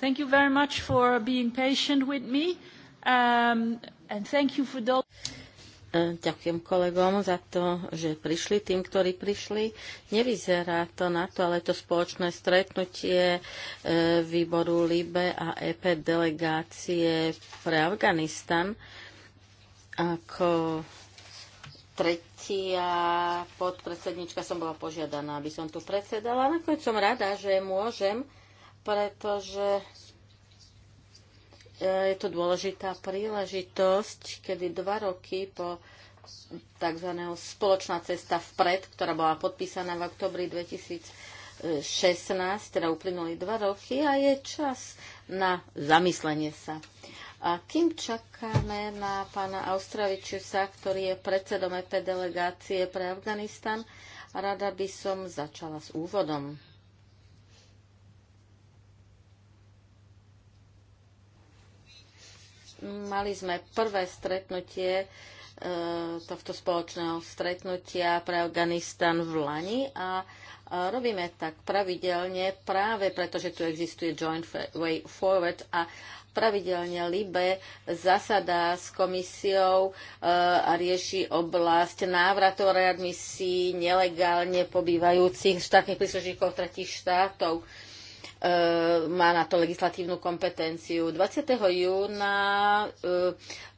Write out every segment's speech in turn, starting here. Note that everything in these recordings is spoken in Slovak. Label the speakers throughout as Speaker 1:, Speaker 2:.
Speaker 1: Thank you very much for being patient with me. Um, and thank you for those... Ďakujem kolegom za to, že prišli, tým, ktorí prišli. Nevyzerá to na to, ale to spoločné stretnutie e, výboru LIBE a EP delegácie pre Afganistan ako tretia podpredsednička som bola požiadaná, aby som tu predsedala. Nakoniec som rada, že môžem pretože e, je to dôležitá príležitosť, kedy dva roky po tzv. spoločná cesta vpred, ktorá bola podpísaná v oktobri 2016, teda uplynuli dva roky a je čas na zamyslenie sa. A kým čakáme na pána Austravičusa, ktorý je predsedom EP delegácie pre Afganistan, rada by som začala s úvodom. Mali sme prvé stretnutie e, tohto spoločného stretnutia pre Afganistan v Lani a robíme tak pravidelne práve preto, že tu existuje Joint Way Forward a pravidelne Libe zasadá s komisiou e, a rieši oblasť návratov readmisí nelegálne pobývajúcich štátnych príslušníkov tretich štátov. E, má na to legislatívnu kompetenciu. 20. júna e,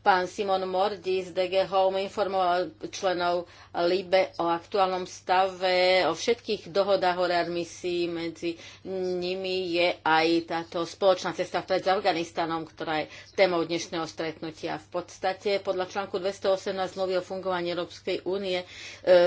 Speaker 1: Pán Simon Mordi z DG Home informoval členov LIBE o aktuálnom stave, o všetkých dohodách o readmisii. Medzi nimi je aj táto spoločná cesta pred Afganistanom, ktorá je témou dnešného stretnutia. V podstate podľa článku 218 zmluvy o fungovaní Európskej únie e,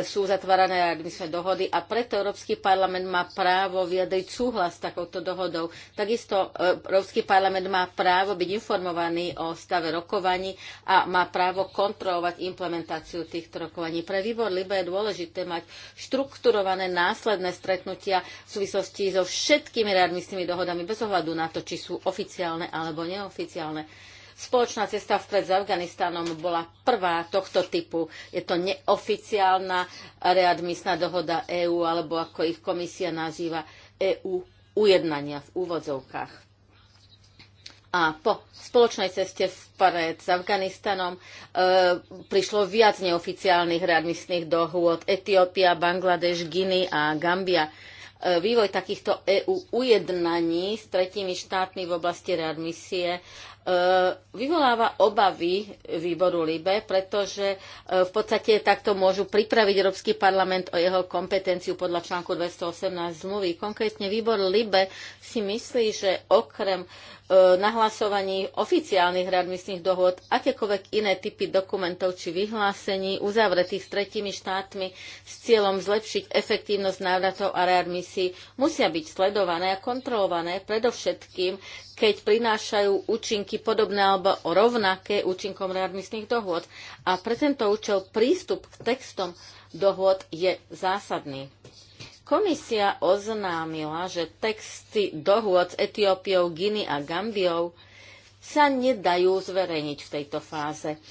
Speaker 1: sú zatvárané readmisné dohody a preto Európsky parlament má právo vyjadriť súhlas s takouto dohodou. Takisto e, Európsky parlament má právo byť informovaný o stave rokovaní a má právo kontrolovať implementáciu týchto rokovaní. Pre výbor LIBE je dôležité mať štrukturované následné stretnutia v súvislosti so všetkými readmisnými dohodami bez ohľadu na to, či sú oficiálne alebo neoficiálne. Spoločná cesta vpred s Afganistanom bola prvá tohto typu. Je to neoficiálna readmisná dohoda EÚ, alebo ako ich komisia nazýva EU ujednania v úvodzovkách a po spoločnej ceste vpred s Afganistanom e, prišlo viac neoficiálnych readmisných dohôd Etiópia, Bangladeš, Guiny a Gambia. E, vývoj takýchto EU ujednaní s tretími štátmi v oblasti readmisie E, vyvoláva obavy výboru LIBE, pretože e, v podstate takto môžu pripraviť Európsky parlament o jeho kompetenciu podľa článku 218 zmluvy. Konkrétne výbor LIBE si myslí, že okrem e, nahlasovaní oficiálnych readmisných dohôd, akékoľvek iné typy dokumentov či vyhlásení uzavretých s tretími štátmi s cieľom zlepšiť efektívnosť návratov a readmisí musia byť sledované a kontrolované predovšetkým keď prinášajú účinky podobné alebo rovnaké účinkom readmisných dohôd. A pre tento účel prístup k textom dohôd je zásadný. Komisia oznámila, že texty dohôd s Etiópiou, Giny a Gambiou sa nedajú zverejniť v tejto fáze.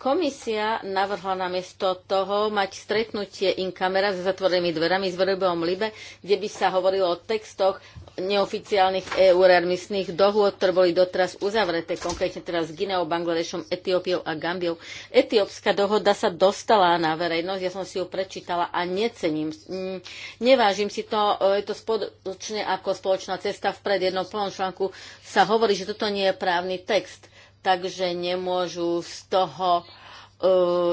Speaker 1: Komisia navrhla namiesto toho mať stretnutie in camera s zatvorenými dverami s Verejbom Libe, kde by sa hovorilo o textoch neoficiálnych EU readmisných dohôd, ktoré boli doteraz uzavreté, konkrétne teraz s Gineou, Bangladešom, Etiópiou a Gambiou. Etiópska dohoda sa dostala na verejnosť, ja som si ju prečítala a necením. Mm, nevážim si to, e, je to spoločne ako spoločná cesta vpred. Jednom plnom článku sa hovorí, že toto nie je právny text, takže nemôžu z toho E,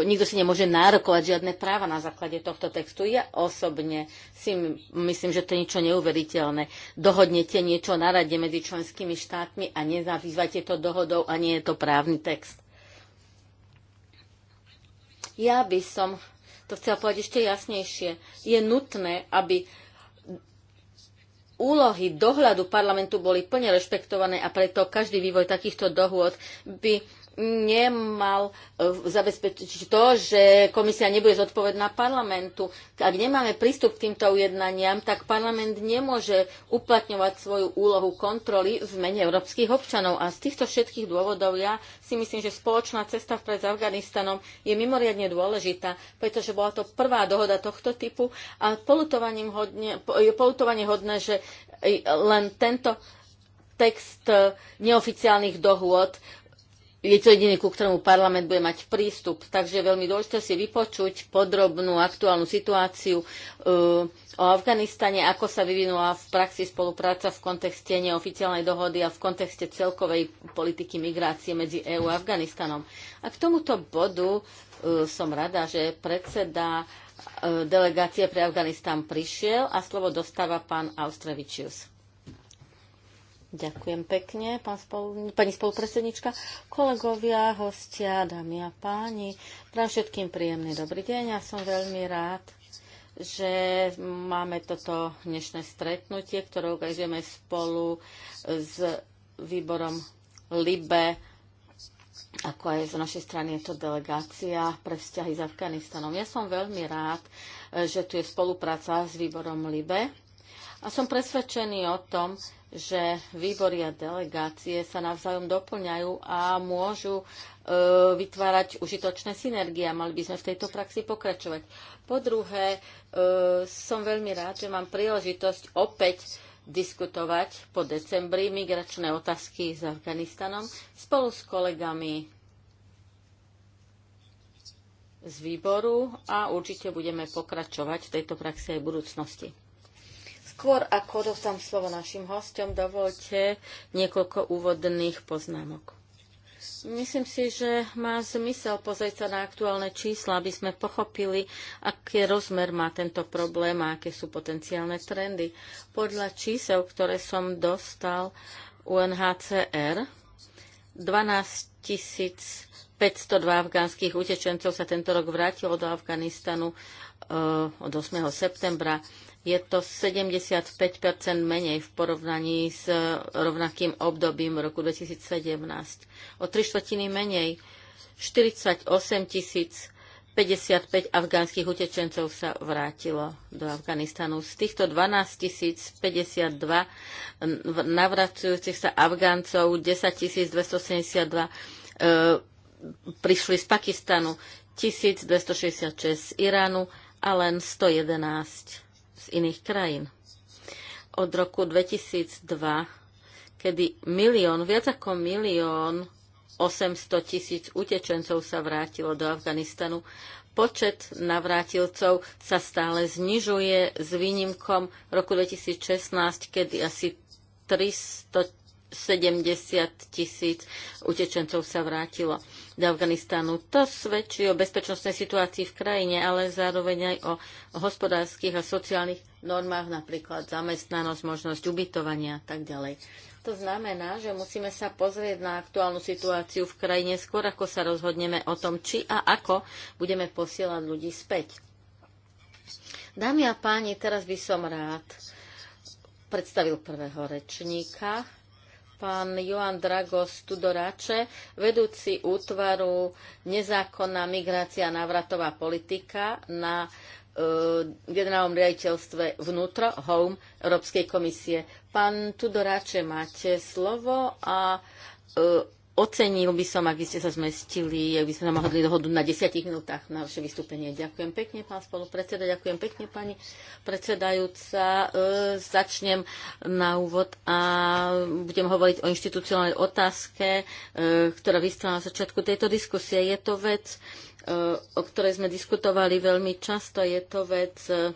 Speaker 1: nikto si nemôže nárokovať žiadne práva na základe tohto textu. Ja osobne si myslím, že to je niečo neuveriteľné. Dohodnete niečo na rade medzi členskými štátmi a nezavývate to dohodou a nie je to právny text. Ja by som to chcela povedať ešte jasnejšie. Je nutné, aby úlohy dohľadu parlamentu boli plne rešpektované a preto každý vývoj takýchto dohôd by nemal e, zabezpečiť to, že komisia nebude zodpovedná parlamentu. Ak nemáme prístup k týmto ujednaniam, tak parlament nemôže uplatňovať svoju úlohu kontroly v mene európskych občanov. A z týchto všetkých dôvodov ja si myslím, že spoločná cesta pred Afganistanom je mimoriadne dôležitá, pretože bola to prvá dohoda tohto typu a je polutovanie hodné, že len tento text neoficiálnych dohôd je to jediný, ku ktorému parlament bude mať prístup. Takže je veľmi dôležité si vypočuť podrobnú aktuálnu situáciu eh, o Afganistane, ako sa vyvinula v praxi spolupráca v kontexte neoficiálnej dohody a v kontexte celkovej politiky migrácie medzi EÚ a Afganistanom. A k tomuto bodu eh, som rada, že predseda eh, delegácie pre Afganistan prišiel a slovo dostáva pán Austrevičius. Ďakujem pekne, pán spolu, pani spolupredsednička, kolegovia, hostia, dámy a páni. Prajem všetkým príjemný dobrý deň. Ja som veľmi rád, že máme toto dnešné stretnutie, ktoré ukážeme spolu s výborom LIBE, ako aj z našej strany je to delegácia pre vzťahy s Afganistanom. Ja som veľmi rád, že tu je spolupráca s výborom LIBE a som presvedčený o tom, že výbory a delegácie sa navzájom doplňajú a môžu e, vytvárať užitočné synergie a mali by sme v tejto praxi pokračovať. Po druhé, e, som veľmi rád, že mám príležitosť opäť diskutovať po decembri migračné otázky s Afganistanom spolu s kolegami z výboru a určite budeme pokračovať v tejto praxi aj v budúcnosti. Skôr ako dostám slovo našim hostom, dovolte niekoľko úvodných poznámok. Myslím si, že má zmysel pozrieť sa na aktuálne čísla, aby sme pochopili, aký rozmer má tento problém a aké sú potenciálne trendy. Podľa čísel, ktoré som dostal UNHCR, 12 502 afgánskych utečencov sa tento rok vrátilo do Afganistanu eh, od 8. septembra. Je to 75 menej v porovnaní s e, rovnakým obdobím roku 2017. O tri štvrtiny menej 48 tisíc 55 afgánskych utečencov sa vrátilo do Afganistanu. Z týchto 12 052 navracujúcich sa Afgáncov 10 272 e, prišli z Pakistanu, 1266 z Iránu a len 111 z iných krajín. Od roku 2002, kedy milión, viac ako milión 800 tisíc utečencov sa vrátilo do Afganistanu, počet navrátilcov sa stále znižuje s výnimkom roku 2016, kedy asi 370 tisíc utečencov sa vrátilo do Afganistanu. To svedčí o bezpečnostnej situácii v krajine, ale zároveň aj o hospodárskych a sociálnych normách, napríklad zamestnanosť, možnosť ubytovania a tak ďalej. To znamená, že musíme sa pozrieť na aktuálnu situáciu v krajine skôr, ako sa rozhodneme o tom, či a ako budeme posielať ľudí späť. Dámy a páni, teraz by som rád predstavil prvého rečníka pán Joan Dragos Tudorače, vedúci útvaru nezákonná migrácia a návratová politika na e, generálnom riaditeľstve vnútro, home Európskej komisie. Pán Tudorače, máte slovo a e, ocenil by som, ak by ste sa zmestili, ak by sme sa mohli dohodnúť na 10 minútach na vaše vystúpenie. Ďakujem pekne, pán spolupredseda, ďakujem pekne, pani predsedajúca. E, začnem na úvod a budem hovoriť o inštitucionálnej otázke, e, ktorá vystala na začiatku tejto diskusie. Je to vec, e, o ktorej sme diskutovali veľmi často, je to vec, e,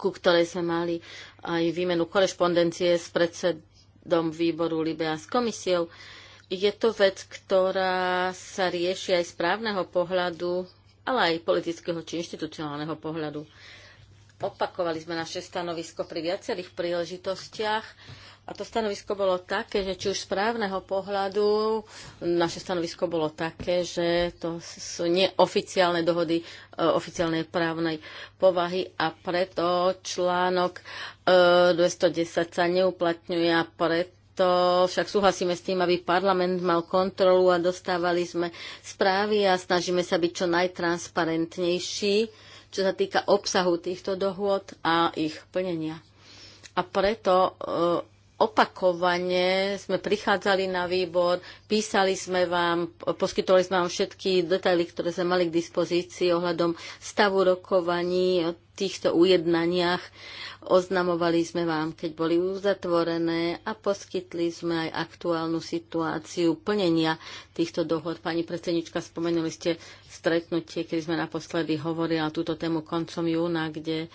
Speaker 1: ku ktorej sme mali aj výmenu korešpondencie s predsedom výboru Libia s komisiou je to vec, ktorá sa rieši aj z právneho pohľadu, ale aj politického či inštitucionálneho pohľadu. Opakovali sme naše stanovisko pri viacerých príležitostiach a to stanovisko bolo také, že či už z právneho pohľadu naše stanovisko bolo také, že to sú neoficiálne dohody e, oficiálnej právnej povahy a preto článok 210 e, sa neuplatňuje a preto to však súhlasíme s tým, aby parlament mal kontrolu a dostávali sme správy a snažíme sa byť čo najtransparentnejší, čo sa týka obsahu týchto dohôd a ich plnenia. A preto e, opakovane sme prichádzali na výbor, písali sme vám, poskytovali sme vám všetky detaily, ktoré sme mali k dispozícii ohľadom stavu rokovaní, o týchto ujednaniach. Oznamovali sme vám, keď boli uzatvorené a poskytli sme aj aktuálnu situáciu plnenia týchto dohod. Pani predsednička, spomenuli ste stretnutie, keď sme naposledy hovorili o túto tému koncom júna, kde eh,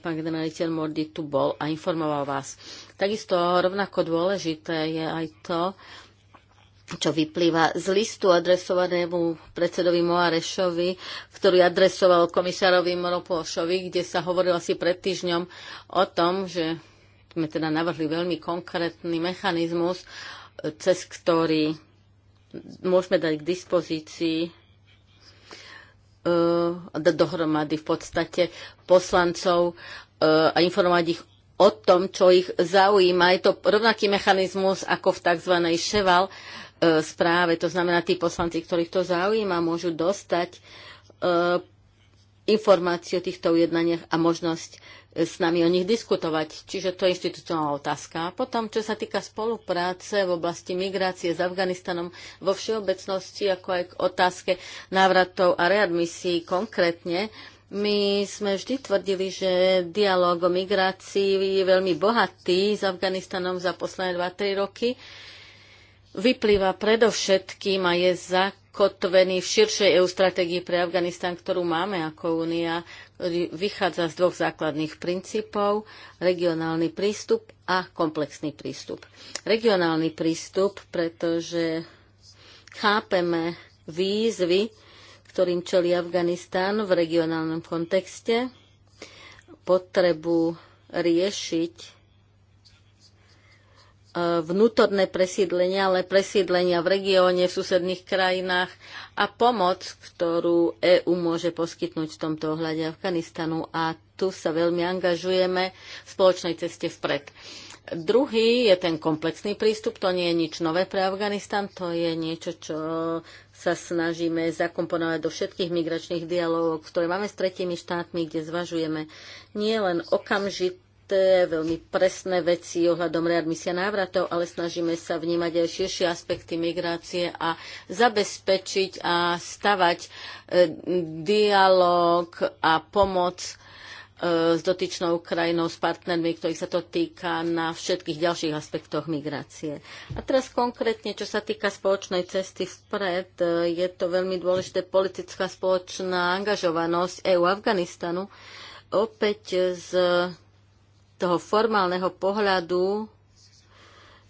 Speaker 1: pán generaliteľ Mordy tu bol a informoval vás. Takisto rovnako dôležité je aj to, čo vyplýva z listu adresovanému predsedovi Moarešovi, ktorý adresoval komisárovi Monopolšovi, kde sa hovorilo asi pred týždňom o tom, že sme teda navrhli veľmi konkrétny mechanizmus, cez ktorý môžeme dať k dispozícii e, dohromady v podstate poslancov e, a informovať ich o tom, čo ich zaujíma. Je to rovnaký mechanizmus ako v tzv. ševal e, správe. To znamená, tí poslanci, ktorých to zaujíma, môžu dostať e, informáciu o týchto ujednaniach a možnosť e, s nami o nich diskutovať. Čiže to je institucionálna otázka. A potom, čo sa týka spolupráce v oblasti migrácie s Afganistanom vo všeobecnosti, ako aj k otázke návratov a readmisí konkrétne, uh, my sme vždy tvrdili, že dialog o migrácii je veľmi bohatý s Afganistanom za posledné 2-3 roky. Vyplýva predovšetkým a je zakotvený v širšej EU stratégii pre Afganistan, ktorú máme ako únia, ktorý vychádza z dvoch základných princípov, regionálny prístup a komplexný prístup. Regionálny prístup, pretože chápeme výzvy, ktorým čelí Afganistán v regionálnom kontexte, potrebu riešiť e, vnútorné presídlenia, ale presídlenia v regióne, v susedných krajinách a pomoc, ktorú EÚ môže poskytnúť v tomto ohľade Afganistanu. A tu sa veľmi angažujeme v spoločnej ceste vpred. Druhý je ten komplexný prístup, to nie je nič nové pre Afganistan, to je niečo, čo sa snažíme zakomponovať do všetkých migračných dialogov, ktoré máme s tretími štátmi, kde zvažujeme nie len okamžit veľmi presné veci ohľadom readmisia návratov, ale snažíme sa vnímať aj širšie aspekty migrácie a zabezpečiť a stavať e, dialog a pomoc E, s dotyčnou krajinou, s partnermi, ktorých sa to týka na všetkých ďalších aspektoch migrácie. A teraz konkrétne, čo sa týka spoločnej cesty vpred, e, je to veľmi dôležité politická spoločná angažovanosť EU Afganistanu. Opäť z toho formálneho pohľadu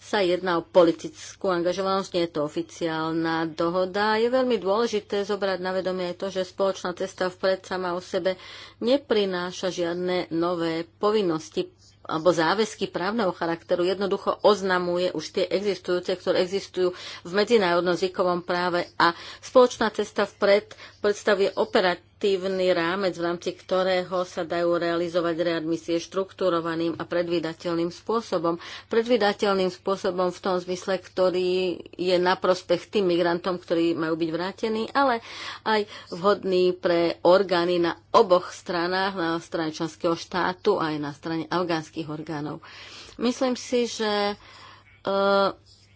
Speaker 1: sa jedná o politickú angažovanosť, nie je to oficiálna dohoda. Je veľmi dôležité zobrať na vedomie aj to, že spoločná cesta vpred sama o sebe neprináša žiadne nové povinnosti alebo záväzky právneho charakteru jednoducho oznamuje už tie existujúce, ktoré existujú v medzinárodnom zvykovom práve a spoločná cesta vpred predstavuje opera- normatívny rámec, v rámci ktorého sa dajú realizovať readmisie štruktúrovaným a predvydateľným spôsobom. Predvydateľným spôsobom v tom zmysle, ktorý je na prospech tým migrantom, ktorí majú byť vrátení, ale aj vhodný pre orgány na oboch stranách, na strane členského štátu aj na strane afgánskych orgánov. Myslím si, že e,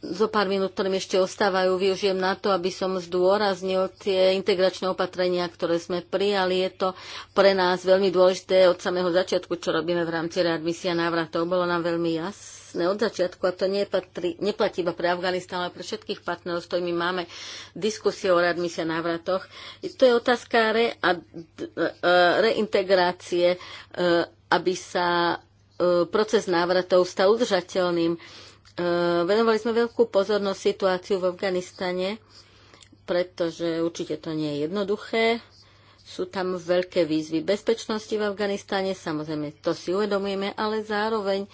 Speaker 1: zo pár minút, ktorým ešte ostávajú, využijem na to, aby som zdôraznil tie integračné opatrenia, ktoré sme prijali. Je to pre nás veľmi dôležité od samého začiatku, čo robíme v rámci readmisia návratov. Bolo nám veľmi jasné od začiatku a to nepatrí, neplatí iba pre Afganistán, ale pre všetkých partnerov, s ktorými máme diskusie o readmisia návratoch. To je otázka re, a, e, reintegrácie, e, aby sa e, proces návratov stal udržateľným E, venovali sme veľkú pozornosť situáciu v Afganistane, pretože určite to nie je jednoduché. Sú tam veľké výzvy bezpečnosti v Afganistane, samozrejme to si uvedomujeme, ale zároveň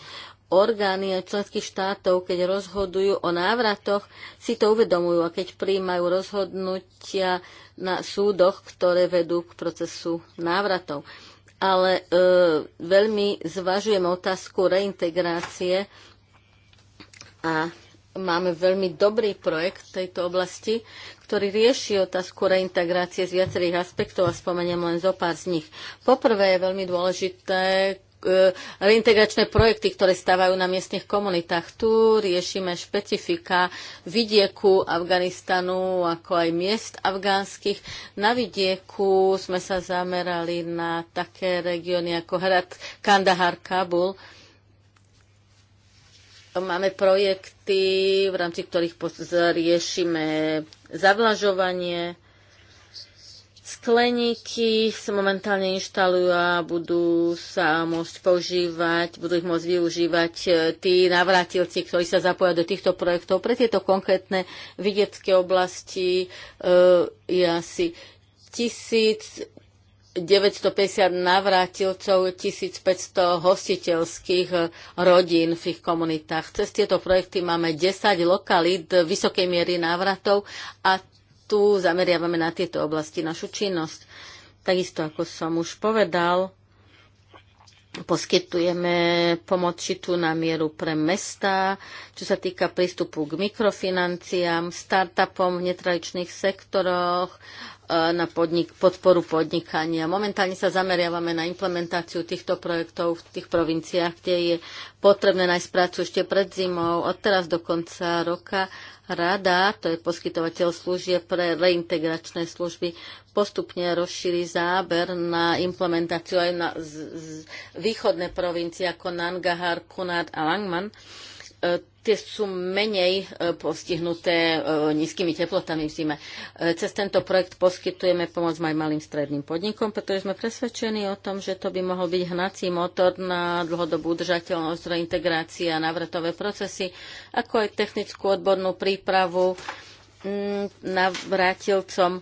Speaker 1: orgány členských štátov, keď rozhodujú o návratoch, si to uvedomujú a keď príjmajú rozhodnutia na súdoch, ktoré vedú k procesu návratov. Ale e, veľmi zvažujeme otázku reintegrácie a máme veľmi dobrý projekt v tejto oblasti, ktorý rieši otázku reintegrácie z viacerých aspektov a spomeniem len zo pár z nich. Poprvé je veľmi dôležité e, reintegračné projekty, ktoré stávajú na miestnych komunitách. Tu riešime špecifika vidieku Afganistanu, ako aj miest afgánskych. Na vidieku sme sa zamerali na také regióny ako Hrad Kandahar, Kabul, Máme projekty, v rámci ktorých riešime zavlažovanie. Skleníky sa momentálne inštalujú a budú sa môcť používať, budú ich môcť využívať e, tí navrátilci, ktorí sa zapojajú do týchto projektov. Pre tieto konkrétne vidiecké oblasti e, je asi tisíc 950 navrátilcov, 1500 hostiteľských rodín v ich komunitách. Cez tieto projekty máme 10 lokalít vysokej miery návratov a tu zameriavame na tieto oblasti našu činnosť. Takisto, ako som už povedal, poskytujeme pomoc šitu na mieru pre mesta, čo sa týka prístupu k mikrofinanciám, startupom v netradičných sektoroch, Eh, na podnik, podporu podnikania. Momentálne sa zameriavame na implementáciu týchto projektov v tých provinciách, kde je potrebné nájsť prácu ešte pred zimou, od teraz do konca roka. Rada, to je poskytovateľ služieb pre reintegračné služby, postupne rozšíri záber na implementáciu aj na z, z, východné provincie ako Nangahar, Kunad a Langman. E, tie sú menej e, postihnuté e, nízkymi teplotami v zime. E, cez tento projekt poskytujeme pomoc aj malým stredným podnikom, pretože sme presvedčení o tom, že to by mohol byť hnací motor na dlhodobú udržateľnosť, reintegrácia, návratové procesy, ako aj technickú odbornú prípravu navrátilcom.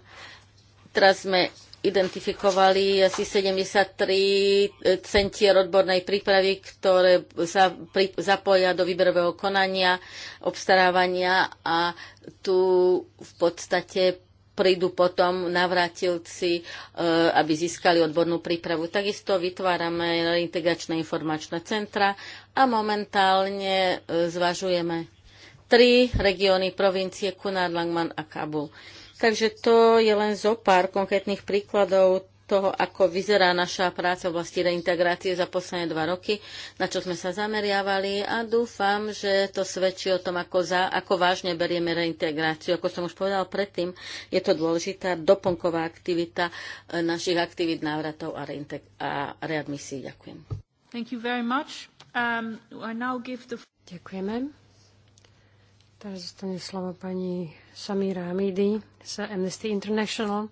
Speaker 1: Teraz sme identifikovali asi 73 e, centier odbornej prípravy, ktoré sa pri, zapoja do výberového konania, obstarávania a tu v podstate prídu potom navrátilci, e, aby získali odbornú prípravu. Takisto vytvárame integračné informačné centra a momentálne e, zvažujeme tri regióny provincie Kunár, Langman a Kabul Takže to je len zo pár konkrétnych príkladov toho, ako vyzerá naša práca v oblasti reintegrácie za posledné dva roky, na čo sme sa zameriavali a dúfam, že to svedčí o tom, ako, za, ako vážne berieme reintegráciu. Ako som už povedal predtým, je to dôležitá doplnková aktivita e, našich aktivít návratov a, reinteg- a readmisí. Ďakujem.
Speaker 2: Thank you very much.
Speaker 3: Um, I now give the... Ďakujeme. Teraz zostane slovo pani Samira Hamidi z Amnesty International,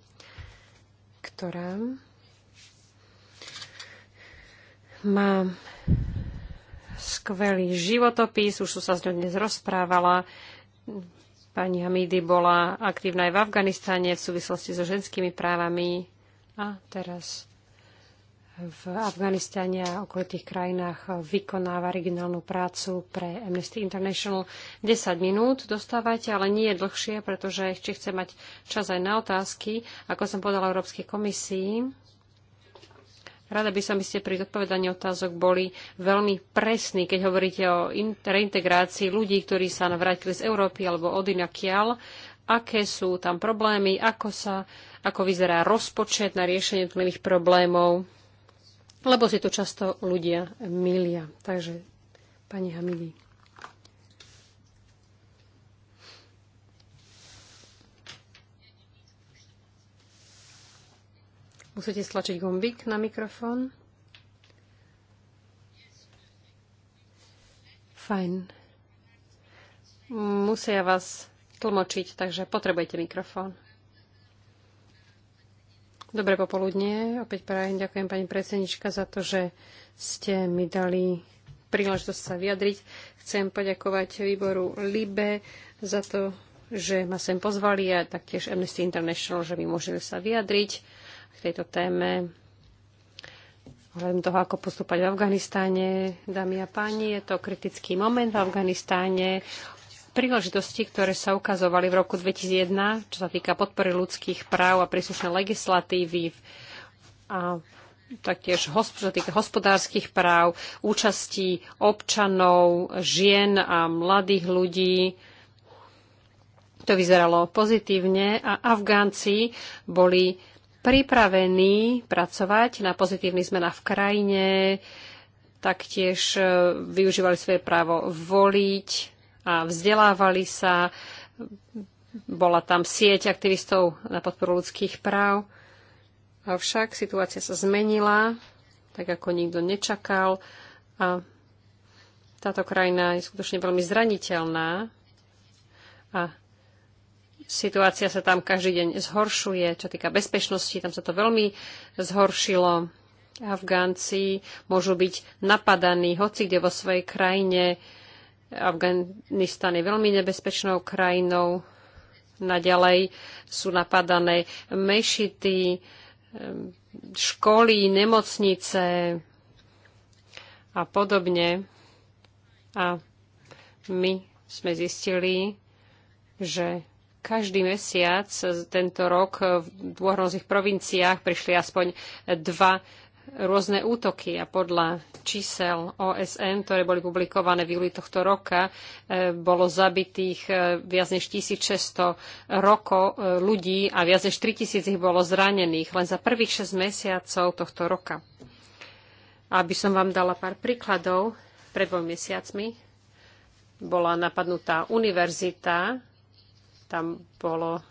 Speaker 3: ktorá má skvelý životopis, už som sa s ňou dnes rozprávala. Pani Hamidi bola aktívna aj v Afganistane v súvislosti so ženskými právami a teraz v Afganistane a okolitých krajinách vykonáva regionálnu prácu pre Amnesty International. 10 minút dostávate, ale nie je dlhšie, pretože ešte chce mať čas aj na otázky, ako som podala Európskej komisii. Rada by som, by ste pri odpovedaní otázok boli veľmi presní, keď hovoríte o reintegrácii ľudí, ktorí sa vrátili z Európy alebo od inakial aké sú tam problémy, ako, sa, ako vyzerá rozpočet na riešenie tmých problémov lebo si to často ľudia milia. Takže, pani Hamidi. Musíte stlačiť gombík na mikrofón. Fajn. Musia vás tlmočiť, takže potrebujete mikrofón. Dobré popoludnie. Opäť prajem ďakujem pani predsednička za to, že ste mi dali príležitosť sa vyjadriť. Chcem poďakovať výboru LIBE za to, že ma sem pozvali a taktiež Amnesty International, že mi môžeme sa vyjadriť k tejto téme Hľadom toho, ako postúpať v Afganistáne. Dámy a páni, je to kritický moment v Afganistáne príležitosti, ktoré sa ukazovali v roku 2001, čo sa týka podpory ľudských práv a príslušnej legislatívy a taktiež čo týka hospodárskych práv, účasti občanov, žien a mladých ľudí. To vyzeralo pozitívne a Afgánci boli pripravení pracovať na pozitívnych zmenách v krajine, taktiež e, využívali svoje právo voliť a vzdelávali sa. Bola tam sieť aktivistov na podporu ľudských práv. Avšak situácia sa zmenila, tak ako nikto nečakal. A táto krajina je skutočne veľmi zraniteľná a situácia sa tam každý deň zhoršuje. Čo týka bezpečnosti, tam sa to veľmi zhoršilo. Afgánci môžu byť napadaní hoci kde vo svojej krajine. Afganistan je veľmi nebezpečnou krajinou. Naďalej sú napadané mešity, školy, nemocnice a podobne. A my sme zistili, že každý mesiac tento rok v dôrnozých provinciách prišli aspoň dva rôzne útoky a podľa čísel OSN, ktoré boli publikované v júli tohto roka, e, bolo zabitých e, viac než 1600 roko e, ľudí a viac než 3000 ich bolo zranených len za prvých 6 mesiacov tohto roka. Aby som vám dala pár príkladov, pred dvoj mesiacmi bola napadnutá univerzita, tam bolo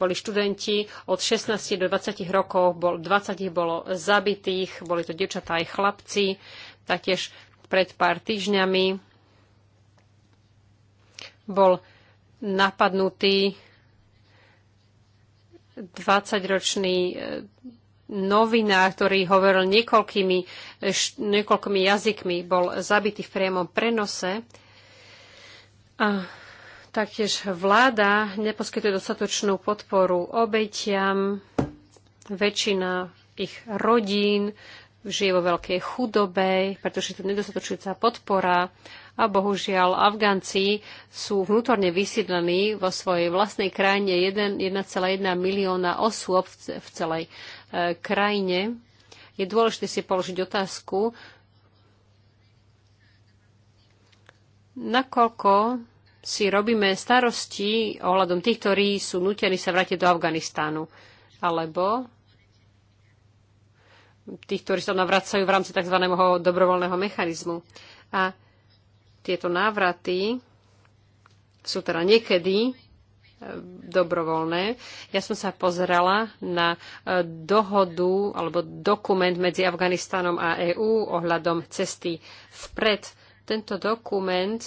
Speaker 3: boli študenti od 16 do 20 rokov, bol, 20 ich bolo zabitých, boli to dievčatá aj chlapci, taktiež pred pár týždňami bol napadnutý 20-ročný e, novinár, ktorý hovoril niekoľkými, e, niekoľkými jazykmi, bol zabitý v priamom prenose. A Taktiež vláda neposkytuje dostatočnú podporu obetiam. Väčšina ich rodín žije vo veľkej chudobe, pretože je to nedostatočujúca podpora a bohužiaľ Afgánci sú vnútorne vysídlení vo svojej vlastnej krajine 1,1 milióna osôb v celej e, krajine. Je dôležité si položiť otázku, nakoľko si robíme starosti ohľadom tých, ktorí sú nutení sa vrátiť do Afganistánu, alebo tých, ktorí sa navracajú v rámci tzv. dobrovoľného mechanizmu. A tieto návraty sú teda niekedy e, dobrovoľné. Ja som sa pozerala na e, dohodu alebo dokument medzi Afganistanom a EÚ ohľadom cesty vpred. Tento dokument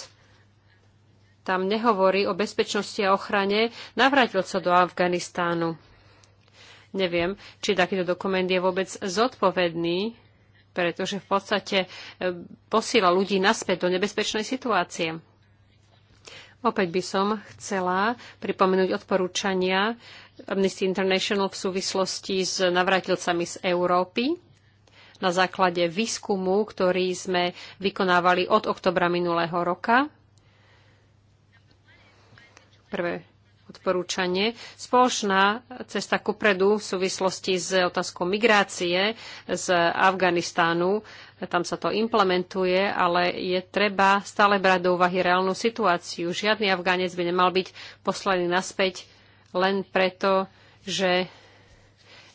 Speaker 3: tam nehovorí o bezpečnosti a ochrane navratilcov do Afganistánu. Neviem, či takýto dokument je vôbec zodpovedný, pretože v podstate e, posiela ľudí naspäť do nebezpečnej situácie. Opäť by som chcela pripomenúť odporúčania Amnesty International v súvislosti s navratilcami z Európy na základe výskumu, ktorý sme vykonávali od oktobra minulého roka prvé odporúčanie. Spoločná cesta kupredu v súvislosti s otázkou migrácie z Afganistánu. Tam sa to implementuje, ale je treba stále brať do úvahy reálnu situáciu. Žiadny Afganec by nemal byť poslaný naspäť len preto, že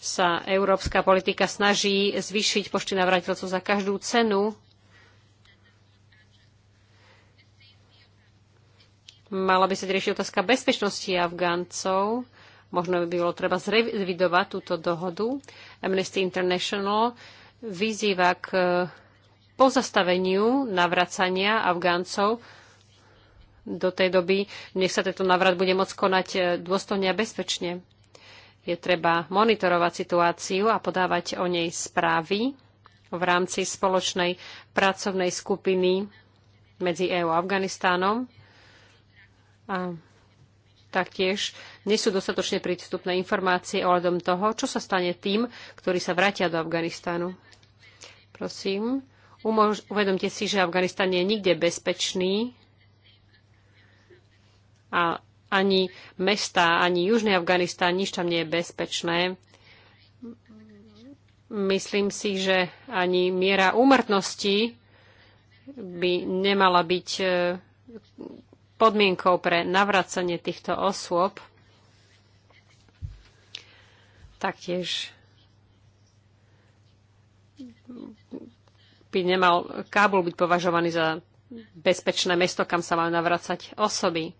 Speaker 3: sa európska politika snaží zvýšiť počty navratilcov za každú cenu, Mala by sa riešiť otázka bezpečnosti Afgáncov. Možno by bolo treba zrevidovať túto dohodu. Amnesty International vyzýva k e, pozastaveniu navracania Afgáncov do tej doby, nech sa tento navrat bude môcť konať e, dôstojne a bezpečne. Je treba monitorovať situáciu a podávať o nej správy v rámci spoločnej pracovnej skupiny medzi EÚ a Afganistánom. A taktiež nie sú dostatočne prístupné informácie ohľadom toho, čo sa stane tým, ktorí sa vrátia do Afganistánu. Prosím, umož- uvedomte si, že Afganistán je nikde bezpečný a ani mesta, ani južný Afganistán, nič tam nie je bezpečné. Myslím si, že ani miera úmrtnosti by nemala byť e, podmienkou pre navracanie týchto osôb. Taktiež by nemal Kábul byť považovaný za bezpečné mesto, kam sa majú navracať osoby.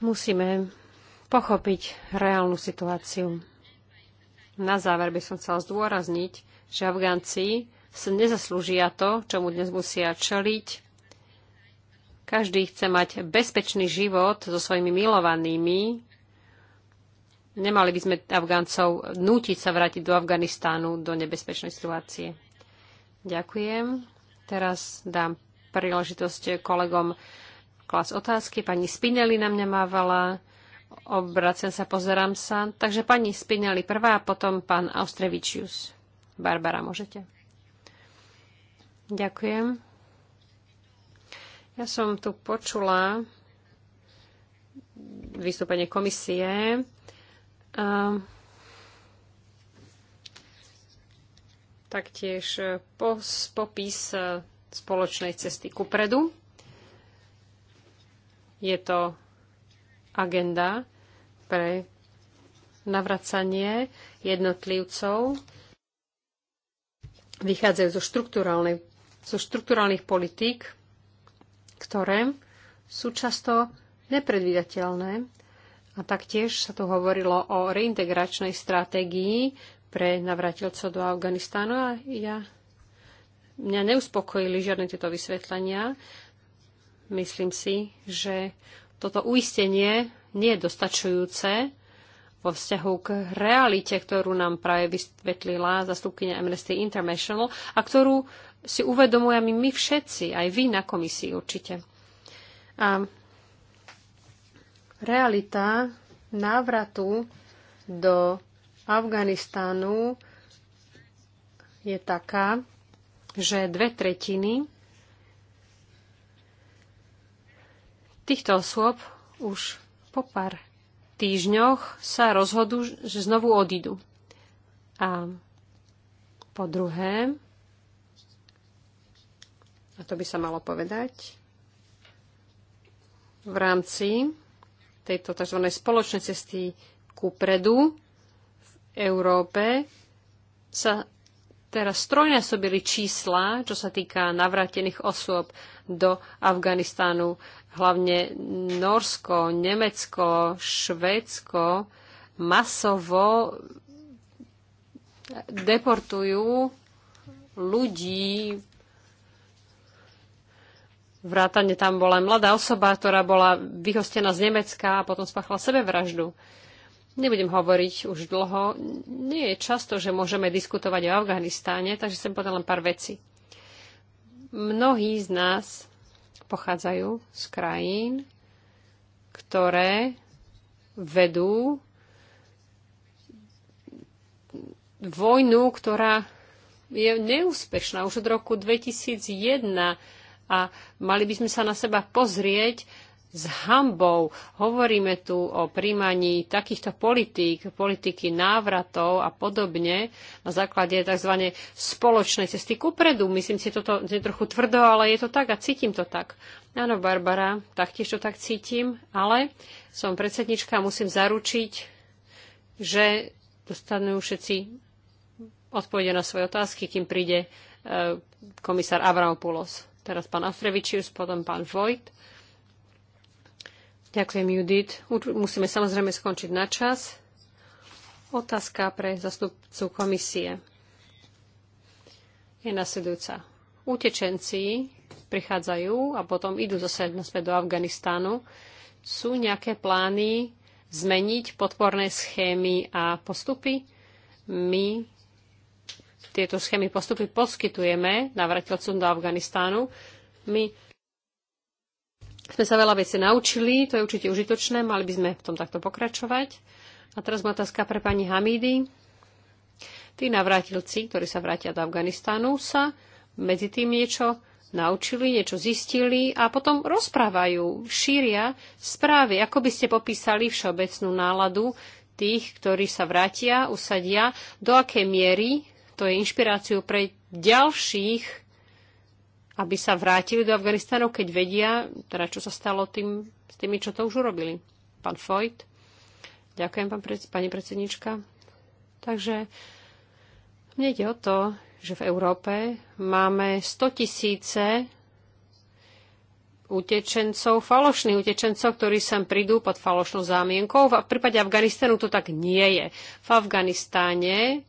Speaker 3: Musíme pochopiť reálnu situáciu. Na záver by som chcela zdôrazniť, že Afgánci sa nezaslúžia to, mu dnes musia čeliť. Každý chce mať bezpečný život so svojimi milovanými. Nemali by sme Afgáncov nútiť sa vrátiť do Afganistánu do nebezpečnej situácie. Ďakujem. Teraz dám príležitosť kolegom klas otázky. Pani Spinelli na mňa mávala. Obraciam sa, pozerám sa. Takže pani Spinelli prvá a potom pán Austrevičius. Barbara, môžete. Ďakujem. Ja som tu počula vystúpenie komisie. A taktiež popis spoločnej cesty kupredu. Je to agenda pre navracanie jednotlivcov vychádzajú zo štruktúrálnej zo štrukturálnych politík, ktoré sú často nepredvídateľné. A taktiež sa tu hovorilo o reintegračnej stratégii pre navratilcov do Afganistánu a ja, mňa neuspokojili žiadne tieto vysvetlenia. Myslím si, že toto uistenie nie je dostačujúce vo vzťahu k realite, ktorú nám práve vysvetlila zastupkynia Amnesty International a ktorú si uvedomujeme my všetci, aj vy na komisii určite. A realita návratu do Afganistánu je taká, že dve tretiny týchto osôb už po pár týždňoch sa rozhodú, že znovu odídu. A po druhé, a to by sa malo povedať, v rámci tejto tzv. spoločnej cesty ku predu v Európe sa teraz strojnásobili čísla, čo sa týka navrátených osôb do Afganistánu. Hlavne Norsko, Nemecko, Švédsko masovo deportujú ľudí Vrátane tam bola mladá osoba, ktorá bola vyhostená z Nemecka a potom spáchala sebevraždu. Nebudem hovoriť už dlho. Nie je často, že môžeme diskutovať o Afganistáne, takže sem povedal len pár vecí. Mnohí z nás pochádzajú z krajín, ktoré vedú vojnu, ktorá je neúspešná. Už od roku 2001 a mali by sme sa na seba pozrieť s hambou. Hovoríme tu o príjmaní takýchto politík, politiky návratov a podobne na základe tzv. spoločnej cesty kupredu. Myslím si, toto je trochu tvrdo, ale je to tak a cítim to tak. Áno, Barbara, taktiež to tak cítim, ale som predsednička a musím zaručiť, že dostanú všetci odpovede na svoje otázky, kým príde e, komisár Avramopoulos. Teraz pán Astrevičius, potom pán Vojt. Ďakujem, Judith. Musíme samozrejme skončiť na čas. Otázka pre zastupcu komisie je nasledujúca. Utečenci prichádzajú a potom idú zase naspäť do Afganistánu. Sú nejaké plány zmeniť podporné schémy a postupy? My tieto schémy postupy poskytujeme navratilcom do Afganistánu. My sme sa veľa vecí naučili, to je určite užitočné, mali by sme v tom takto pokračovať. A teraz má otázka pre pani Hamidy. Tí navrátilci, ktorí sa vrátia do Afganistánu, sa medzi tým niečo naučili, niečo zistili a potom rozprávajú, šíria správy, ako by ste popísali všeobecnú náladu tých, ktorí sa vrátia, usadia, do akej miery to je inšpiráciou pre ďalších, aby sa vrátili do Afganistanu, keď vedia, teda čo sa stalo tým, s tými, čo to už urobili. Pán Foyt. Ďakujem, pán pred, pani predsednička. Takže mne ide o to, že v Európe máme 100 tisíce utečencov, falošných utečencov, ktorí sem prídu pod falošnou zámienkou. V prípade Afganistanu to tak nie je. V Afganistáne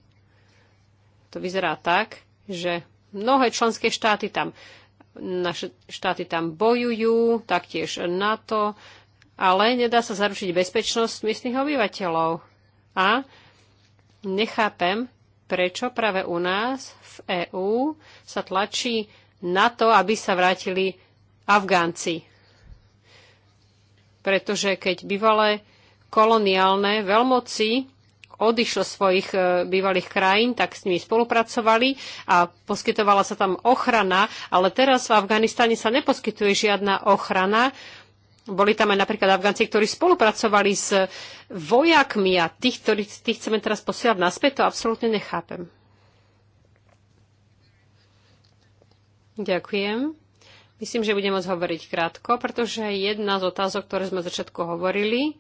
Speaker 3: to vyzerá tak, že mnohé členské štáty tam, naše štáty tam bojujú, taktiež NATO, ale nedá sa zaručiť bezpečnosť miestnych obyvateľov. A nechápem, prečo práve u nás v EÚ sa tlačí na to, aby sa vrátili Afgánci. Pretože keď bývalé koloniálne veľmoci odišlo svojich e, bývalých krajín, tak s nimi spolupracovali a poskytovala sa tam ochrana, ale teraz v Afganistane sa neposkytuje žiadna ochrana. Boli tam aj napríklad Afgánci, ktorí spolupracovali s vojakmi a tých, ktorí tých chceme teraz posielať naspäť, to absolútne nechápem. Ďakujem. Myslím, že budem môcť hovoriť krátko, pretože jedna z otázok, ktoré sme začiatku hovorili,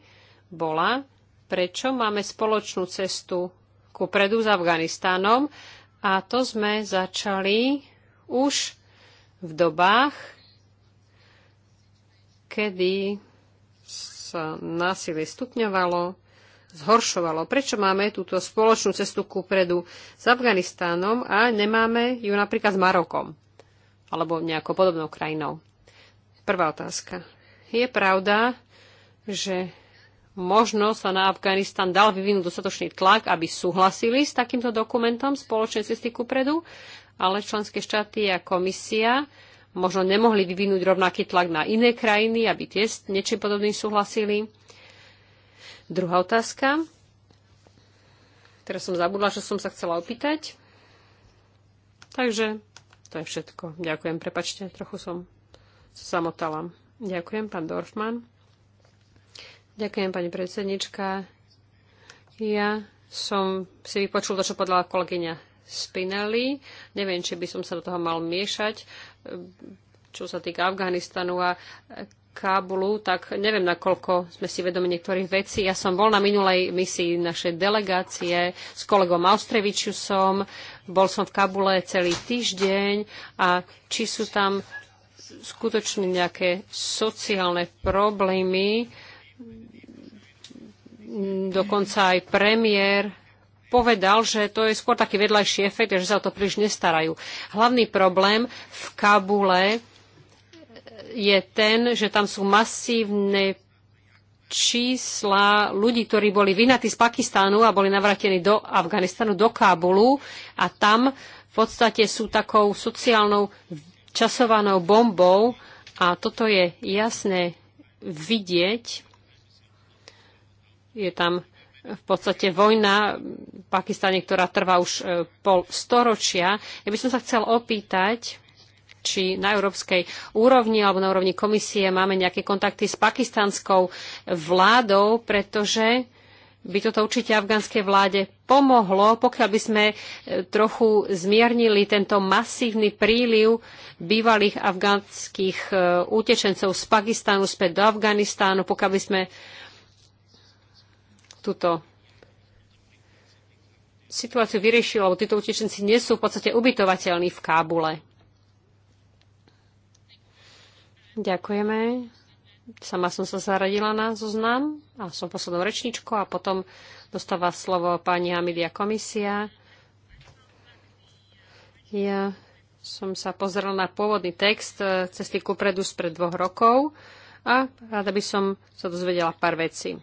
Speaker 3: bola, prečo máme spoločnú cestu ku predu s Afganistánom a to sme začali už v dobách, kedy sa násilie stupňovalo, zhoršovalo. Prečo máme túto spoločnú cestu ku predu s Afganistánom a nemáme ju napríklad s Marokom alebo nejakou podobnou krajinou? Prvá otázka. Je pravda, že možno sa na Afganistan dal vyvinúť dostatočný tlak, aby súhlasili s takýmto dokumentom spoločnej cesty predu, ale členské štáty a komisia možno nemohli vyvinúť rovnaký tlak na iné krajiny, aby tie s niečím podobným súhlasili. Druhá otázka. Teraz som zabudla, čo som sa chcela opýtať. Takže to je všetko. Ďakujem. Prepačte, trochu som samotala. Ďakujem, pán Dorfman. Ďakujem, pani predsednička. Ja som si vypočul to, čo podala kolegyňa Spinelli. Neviem, či by som sa do toho mal miešať, čo sa týka Afganistanu a Kábulu, tak neviem, nakoľko sme si vedomi niektorých vecí. Ja som bol na minulej misii našej delegácie s kolegom Austrevičusom, bol som v Kabule celý týždeň a či sú tam skutočne nejaké sociálne problémy, dokonca aj premiér povedal, že to je skôr taký vedľajší efekt, že sa o to príliš nestarajú. Hlavný problém v Kabule je ten, že tam sú masívne čísla ľudí, ktorí boli vynatí z Pakistánu a boli navrátení do Afganistanu, do Kábulu a tam v podstate sú takou sociálnou časovanou bombou a toto je jasné vidieť je tam v podstate vojna v Pakistane, ktorá trvá už e, pol storočia. Ja by som sa chcel opýtať, či na európskej úrovni alebo na úrovni komisie máme nejaké kontakty s pakistanskou vládou, pretože by toto určite afgánskej vláde pomohlo, pokiaľ by sme e, trochu zmiernili tento masívny príliv bývalých afgánskych e, utečencov z Pakistánu späť do Afganistánu, pokiaľ by sme túto situáciu vyriešil, lebo títo utečenci nie sú v podstate ubytovateľní v Kábule. Ďakujeme. Sama som sa zaradila na zoznam a som poslednou rečničko a potom dostáva slovo pani Hamidia komisia. Ja som sa pozrela na pôvodný text e, cesty ku predu spred dvoch rokov a rada by som sa dozvedela pár vecí.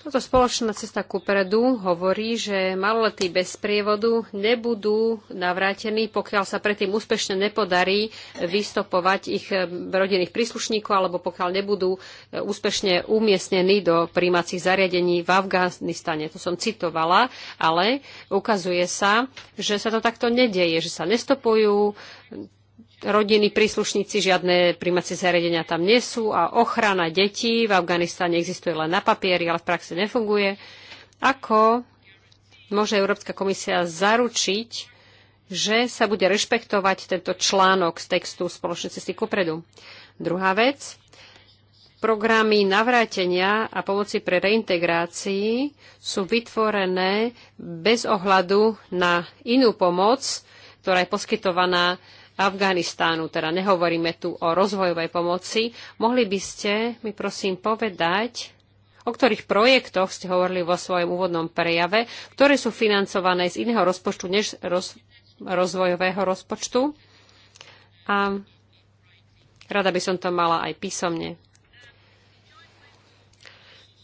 Speaker 3: Toto spoločná cesta ku predu hovorí, že maloletí bez prievodu nebudú navrátení, pokiaľ sa predtým úspešne nepodarí vystopovať ich eh, rodinných príslušníkov alebo pokiaľ nebudú eh, úspešne umiestnení do príjmacích zariadení v Afganistane. To som citovala, ale ukazuje sa, že sa to takto nedeje, že sa nestopujú rodiny, príslušníci, žiadne príjmacie zariadenia tam nie sú a ochrana detí v Afganistane existuje len na papieri, ale v praxi nefunguje. Ako môže Európska komisia zaručiť, že sa bude rešpektovať tento článok z textu spoločnej cesty kopredu. Druhá vec, programy navrátenia a pomoci pre reintegrácii sú vytvorené bez ohľadu na inú pomoc, ktorá je poskytovaná Afganistánu, teda nehovoríme tu o rozvojovej pomoci. Mohli by ste mi prosím povedať, o ktorých projektoch ste hovorili vo svojom úvodnom prejave, ktoré sú financované z iného rozpočtu než roz, rozvojového rozpočtu. A rada by som to mala aj písomne.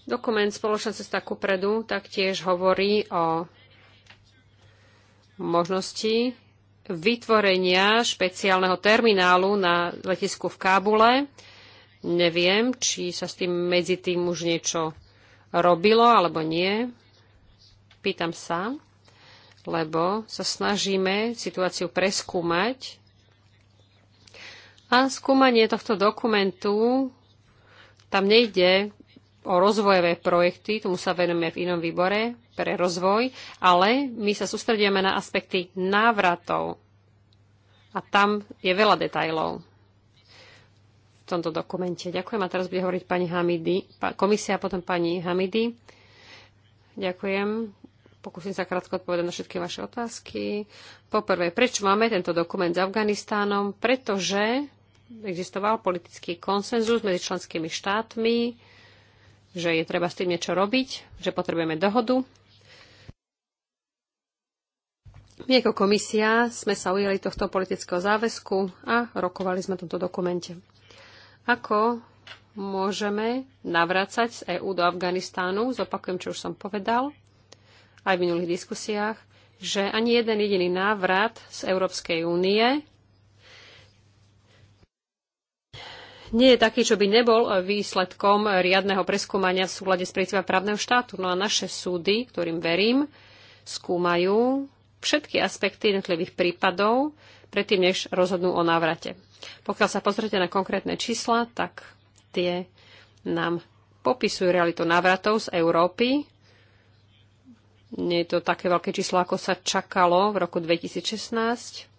Speaker 3: Dokument Spoločná cesta Kupredu taktiež hovorí o možnosti vytvorenia špeciálneho terminálu na letisku v Kábule. Neviem, či sa s tým medzi tým už niečo robilo alebo nie. Pýtam sa, lebo sa snažíme situáciu preskúmať. A skúmanie tohto dokumentu tam nejde o rozvojové projekty, tomu sa venujeme v inom výbore pre rozvoj, ale my sa sústredíme na aspekty návratov a tam je veľa detajlov v tomto dokumente. Ďakujem a teraz bude hovoriť pani Hamidy, komisia a potom pani Hamidy. Ďakujem. Pokúsim sa krátko odpovedať na všetky vaše otázky. Poprvé, prečo máme tento dokument s Afganistánom? Pretože existoval politický konsenzus medzi členskými štátmi, že je treba s tým niečo robiť, že potrebujeme dohodu. My ako komisia sme sa ujeli tohto politického záväzku a rokovali sme tomto dokumente. Ako môžeme navrácať z EÚ do Afganistánu, zopakujem, čo už som povedal, aj v minulých diskusiách, že ani jeden jediný návrat z Európskej únie nie je taký, čo by nebol výsledkom riadneho preskúmania v súlade s princípom právneho štátu. No a naše súdy, ktorým verím, skúmajú všetky aspekty jednotlivých prípadov predtým, než rozhodnú o návrate. Pokiaľ sa pozrite na konkrétne čísla, tak tie nám popisujú realitu návratov z Európy. Nie je to také veľké číslo, ako sa čakalo v roku 2016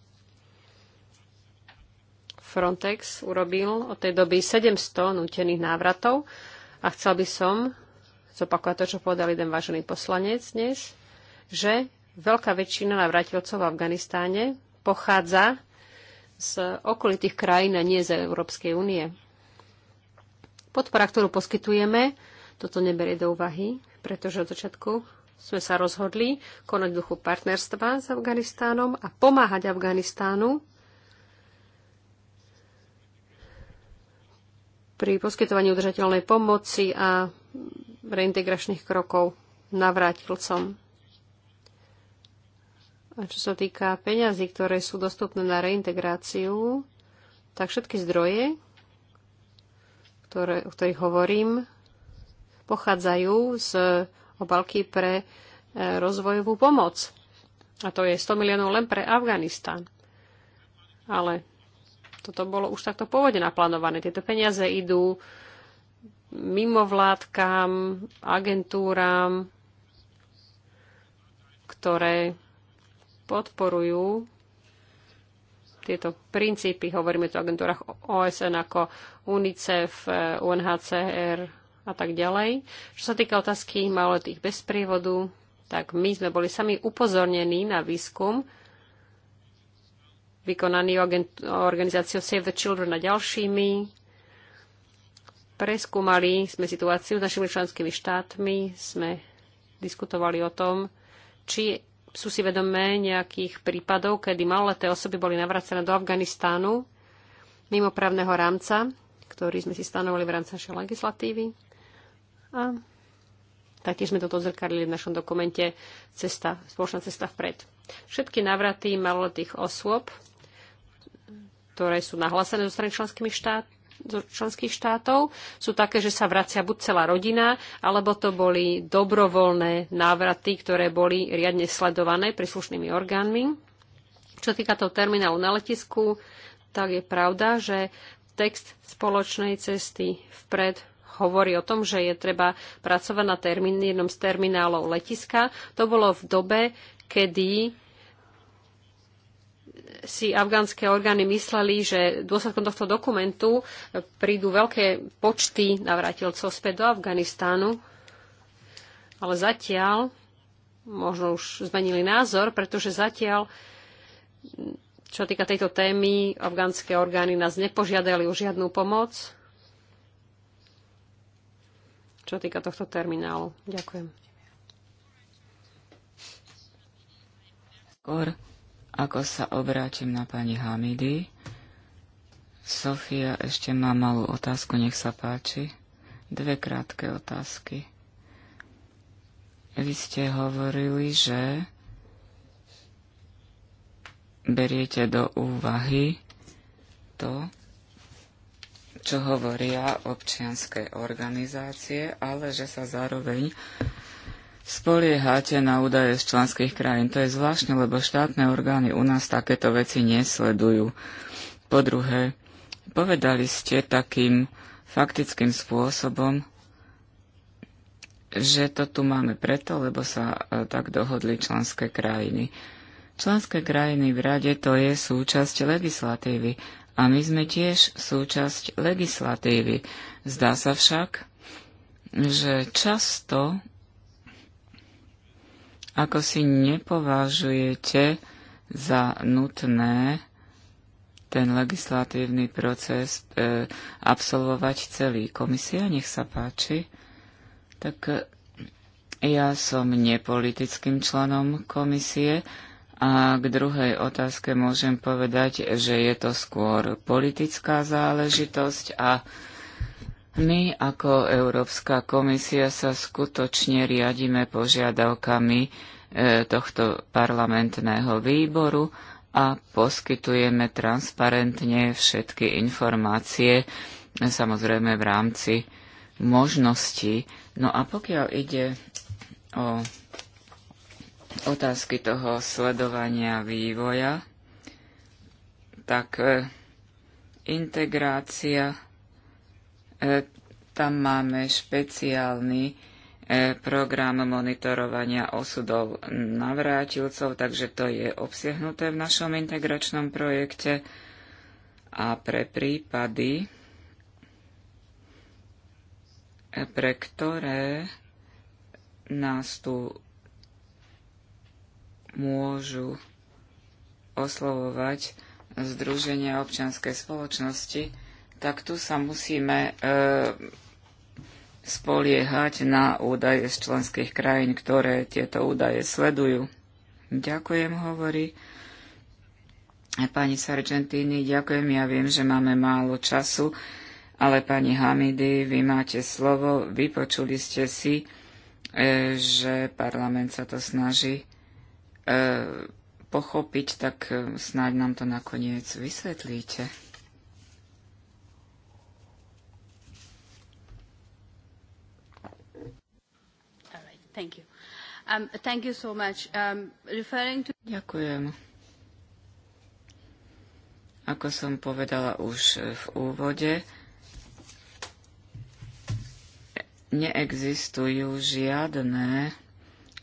Speaker 3: Frontex urobil od tej doby 700 nutených návratov a chcel by som zopakovať to, čo povedal jeden vážený poslanec dnes, že veľká väčšina návratilcov v Afganistáne pochádza z okolitých krajín a nie z Európskej únie. Podpora, ktorú poskytujeme, toto neberie do úvahy, pretože od začiatku sme sa rozhodli konať duchu partnerstva s Afganistánom a pomáhať Afganistánu pri poskytovaní udržateľnej pomoci a reintegračných krokov navrátilcom. A čo sa týka peňazí, ktoré sú dostupné na reintegráciu, tak všetky zdroje, ktoré, o ktorých hovorím, pochádzajú z obalky pre e, rozvojovú pomoc. A to je 100 miliónov len pre Afganistán. Ale toto bolo už takto pôvodne naplánované. Tieto peniaze idú mimovládkam, agentúram, ktoré podporujú tieto princípy. Hovoríme tu o agentúrach OSN ako UNICEF, UNHCR a tak ďalej. Čo sa týka otázky maloletých bez prievodu, tak my sme boli sami upozornení na výskum, vykonaný organizáciou Save the Children a ďalšími. Preskúmali sme situáciu s našimi členskými štátmi, sme diskutovali o tom, či sú si vedomé nejakých prípadov, kedy maloleté osoby boli navracené do Afganistánu mimo právneho rámca, ktorý sme si stanovali v rámci našej legislatívy. A Taktiež sme toto zrkadlili v našom dokumente cesta, Spoločná cesta vpred. Všetky návraty maloletých osôb ktoré sú nahlásené zo strany členskými štát, zo členských štátov, sú také, že sa vracia buď celá rodina, alebo to boli dobrovoľné návraty, ktoré boli riadne sledované príslušnými orgánmi. Čo týka toho terminálu na letisku, tak je pravda, že text spoločnej cesty vpred hovorí o tom, že je treba pracovať na termín, jednom z terminálov letiska. To bolo v dobe, kedy si afgánske orgány mysleli, že dôsledkom tohto dokumentu e, prídu veľké počty navrátilcov späť do Afganistánu, ale zatiaľ, možno už zmenili názor, pretože zatiaľ, čo týka tejto témy, afgánske orgány nás nepožiadali o žiadnu pomoc, čo týka tohto terminálu. Ďakujem.
Speaker 2: Skôr ako sa obrátim na pani Hamidy? Sofia ešte má malú otázku, nech sa páči. Dve krátke otázky. Vy ste hovorili, že beriete do úvahy to, čo hovoria občianské organizácie, ale že sa zároveň spoliehate na údaje z členských krajín. To je zvláštne, lebo štátne orgány u nás takéto veci nesledujú. Po druhé, povedali ste takým faktickým spôsobom, že to tu máme preto, lebo sa e, tak dohodli členské krajiny. Členské krajiny v rade to je súčasť legislatívy a my sme tiež súčasť legislatívy. Zdá sa však, že často ako si nepovažujete za nutné ten legislatívny proces e, absolvovať celý. Komisia, nech sa páči. Tak e, ja som nepolitickým členom komisie a k druhej otázke môžem povedať, že je to skôr politická záležitosť a e, my ako Európska komisia sa skutočne riadime požiadavkami e, tohto parlamentného výboru a poskytujeme transparentne všetky informácie, samozrejme v rámci možností. No a pokiaľ ide o otázky toho sledovania vývoja, tak e, integrácia E, tam máme špeciálny e, program monitorovania osudov navrátilcov, takže to je obsiahnuté v našom integračnom projekte. A pre prípady, e, pre ktoré nás tu môžu oslovovať združenia občianskej spoločnosti, tak tu sa musíme e, spoliehať na údaje z členských krajín, ktoré tieto údaje sledujú. Ďakujem, hovorí pani Sargentini, ďakujem, ja viem, že máme málo času, ale pani Hamidy, vy máte slovo, vypočuli ste si, e, že parlament sa to snaží e, pochopiť, tak e, snáď nám to nakoniec vysvetlíte.
Speaker 1: Thank you. Um, thank you so much. Um, referring to...
Speaker 2: Ďakujem. Ako som povedala už e, v úvode, neexistujú žiadne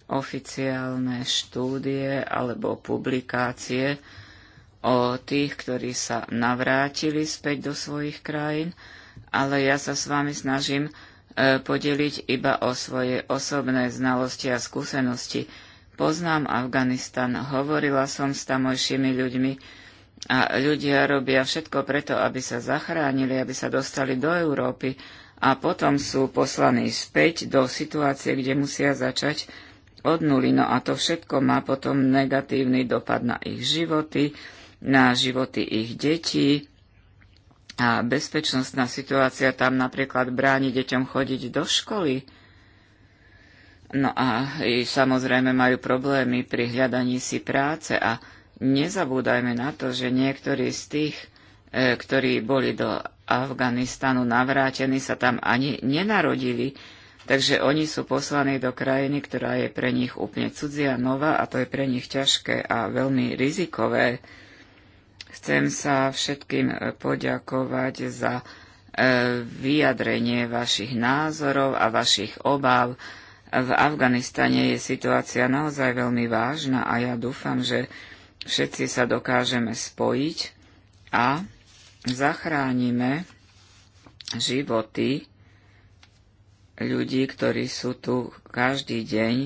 Speaker 2: oficiálne štúdie alebo publikácie o tých, ktorí sa navrátili späť do svojich krajín, ale ja sa s vami snažím E, podeliť iba o svoje osobné znalosti a skúsenosti. Poznám Afganistan, hovorila som s tamojšími ľuďmi a ľudia robia všetko preto, aby sa zachránili, aby sa dostali do Európy a potom sú poslaní späť do situácie, kde musia začať od nuly. No a to všetko má potom negatívny dopad na ich životy, na životy ich detí, a bezpečnostná situácia tam napríklad bráni deťom chodiť do školy. No a samozrejme majú problémy pri hľadaní si práce a nezabúdajme na to, že niektorí z tých, e, ktorí boli do Afganistanu navrátení, sa tam ani nenarodili, takže oni sú poslaní do krajiny, ktorá je pre nich úplne cudzia, nová a to je pre nich ťažké a veľmi rizikové. Chcem sa všetkým e, poďakovať za e, vyjadrenie vašich názorov a vašich obáv. V Afganistane je situácia naozaj veľmi vážna a ja dúfam, že všetci sa dokážeme spojiť a zachránime životy ľudí, ktorí sú tu každý deň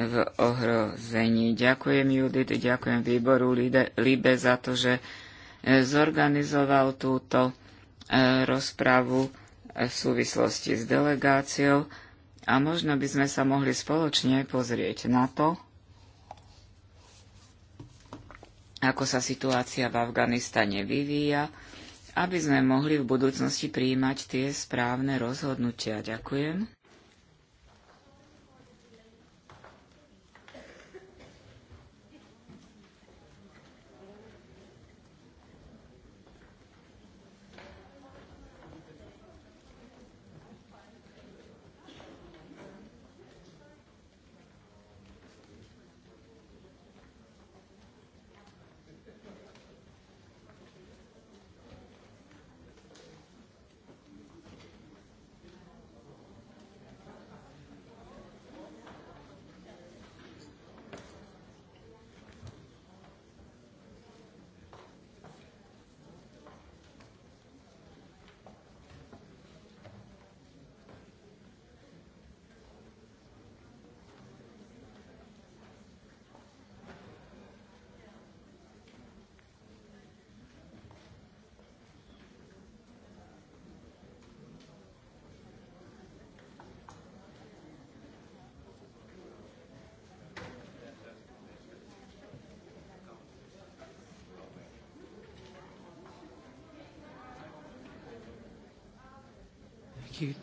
Speaker 2: v ohrození. Ďakujem Judith, ďakujem výboru Libe za to, že zorganizoval túto e, rozpravu v súvislosti s delegáciou a možno by sme sa mohli spoločne pozrieť na to, ako sa situácia v Afganistane vyvíja, aby sme mohli v budúcnosti príjmať tie správne rozhodnutia. Ďakujem.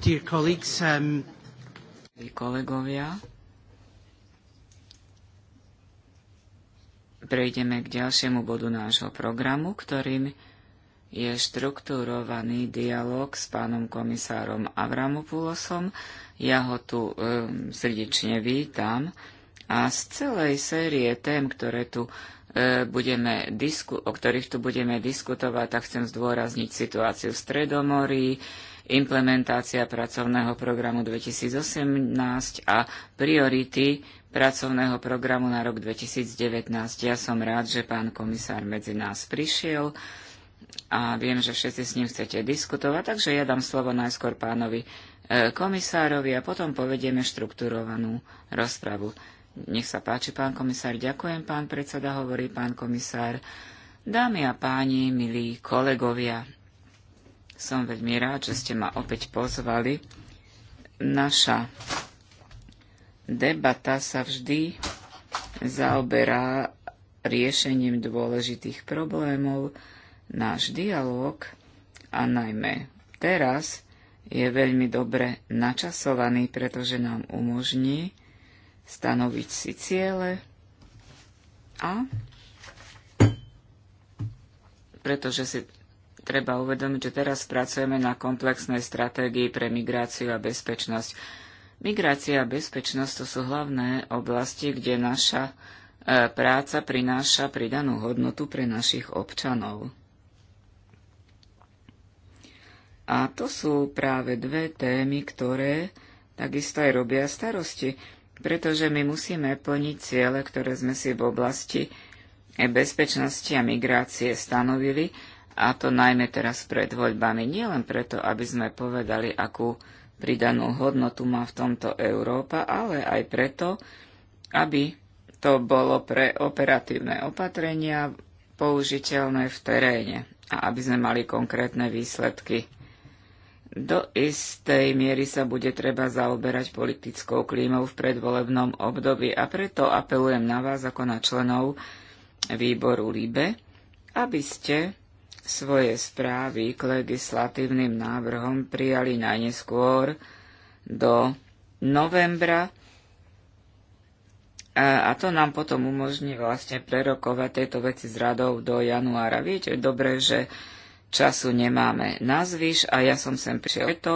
Speaker 2: dear colleagues. Um... Kolegovia, prejdeme k ďalšiemu bodu nášho programu, ktorým je štruktúrovaný dialog s pánom komisárom Avramopulosom. Ja ho tu um, srdečne vítam a z celej série tém, ktoré tu uh, budeme disku- o ktorých tu budeme diskutovať, tak chcem zdôrazniť situáciu v Stredomorí, implementácia pracovného programu 2018 a priority pracovného programu na rok 2019. Ja som rád, že pán komisár medzi nás prišiel a viem, že všetci s ním chcete diskutovať, takže ja dám slovo najskôr pánovi e, komisárovi a potom povedieme štrukturovanú rozpravu. Nech sa páči, pán komisár. Ďakujem, pán predseda, hovorí pán komisár. Dámy a páni, milí kolegovia, som veľmi rád, že ste ma opäť pozvali. Naša debata sa vždy zaoberá riešením dôležitých problémov. Náš dialog a najmä teraz je veľmi dobre načasovaný, pretože nám umožní stanoviť si ciele a pretože si treba uvedomiť, že teraz pracujeme na komplexnej stratégii pre migráciu a bezpečnosť. Migrácia a bezpečnosť to sú hlavné oblasti, kde naša e, práca prináša pridanú hodnotu pre našich občanov. A to sú práve dve témy, ktoré takisto aj robia starosti, pretože my musíme plniť ciele, ktoré sme si v oblasti bezpečnosti a migrácie stanovili a to najmä teraz pred voľbami. Nielen preto, aby sme povedali, akú pridanú hodnotu má v tomto Európa, ale aj preto, aby to bolo pre operatívne opatrenia použiteľné v teréne a aby sme mali konkrétne výsledky. Do istej miery sa bude treba zaoberať politickou klímou v predvolebnom období a preto apelujem na vás ako na členov výboru LIBE, aby ste svoje správy k legislatívnym návrhom prijali najneskôr do novembra a to nám potom umožní vlastne prerokovať tieto veci s radou do januára. Viete, dobre, že času nemáme zvyš a ja som sem prišiel to,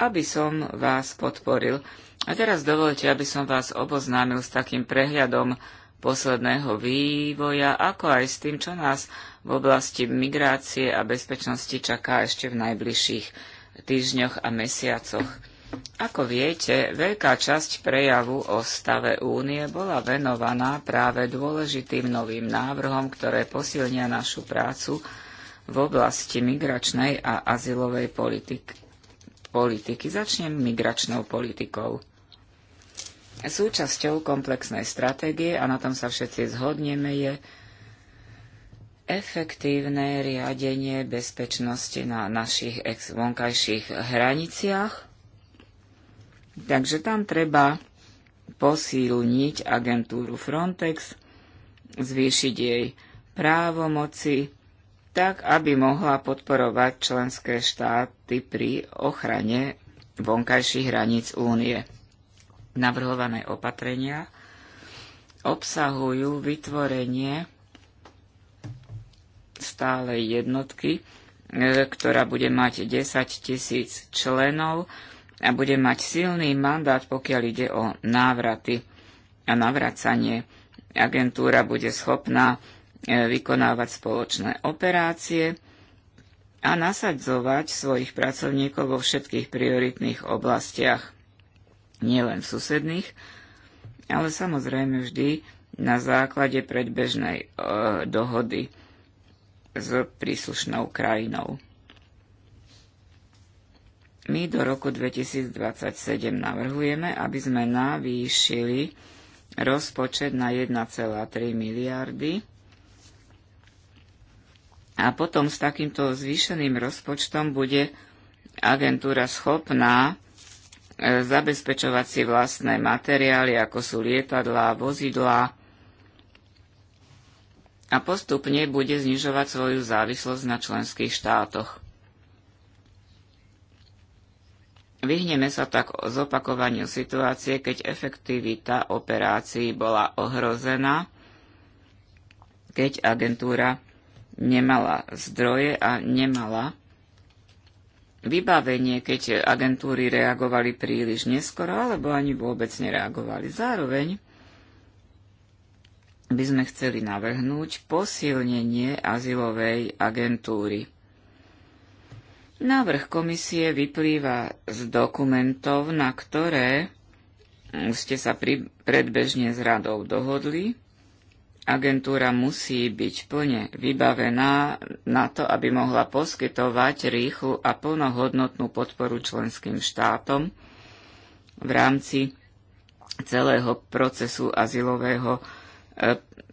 Speaker 2: aby som vás podporil. A teraz dovolte, aby som vás oboznámil s takým prehľadom posledného vývoja, ako aj s tým, čo nás v oblasti migrácie a bezpečnosti čaká ešte v najbližších týždňoch a mesiacoch. Ako viete, veľká časť prejavu o stave únie bola venovaná práve dôležitým novým návrhom, ktoré posilnia našu prácu v oblasti migračnej a azylovej politik- politiky. Začnem migračnou politikou. Súčasťou komplexnej stratégie, a na tom sa všetci zhodneme, je efektívne riadenie bezpečnosti na našich ex vonkajších hraniciach. Takže tam treba posilniť agentúru Frontex, zvýšiť jej právomoci, tak aby mohla podporovať členské štáty pri ochrane vonkajších hraníc únie. Navrhované opatrenia obsahujú vytvorenie stálej jednotky, e, ktorá bude mať 10 tisíc členov a bude mať silný mandát, pokiaľ ide o návraty a navracanie. Agentúra bude schopná e, vykonávať spoločné operácie a nasadzovať svojich pracovníkov vo všetkých prioritných oblastiach, nielen v susedných, ale samozrejme vždy na základe predbežnej e, dohody s príslušnou krajinou. My do roku 2027 navrhujeme, aby sme navýšili rozpočet na 1,3 miliardy a potom s takýmto zvýšeným rozpočtom bude agentúra schopná e, zabezpečovať si vlastné materiály, ako sú lietadlá, vozidlá, a postupne bude znižovať svoju závislosť na členských štátoch. Vyhneme sa tak o zopakovaniu situácie, keď efektivita operácií bola ohrozená, keď agentúra nemala zdroje a nemala vybavenie, keď agentúry reagovali príliš neskoro alebo ani vôbec nereagovali. Zároveň by sme chceli navrhnúť posilnenie azylovej agentúry. Návrh komisie vyplýva z dokumentov, na ktoré ste sa pri, predbežne s radou dohodli. Agentúra musí byť plne vybavená na to, aby mohla poskytovať rýchlu a plnohodnotnú podporu členským štátom v rámci celého procesu azylového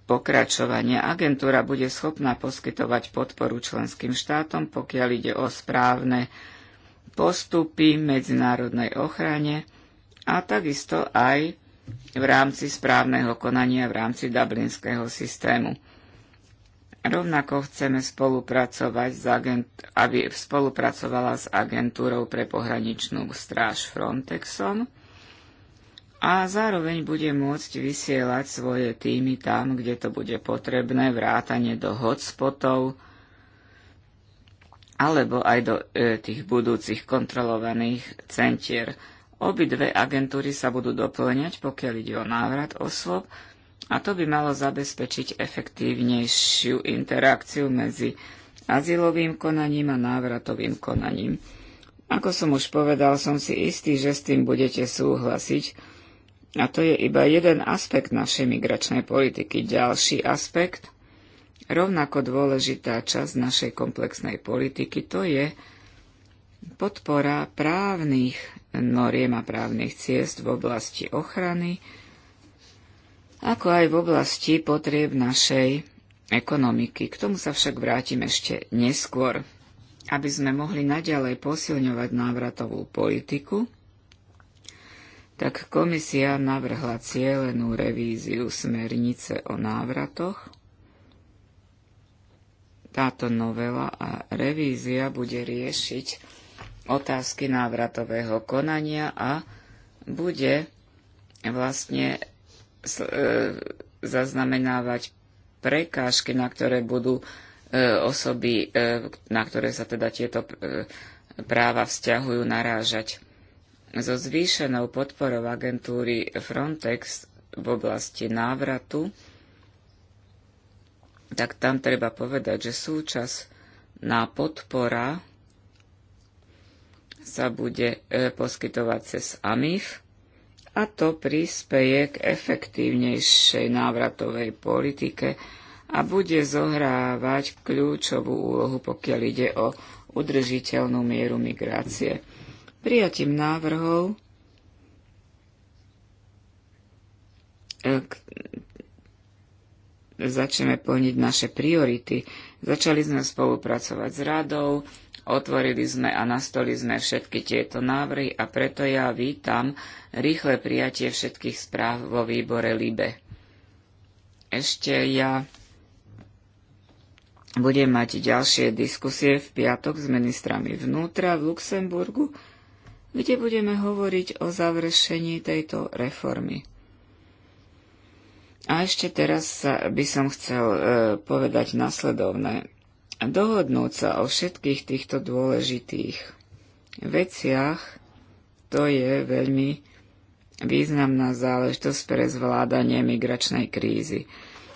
Speaker 2: pokračovanie. Agentúra bude schopná poskytovať podporu členským štátom, pokiaľ ide o správne postupy medzinárodnej ochrane a takisto aj v rámci správneho konania v rámci dublinského systému. Rovnako chceme spolupracovať s agent, aby spolupracovala s agentúrou pre pohraničnú stráž Frontexom, a zároveň bude môcť vysielať svoje týmy tam, kde to bude potrebné, vrátanie do hotspotov alebo aj do e, tých budúcich kontrolovaných centier. Obidve agentúry sa budú doplňať, pokiaľ ide o návrat osôb, a to by malo zabezpečiť efektívnejšiu interakciu medzi azylovým konaním a návratovým konaním. Ako som už povedal, som si istý, že s tým budete súhlasiť, a to je iba jeden aspekt našej migračnej politiky. Ďalší aspekt, rovnako dôležitá časť našej komplexnej politiky, to je podpora právnych noriem a právnych ciest v oblasti ochrany, ako aj v oblasti potrieb našej ekonomiky. K tomu sa však vrátim ešte neskôr. Aby sme mohli naďalej posilňovať návratovú politiku, tak komisia navrhla cielenú revíziu smernice o návratoch. Táto novela a revízia bude riešiť otázky návratového konania a bude vlastne e, zaznamenávať prekážky, na ktoré budú e, osoby, e, na ktoré sa teda tieto práva vzťahujú, narážať. So zvýšenou podporou agentúry Frontex v oblasti návratu, tak tam treba povedať, že súčasná podpora sa bude e, poskytovať cez AMIF a to prispeje k efektívnejšej návratovej politike a bude zohrávať kľúčovú úlohu, pokiaľ ide o udržiteľnú mieru migrácie prijatím návrhov, e, začneme plniť naše priority. Začali sme spolupracovať s radou, otvorili sme a nastoli sme všetky tieto návrhy a preto ja vítam rýchle prijatie všetkých správ vo výbore LIBE. Ešte ja budem mať ďalšie diskusie v piatok s ministrami vnútra v Luxemburgu kde budeme hovoriť o završení tejto reformy. A ešte teraz by som chcel e, povedať nasledovné. Dohodnúť sa o všetkých týchto dôležitých veciach, to je veľmi významná záležitosť pre zvládanie migračnej krízy.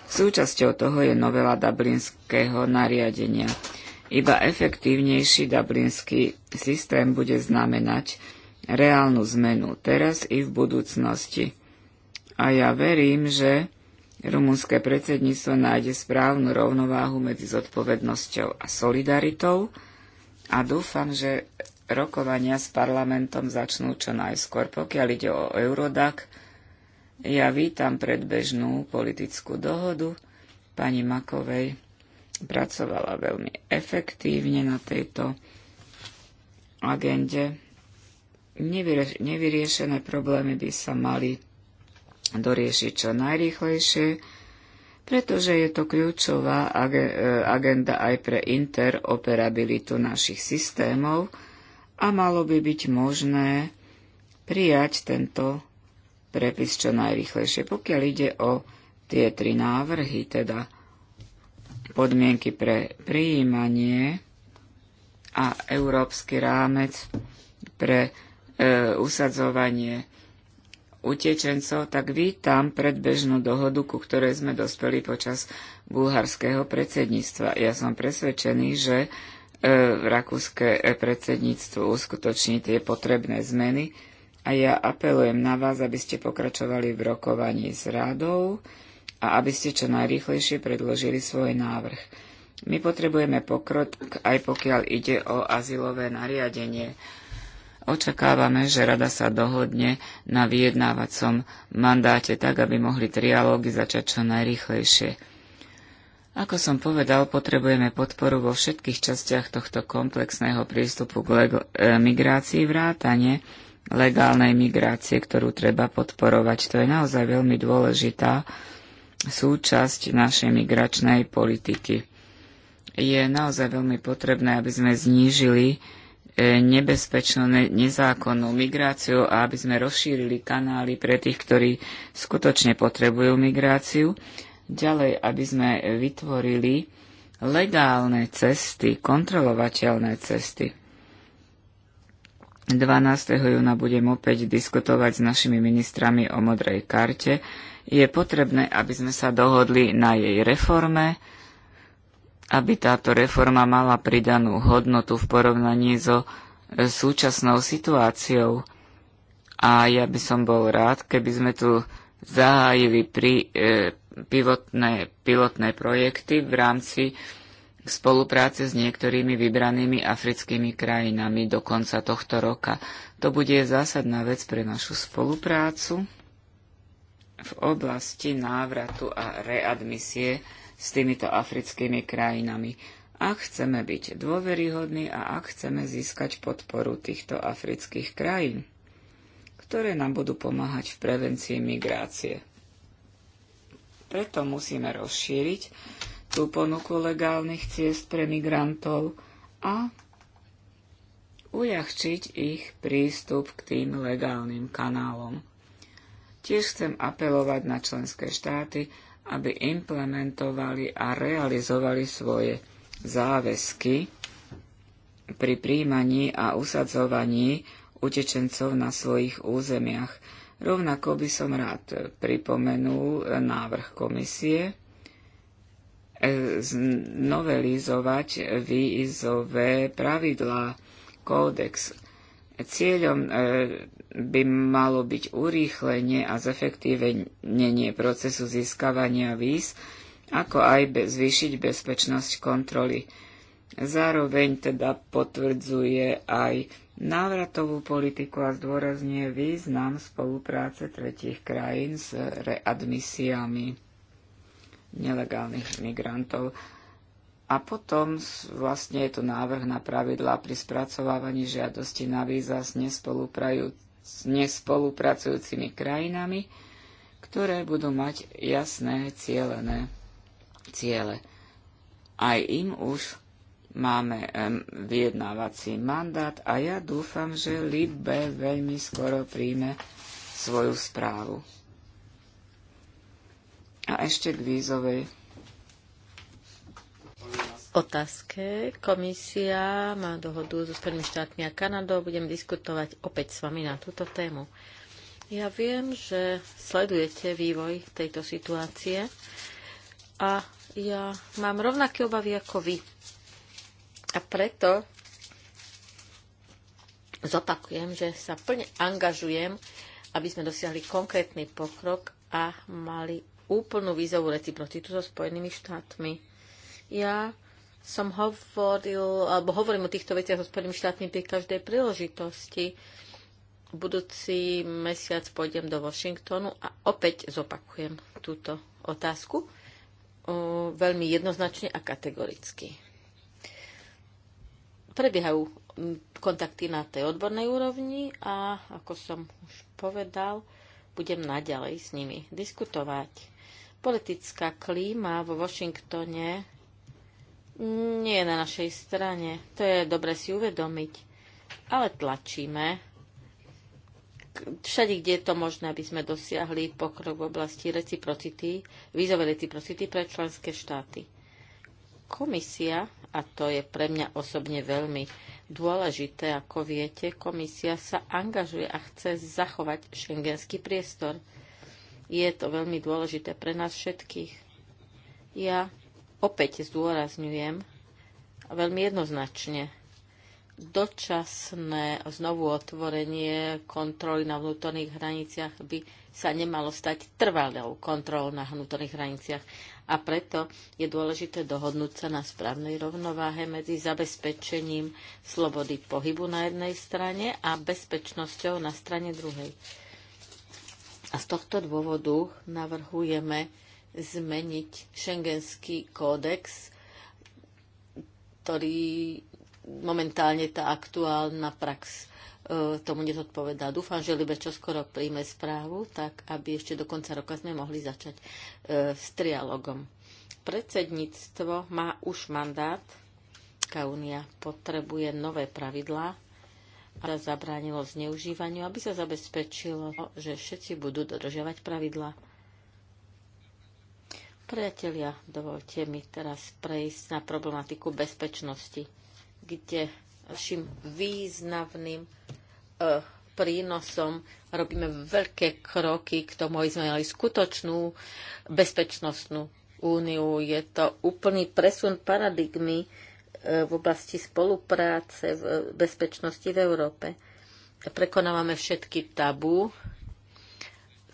Speaker 2: Súčasťou toho je novela Dublinského nariadenia. Iba efektívnejší dublinský systém bude znamenať reálnu zmenu teraz i v budúcnosti. A ja verím, že rumunské predsedníctvo nájde správnu rovnováhu medzi zodpovednosťou a solidaritou a dúfam, že rokovania s parlamentom začnú čo najskôr. Pokiaľ ide o Eurodac, ja vítam predbežnú politickú dohodu pani Makovej pracovala veľmi efektívne na tejto agende. Nevyriešené problémy by sa mali doriešiť čo najrýchlejšie, pretože je to kľúčová e, agenda aj pre interoperabilitu našich systémov a malo by byť možné prijať tento prepis čo najrýchlejšie. Pokiaľ ide o tie tri návrhy, teda podmienky pre prijímanie a európsky rámec pre e, usadzovanie utečencov, tak vítam predbežnú dohodu, ku ktorej sme dospeli počas bulharského predsedníctva. Ja som presvedčený, že e, v rakúske e, predsedníctvo uskutoční tie potrebné zmeny a ja apelujem na vás, aby ste pokračovali v rokovaní s radou a aby ste čo najrýchlejšie predložili svoj návrh. My potrebujeme pokrok, aj pokiaľ ide o azylové nariadenie. Očakávame, že rada sa dohodne na vyjednávacom mandáte tak, aby mohli trialógy začať čo najrýchlejšie. Ako som povedal, potrebujeme podporu vo všetkých častiach tohto komplexného prístupu k e, migrácii vrátane legálnej migrácie, ktorú treba podporovať. To je naozaj veľmi dôležitá súčasť našej migračnej politiky. Je naozaj veľmi potrebné, aby sme znížili e, nebezpečnú, nezákonnú migráciu a aby sme rozšírili kanály pre tých, ktorí skutočne potrebujú migráciu. Ďalej, aby sme vytvorili legálne cesty, kontrolovateľné cesty. 12. júna budem opäť diskutovať s našimi ministrami o modrej karte je potrebné, aby sme sa dohodli na jej reforme, aby táto reforma mala pridanú hodnotu v porovnaní so e, súčasnou situáciou. A ja by som bol rád, keby sme tu zahájili pri, e, pivotné, pilotné projekty v rámci spolupráce s niektorými vybranými africkými krajinami do konca tohto roka. To bude zásadná vec pre našu spoluprácu v oblasti návratu a readmisie s týmito africkými krajinami. Ak chceme byť dôveryhodní a ak chceme získať podporu týchto afrických krajín, ktoré nám budú pomáhať v prevencii migrácie. Preto musíme rozšíriť tú ponuku legálnych ciest pre migrantov a uľahčiť ich prístup k tým legálnym kanálom. Tiež chcem apelovať na členské štáty, aby implementovali a realizovali svoje záväzky pri príjmaní a usadzovaní utečencov na svojich územiach. Rovnako by som rád pripomenul návrh komisie e, znovelizovať výizové pravidlá kódex. Cieľom e, by malo byť urýchlenie a zefektívenie procesu získavania víz, ako aj be- zvýšiť bezpečnosť kontroly. Zároveň teda potvrdzuje aj návratovú politiku a zdôrazňuje význam spolupráce tretich krajín s readmisiami nelegálnych migrantov. A potom vlastne je to návrh na pravidlá pri spracovávaní žiadosti na víza s nespolupracujúcimi s nespolupracujúcimi krajinami, ktoré budú mať jasné cieľené ciele. Aj im už máme vyjednávací mandát a ja dúfam, že Libbe veľmi skoro príjme svoju správu. A ešte k vízovej otázke.
Speaker 1: Komisia má dohodu so Spojenými štátmi a Kanadou. Budem diskutovať opäť s vami na túto tému. Ja viem, že sledujete vývoj tejto situácie a ja mám rovnaké obavy ako vy. A preto zopakujem, že sa plne angažujem, aby sme dosiahli konkrétny pokrok a mali úplnú vízovú reciprocitu so Spojenými štátmi. Ja som hovoril, alebo hovorím o týchto veciach so Spojenými štátmi pri každej príležitosti. Budúci mesiac pôjdem do Washingtonu a opäť zopakujem túto otázku o, veľmi jednoznačne a kategoricky. Prebiehajú kontakty na tej odbornej úrovni a, ako som už povedal, budem naďalej s nimi diskutovať. Politická klíma vo Washingtone nie na našej strane. To je dobre si uvedomiť. Ale tlačíme všade, kde je to možné, aby sme dosiahli pokrok v oblasti reciprocity, vízovej reciprocity pre členské štáty. Komisia, a to je pre mňa osobne veľmi dôležité, ako viete, komisia sa angažuje a chce zachovať šengenský priestor. Je to veľmi dôležité pre nás všetkých. Ja opäť zdôrazňujem, veľmi jednoznačne, dočasné znovu otvorenie kontroly na vnútorných hraniciach by sa nemalo stať trvalou kontrolou na vnútorných hraniciach. A preto je dôležité dohodnúť sa na správnej rovnováhe medzi zabezpečením slobody pohybu na jednej strane a bezpečnosťou na strane druhej. A z tohto dôvodu navrhujeme zmeniť šengenský kódex, ktorý momentálne tá aktuálna prax e, tomu nezodpovedá. Dúfam, že Libe čoskoro príjme správu, tak aby ešte do konca roka sme mohli začať e, s trialogom. Predsedníctvo má už mandát, únia potrebuje nové pravidlá, a zabránilo zneužívaniu, aby sa zabezpečilo, že všetci budú dodržiavať pravidlá. Priatelia, dovolte mi teraz prejsť na problematiku bezpečnosti, kde našim významným e, prínosom robíme veľké kroky k tomu, aby sme mali skutočnú bezpečnostnú úniu. Je to úplný presun paradigmy e, v oblasti spolupráce v e, bezpečnosti v Európe. Prekonávame všetky tabú,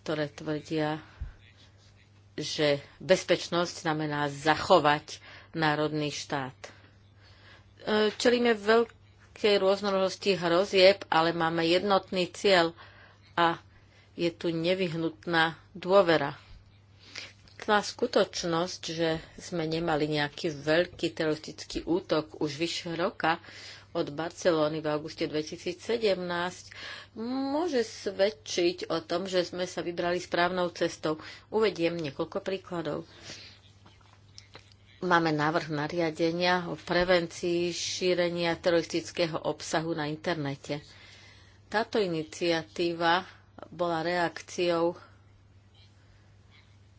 Speaker 1: ktoré tvrdia že bezpečnosť znamená zachovať národný štát. E, čelíme veľkej rôznorodosti hrozieb, ale máme jednotný cieľ a je tu nevyhnutná dôvera. Tá skutočnosť, že sme nemali nejaký veľký teroristický útok už vyššie roka, od Barcelóny v auguste 2017 môže svedčiť o tom, že sme sa vybrali správnou cestou. Uvediem niekoľko príkladov. Máme návrh nariadenia o prevencii šírenia teroristického obsahu na internete. Táto iniciatíva bola reakciou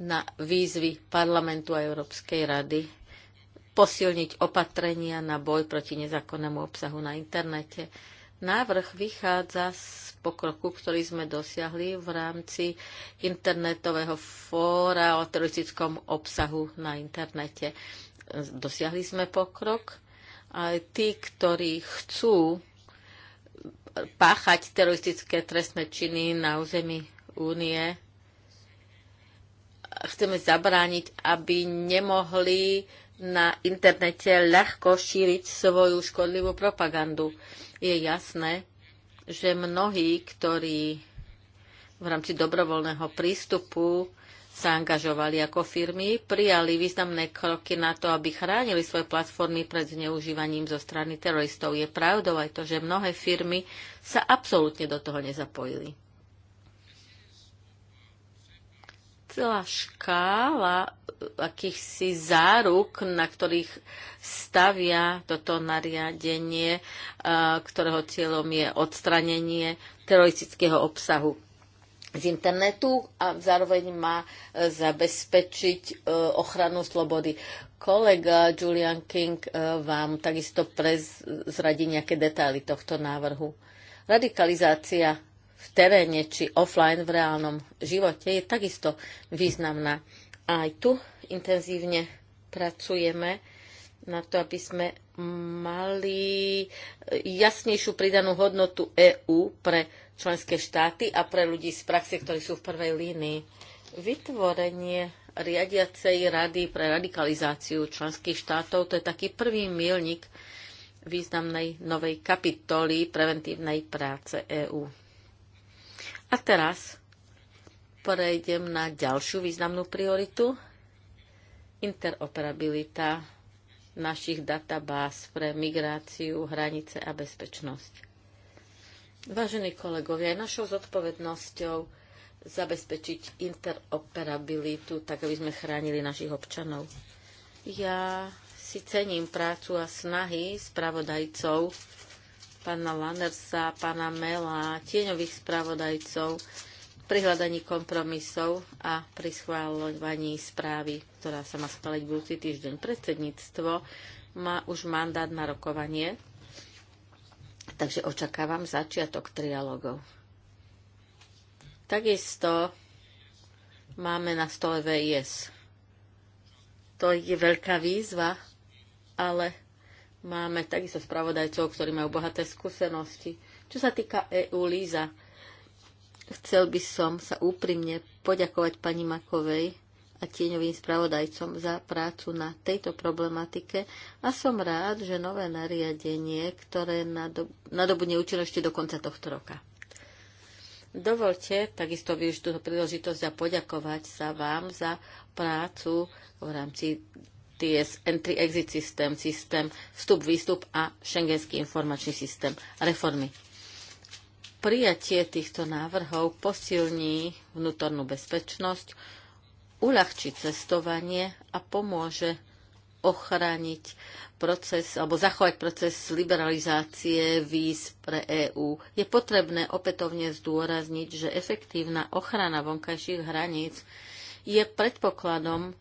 Speaker 1: na výzvy parlamentu a Európskej rady posilniť opatrenia na boj proti nezákonnému obsahu na internete. Návrh vychádza z pokroku, ktorý sme dosiahli v rámci internetového fóra o teroristickom obsahu na internete. Dosiahli sme pokrok. A tí, ktorí chcú páchať teroristické trestné činy na území únie, chceme zabrániť, aby nemohli na internete ľahko šíriť svoju škodlivú propagandu. Je jasné, že mnohí, ktorí v rámci dobrovoľného prístupu sa angažovali ako firmy, prijali významné kroky na to, aby chránili svoje platformy pred zneužívaním zo strany teroristov. Je pravdou aj to, že mnohé firmy sa absolútne do toho nezapojili. celá škála eh, akýchsi záruk, na ktorých stavia toto nariadenie, eh, ktorého cieľom je odstranenie teroristického obsahu z internetu a zároveň má eh, zabezpečiť ochranu slobody. Kolega Julian King vám takisto prezradí nejaké detaily tohto návrhu. Radikalizácia v teréne či offline v reálnom živote je takisto významná. A aj tu intenzívne pracujeme na to, aby sme mali jasnejšiu pridanú hodnotu EÚ pre členské štáty a pre ľudí z praxe, ktorí sú v prvej línii. Vytvorenie riadiacej rady pre radikalizáciu členských štátov to je taký prvý milník významnej novej kapitoly preventívnej práce EÚ. A teraz prejdem na ďalšiu významnú prioritu. Interoperabilita našich databáz pre migráciu, hranice a bezpečnosť. Vážení kolegovia, je našou zodpovednosťou zabezpečiť interoperabilitu, tak aby sme chránili našich občanov. Ja si cením prácu a snahy spravodajcov pána Landersa, pána Mela, tieňových spravodajcov pri hľadaní kompromisov a pri schváľovaní správy, ktorá sa má schváliť budúci týždeň. Predsedníctvo má už mandát na rokovanie, takže očakávam začiatok trialogov. Takisto máme na stole VIS. To je veľká výzva, ale Máme takisto spravodajcov, ktorí majú bohaté skúsenosti. Čo sa týka EU Líza, chcel by som sa úprimne poďakovať pani Makovej a tieňovým spravodajcom za prácu na tejto problematike a som rád, že nové nariadenie, ktoré nadobudne ešte do konca tohto roka. Dovolte takisto využiť túto príležitosť a poďakovať sa vám za prácu v rámci TS, Entry Exit System, systém vstup, výstup a Schengenský informačný systém reformy. Prijatie týchto návrhov posilní vnútornú bezpečnosť, uľahčí cestovanie a pomôže ochrániť proces alebo zachovať proces liberalizácie víz pre EÚ. Je potrebné opätovne zdôrazniť, že efektívna ochrana vonkajších hraníc je predpokladom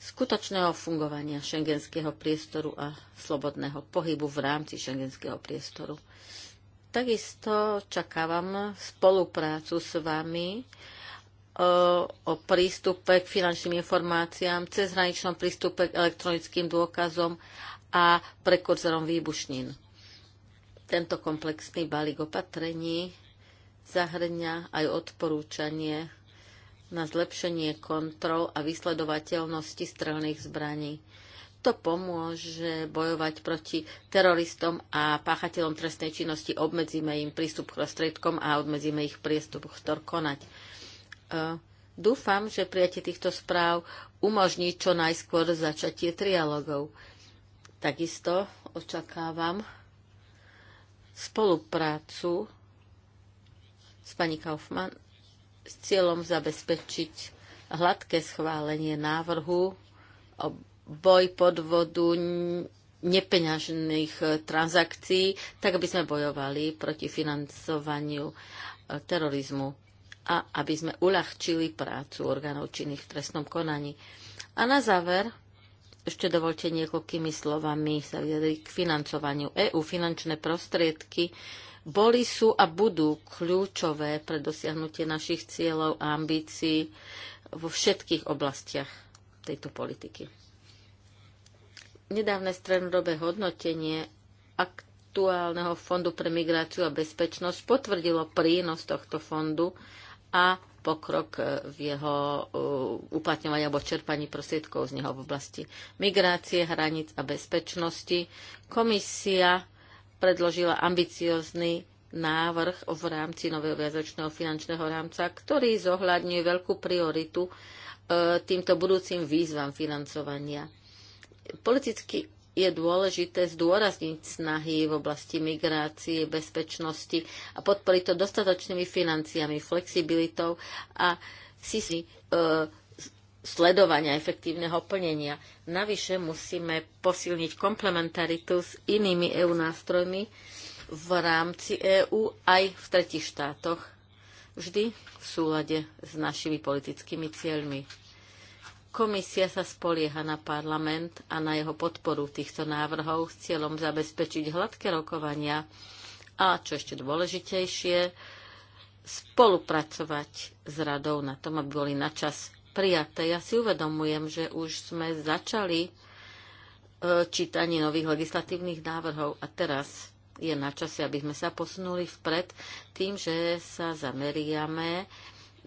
Speaker 1: skutočného fungovania šengenského priestoru a slobodného pohybu v rámci šengenského priestoru. Takisto čakávam spoluprácu s vami e, o prístupe k finančným informáciám, cezhraničnom prístupe k elektronickým dôkazom a prekurzorom výbušnín. Tento komplexný balík opatrení zahrňa aj odporúčanie na zlepšenie kontrol a vysledovateľnosti strelných zbraní. To pomôže bojovať proti teroristom a páchateľom trestnej činnosti. Obmedzíme im prístup k prostriedkom a obmedzíme ich prístup konať. E, dúfam, že prijatie týchto správ umožní čo najskôr začatie trialogov. Takisto očakávam spoluprácu s pani Kaufmann s cieľom zabezpečiť hladké schválenie návrhu o boj podvodu nepeňažných transakcií, tak aby sme bojovali proti financovaniu e, terorizmu a aby sme uľahčili prácu orgánov činných v trestnom konaní. A na záver ešte dovolte niekoľkými slovami sa vyjadriť k financovaniu EÚ. Finančné prostriedky boli, sú a budú kľúčové pre dosiahnutie našich cieľov a ambícií vo všetkých oblastiach tejto politiky. Nedávne strednodobé hodnotenie aktuálneho Fondu pre migráciu a bezpečnosť potvrdilo prínos tohto fondu a pokrok v jeho uh, uplatňovaní alebo čerpaní prostriedkov z neho v oblasti migrácie, hranic a bezpečnosti. Komisia predložila ambiciózny návrh v rámci nového viazočného finančného rámca, ktorý zohľadňuje veľkú prioritu e, týmto budúcim výzvam financovania. Politicky je dôležité zdôrazniť snahy v oblasti migrácie, bezpečnosti a podporiť to dostatočnými financiami, flexibilitou a si e, sledovania efektívneho plnenia. Navyše musíme posilniť komplementaritu s inými EU nástrojmi v rámci EÚ aj v tretich štátoch, vždy v súlade s našimi politickými cieľmi. Komisia sa spolieha na parlament a na jeho podporu týchto návrhov s cieľom zabezpečiť hladké rokovania a, čo ešte dôležitejšie, spolupracovať s radou na tom, aby boli načas prijaté. Ja si uvedomujem, že už sme začali e, čítanie nových legislatívnych návrhov a teraz je na čase, aby sme sa posunuli vpred tým, že sa zameriame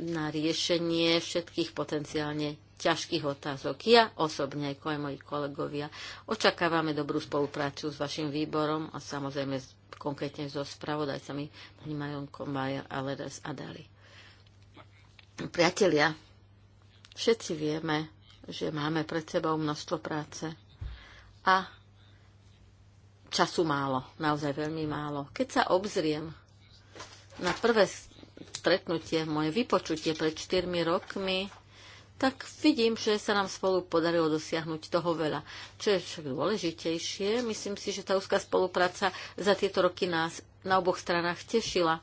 Speaker 1: na riešenie všetkých potenciálne ťažkých otázok. Ja osobne, ako aj moji kolegovia, očakávame dobrú spoluprácu s vašim výborom a samozrejme konkrétne so spravodajcami pani Majonko Maja Aleres Dali. Priatelia, Všetci vieme, že máme pred sebou množstvo práce a času málo, naozaj veľmi málo. Keď sa obzriem na prvé stretnutie, moje vypočutie pred 4 rokmi, tak vidím, že sa nám spolu podarilo dosiahnuť toho veľa. Čo je však dôležitejšie, myslím si, že tá úzká spolupráca za tieto roky nás na oboch stranách tešila.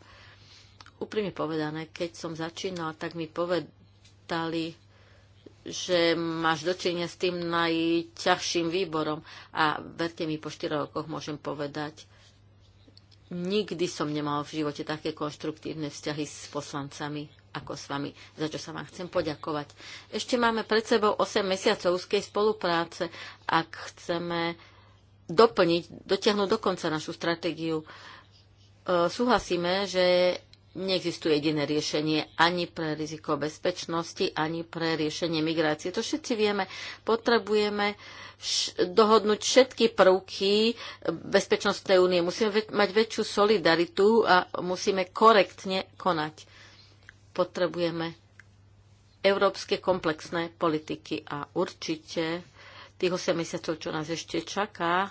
Speaker 1: Úprimne povedané, keď som začínala, tak mi povedali, že máš dočenie s tým najťažším výborom. A verte mi, po 4 rokoch môžem povedať, nikdy som nemal v živote také konštruktívne vzťahy s poslancami ako s vami, za čo sa vám chcem poďakovať. Ešte máme pred sebou 8 mesiacov úzkej spolupráce, ak chceme doplniť, dotiahnuť do konca našu stratégiu. E, súhlasíme, že Neexistuje jediné riešenie ani pre riziko bezpečnosti, ani pre riešenie migrácie. To všetci vieme. Potrebujeme dohodnúť všetky prvky bezpečnostnej únie. Musíme mať väčšiu solidaritu a musíme korektne konať. Potrebujeme európske komplexné politiky a určite tých 8 mesiacov, čo nás ešte čaká,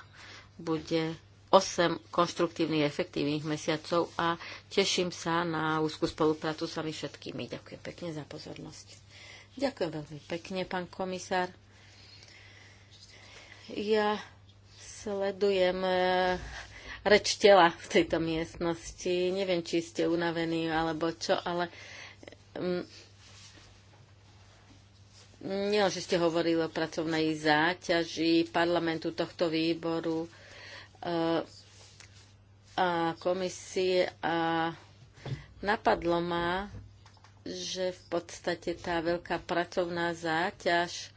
Speaker 1: bude 8 konštruktívnych, efektívnych mesiacov a teším sa na úzkú spoluprácu s vami všetkými. Ďakujem pekne za pozornosť. Ďakujem veľmi pekne, pán komisár. Ja sledujem e, reč tela v tejto miestnosti. Neviem, či ste unavení alebo čo, ale mm, nie, že ste hovorili o pracovnej záťaži parlamentu tohto výboru, a komisie a napadlo ma, že v podstate tá veľká pracovná záťaž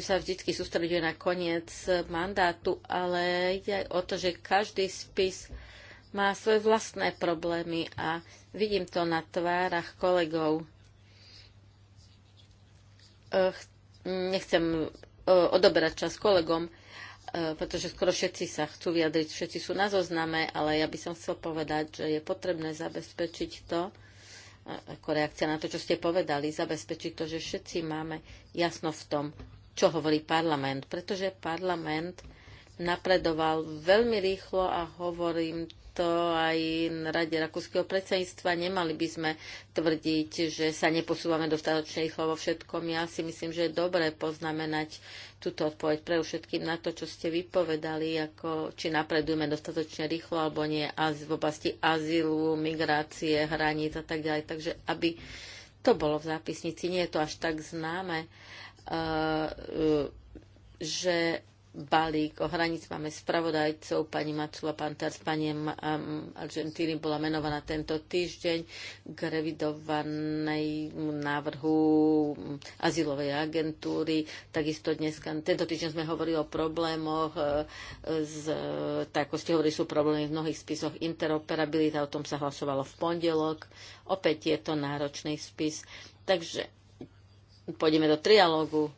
Speaker 1: sa vždy sústreduje na koniec mandátu, ale ide aj o to, že každý spis má svoje vlastné problémy a vidím to na tvárach kolegov. Nechcem eh, odoberať čas kolegom, E, pretože skoro všetci sa chcú vyjadriť, všetci sú na zozname, ale ja by som chcel povedať, že je potrebné zabezpečiť to, e, ako reakcia na to, čo ste povedali, zabezpečiť to, že všetci máme jasno v tom, čo hovorí parlament, pretože parlament napredoval veľmi rýchlo a hovorím to aj na rade rakúskeho predsedníctva. Nemali by sme tvrdiť, že sa neposúvame dostatočne rýchlo vo všetkom. Ja si myslím, že je dobré poznamenať túto odpoveď pre všetkým na to, čo ste vypovedali, ako či napredujeme dostatočne rýchlo alebo nie v oblasti azylu, migrácie, hraníc a tak ďalej. Takže aby to bolo v zápisnici, nie je to až tak známe, eh, eh, že balík o hranic. Máme spravodajcov, pani Macula Pantár s pani Argentíny bola menovaná tento týždeň k revidovanej návrhu azylovej agentúry. Takisto dnes, tento týždeň sme hovorili o problémoch, e, z, tak ako ste hovorili, sú problémy v mnohých spisoch interoperabilita, o tom sa hlasovalo v pondelok. Opäť je to náročný spis. Takže pôjdeme do trialógu.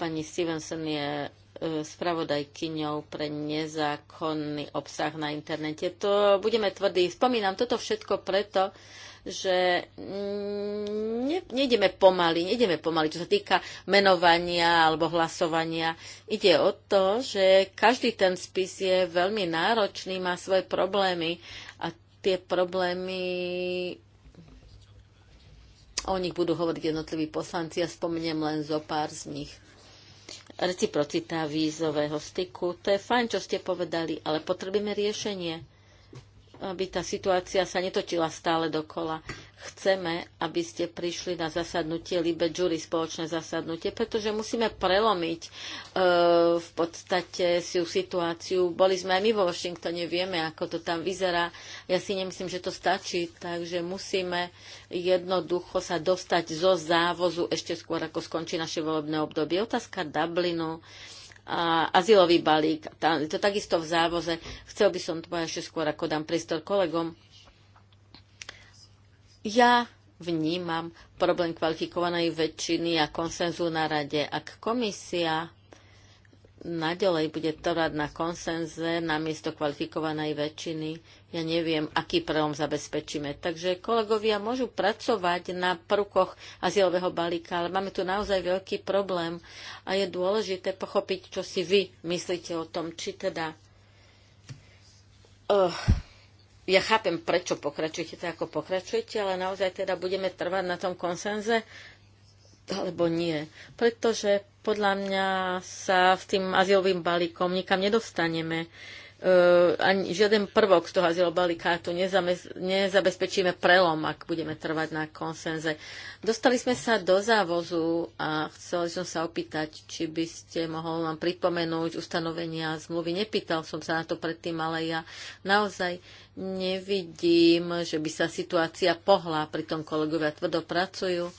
Speaker 1: Pani Stevenson je E, spravodajkyňou pre nezákonný obsah na internete. To budeme tvrdí. Spomínam toto všetko preto, že ne, nejdeme pomaly, nejdeme pomaly, čo sa týka menovania alebo hlasovania. Ide o to, že každý ten spis je veľmi náročný, má svoje problémy a tie problémy o nich budú hovoriť jednotliví poslanci a ja spomeniem len zo pár z nich reciprocita vízového styku. To je fajn, čo ste povedali, ale potrebujeme riešenie aby tá situácia sa netočila stále dokola. Chceme, aby ste prišli na zasadnutie Libe Jury, spoločné zasadnutie, pretože musíme prelomiť e, v podstate si situáciu. Boli sme aj my vo Washingtone, vieme, ako to tam vyzerá. Ja si nemyslím, že to stačí, takže musíme jednoducho sa dostať zo závozu ešte skôr, ako skončí naše volebné obdobie. Otázka Dublinu. E, a azylový balík. Tá, je to takisto v závoze. Chcel by som to povedať ešte skôr, ako dám priestor kolegom. Ja vnímam problém kvalifikovanej väčšiny a konsenzu na rade. Ak komisia naďalej bude trvať na konsenze namiesto kvalifikovanej väčšiny, ja neviem, aký prvom zabezpečíme. Takže kolegovia môžu pracovať na prukoch azylového balíka, ale máme tu naozaj veľký problém a je dôležité pochopiť, čo si vy myslíte o tom, či teda... Uh, ja chápem, prečo pokračujete tak, ako pokračujete, ale naozaj teda budeme trvať na tom konsenze, alebo nie. Pretože podľa mňa sa s tým azylovým balíkom nikam nedostaneme. Uh, Eh, ani žiaden prvok z toho azylo balikátu nezabezpečíme prelom, ak budeme trvať na konsenze. Dostali sme sa do závozu a chcel som sa opýtať, či by ste mohol nám pripomenúť ustanovenia zmluvy. Nepýtal som sa na to predtým, ale ja naozaj nevidím, že by sa situácia pohla, pritom kolegovia tvrdo pracujú.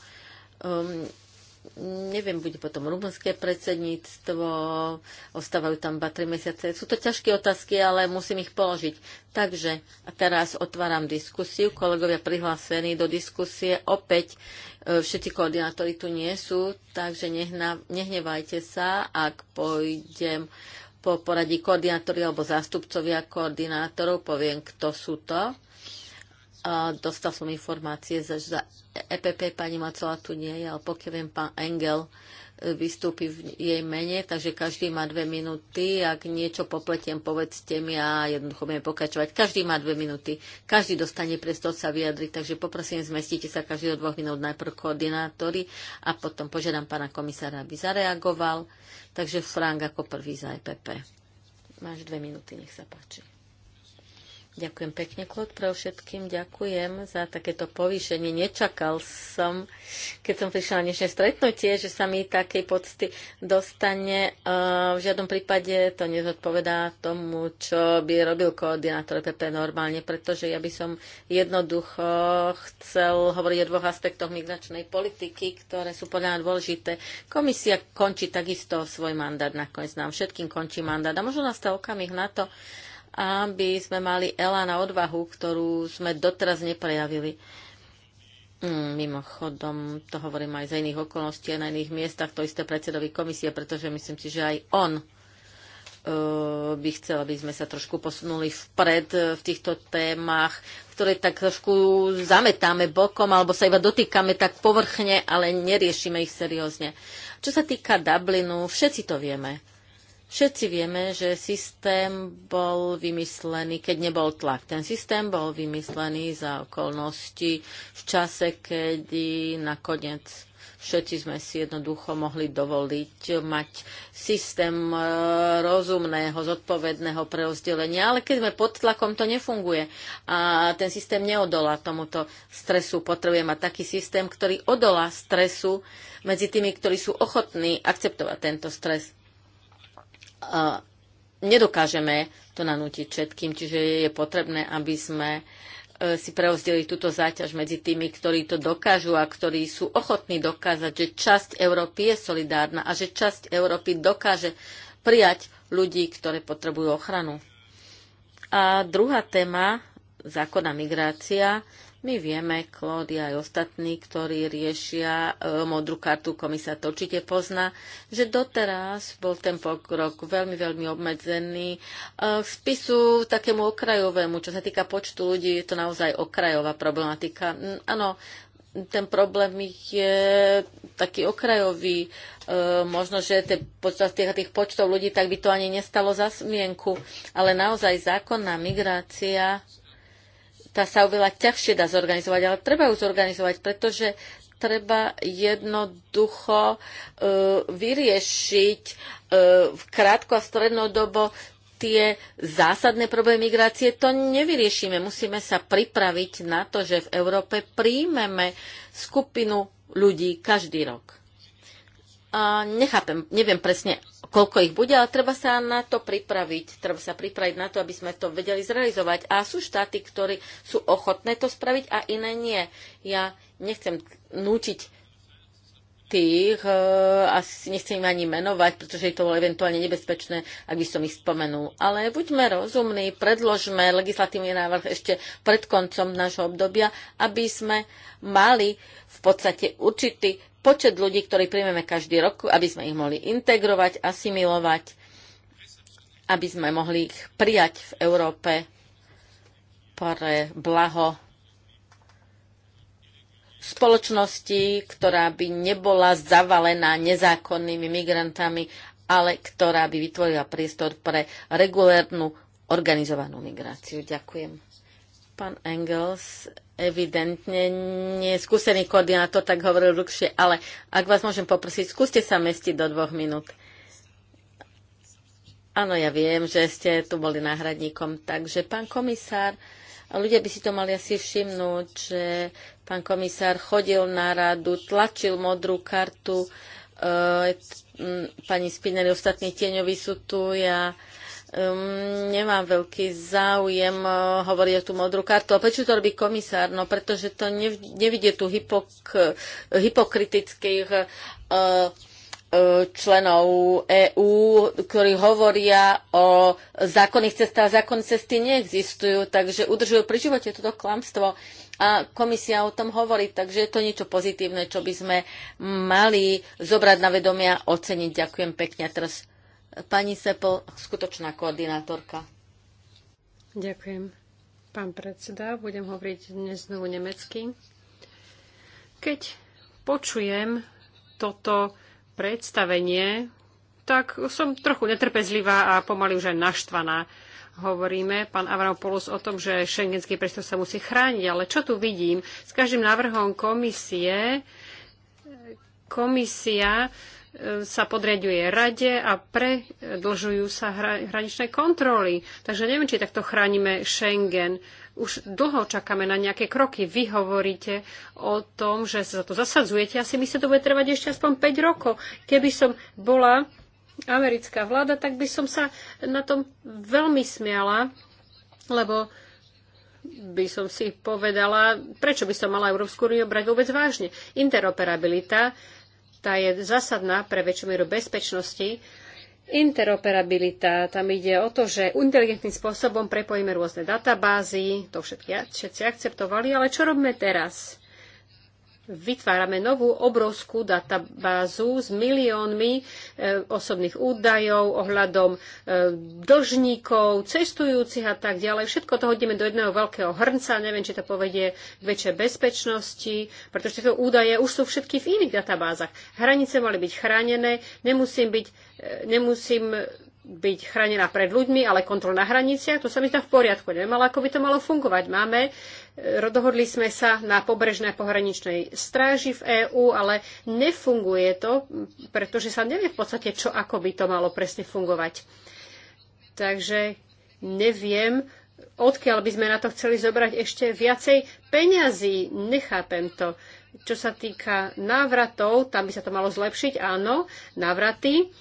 Speaker 1: Um, neviem, bude potom rumunské predsedníctvo, ostávajú tam 2-3 mesiace. Sú to ťažké otázky, ale musím ich položiť. Takže a teraz otváram diskusiu. Kolegovia prihlásení do diskusie. Opäť e, všetci koordinátori tu nie sú, takže nehnevajte sa, ak pôjdem po poradí koordinátori alebo zástupcovia koordinátorov, poviem, kto sú to a dostal som informácie, že za EPP pani Macová tu nie je, ale pokiaľ viem, pán Engel e, vystúpi v jej mene, takže každý má dve minúty. Ak niečo popletiem, povedzte mi a jednoducho budeme pokračovať. Každý má dve minúty. Každý dostane priestor sa vyjadriť, takže poprosím, zmestite sa každý do dvoch minút najprv koordinátori a potom požiadam pána komisára, aby zareagoval. Takže Frank ako prvý za EPP. Máš dve minúty, nech sa páči. Ďakujem pekne, Klod, pre všetkým. Ďakujem za takéto povýšenie. Nečakal som, keď som prišla na dnešné stretnutie, že sa mi takej pocty dostane. V žiadnom prípade to nezodpovedá tomu, čo by robil koordinátor PP normálne, pretože ja by som jednoducho chcel hovoriť o dvoch aspektoch migračnej politiky, ktoré sú podľa mňa dôležité. Komisia končí takisto svoj mandát nakoniec nám. Všetkým končí mandát. A možno nastal okamih na to, aby sme mali elán a odvahu, ktorú sme doteraz neprejavili. Mm, mimochodom, to hovorím aj z iných okolností a na iných miestach, to isté predsedovi komisie, pretože myslím si, že aj on e, by chcel, aby sme sa trošku posunuli vpred e, v týchto témach, ktoré tak trošku zametáme bokom alebo sa iba dotýkame tak povrchne, ale neriešime ich seriózne. Čo sa týka Dublinu, všetci to vieme Všetci vieme, že systém bol vymyslený, keď nebol tlak. Ten systém bol vymyslený za okolnosti v čase, kedy nakoniec všetci sme si jednoducho mohli dovoliť mať systém e, rozumného, zodpovedného preozdelenia, ale keď sme pod tlakom, to nefunguje. A ten systém neodolá tomuto stresu. Potrebuje mať taký systém, ktorý odolá stresu medzi tými, ktorí sú ochotní akceptovať tento stres nedokážeme to nanútiť všetkým, čiže je potrebné, aby sme e, si preozdeli túto záťaž medzi tými, ktorí to dokážu a ktorí sú ochotní dokázať, že časť Európy je solidárna a že časť Európy dokáže prijať ľudí, ktoré potrebujú ochranu. A druhá téma, zákonná migrácia, my vieme, Klódia aj ostatní, ktorí riešia e, modrú kartu, komisia to určite pozná, že doteraz bol ten pokrok veľmi, veľmi obmedzený. E, v spisu takému okrajovému, čo sa týka počtu ľudí, je to naozaj okrajová problematika. Áno, ten problém je taký okrajový. E, možno, že te, počas tých, tých počtov ľudí tak by to ani nestalo za smienku, ale naozaj zákonná migrácia tá sa oveľa ťažšie dá zorganizovať, ale treba ju zorganizovať, pretože treba jednoducho e, vyriešiť e, v krátko a strednodobo tie zásadné problémy migrácie. To nevyriešime. Musíme sa pripraviť na to, že v Európe príjmeme skupinu ľudí každý rok. A nechápem, neviem presne, koľko ich bude, ale treba sa na to pripraviť. Treba sa pripraviť na to, aby sme to vedeli zrealizovať. A sú štáty, ktorí sú ochotné to spraviť a iné nie. Ja nechcem nútiť tých, e, asi nechcem im ani menovať, pretože je to eventuálne nebezpečné, ak by som ich spomenul. Ale buďme rozumní, predložme legislatívny návrh ešte pred koncom nášho obdobia, aby sme mali v podstate určitý počet ľudí, ktorí príjmeme každý rok, aby sme ich mohli integrovať, asimilovať, aby sme mohli ich prijať v Európe pre blaho spoločnosti, ktorá by nebola zavalená nezákonnými migrantami, ale ktorá by vytvorila priestor pre regulérnu organizovanú migráciu. Ďakujem. Pán Engels, evidentne nie skúsený koordinátor, tak hovoril dlhšie, ale ak vás môžem poprosiť, skúste sa mestiť do dvoch minút. Áno, ja viem, že ste tu boli náhradníkom. Takže, pán komisár, a ľudia by si to mali asi všimnúť, že pán komisár chodil na radu, tlačil modrú kartu, eh, pani Spinelli, ostatní tieňoví sú tu, ja um, nemám veľký záujem uh, hovoriť o tú modrú kartu. A prečo to robí komisár? No pretože to nev, nevidie tu hypok, hypokritických uh, E, členov EÚ, ktorí hovoria o zákonných cestách. zákonné cesty neexistujú, takže udržujú pri živote toto klamstvo a komisia o tom hovorí, takže je to niečo pozitívne, čo by sme mali zobrať na vedomia a oceniť. Ďakujem pekne. A teraz pani Sepl, skutočná koordinátorka.
Speaker 3: Ďakujem. Pán predseda, budem hovoriť dnes znovu nemecky. Keď počujem toto predstavenie, tak som trochu netrpezlivá a pomaly už aj naštvaná. Hovoríme, pán Avramopoulos, o tom, že šengenský priestor sa musí chrániť, ale čo tu vidím? S každým návrhom komisie komisia sa podriaduje rade a predlžujú sa hraničné kontroly. Takže neviem, či takto chránime Schengen. Už dlho čakáme na nejaké kroky. Vy hovoríte o tom, že sa za to zasadzujete. Asi ja myslím, to bude trvať ešte aspoň 5 rokov. Keby som bola americká vláda, tak by som sa na tom veľmi smiala, lebo by som si povedala, prečo by som mala Európsku úniu brať vôbec vážne. Interoperabilita tá je zásadná pre väčšiu mieru bezpečnosti. Interoperabilita, tam ide o to, že inteligentným spôsobom prepojíme rôzne databázy, to všetky, všetci akceptovali, ale čo robíme teraz? vytvárame novú obrovskú databázu s miliónmi e, osobných údajov ohľadom e, dlžníkov, cestujúcich a tak ďalej. Všetko to hodíme do jedného veľkého hrnca, neviem, či to povedie k väčšej bezpečnosti, pretože tieto údaje už sú všetky v iných databázach. Hranice mali byť chránené, nemusím, byť, e, nemusím byť chránená pred ľuďmi, ale kontrol na hraniciach, to sa mi zdá v poriadku. Neviem, ale ako by to malo fungovať. Máme, e, dohodli sme sa na pobrežnej pohraničnej stráži v EÚ, ale nefunguje to, pretože sa nevie v podstate, čo ako by to malo presne fungovať. Takže neviem, odkiaľ by sme na to chceli zobrať ešte viacej peňazí. Nechápem to. Čo sa týka návratov, tam by sa to malo zlepšiť, áno, návraty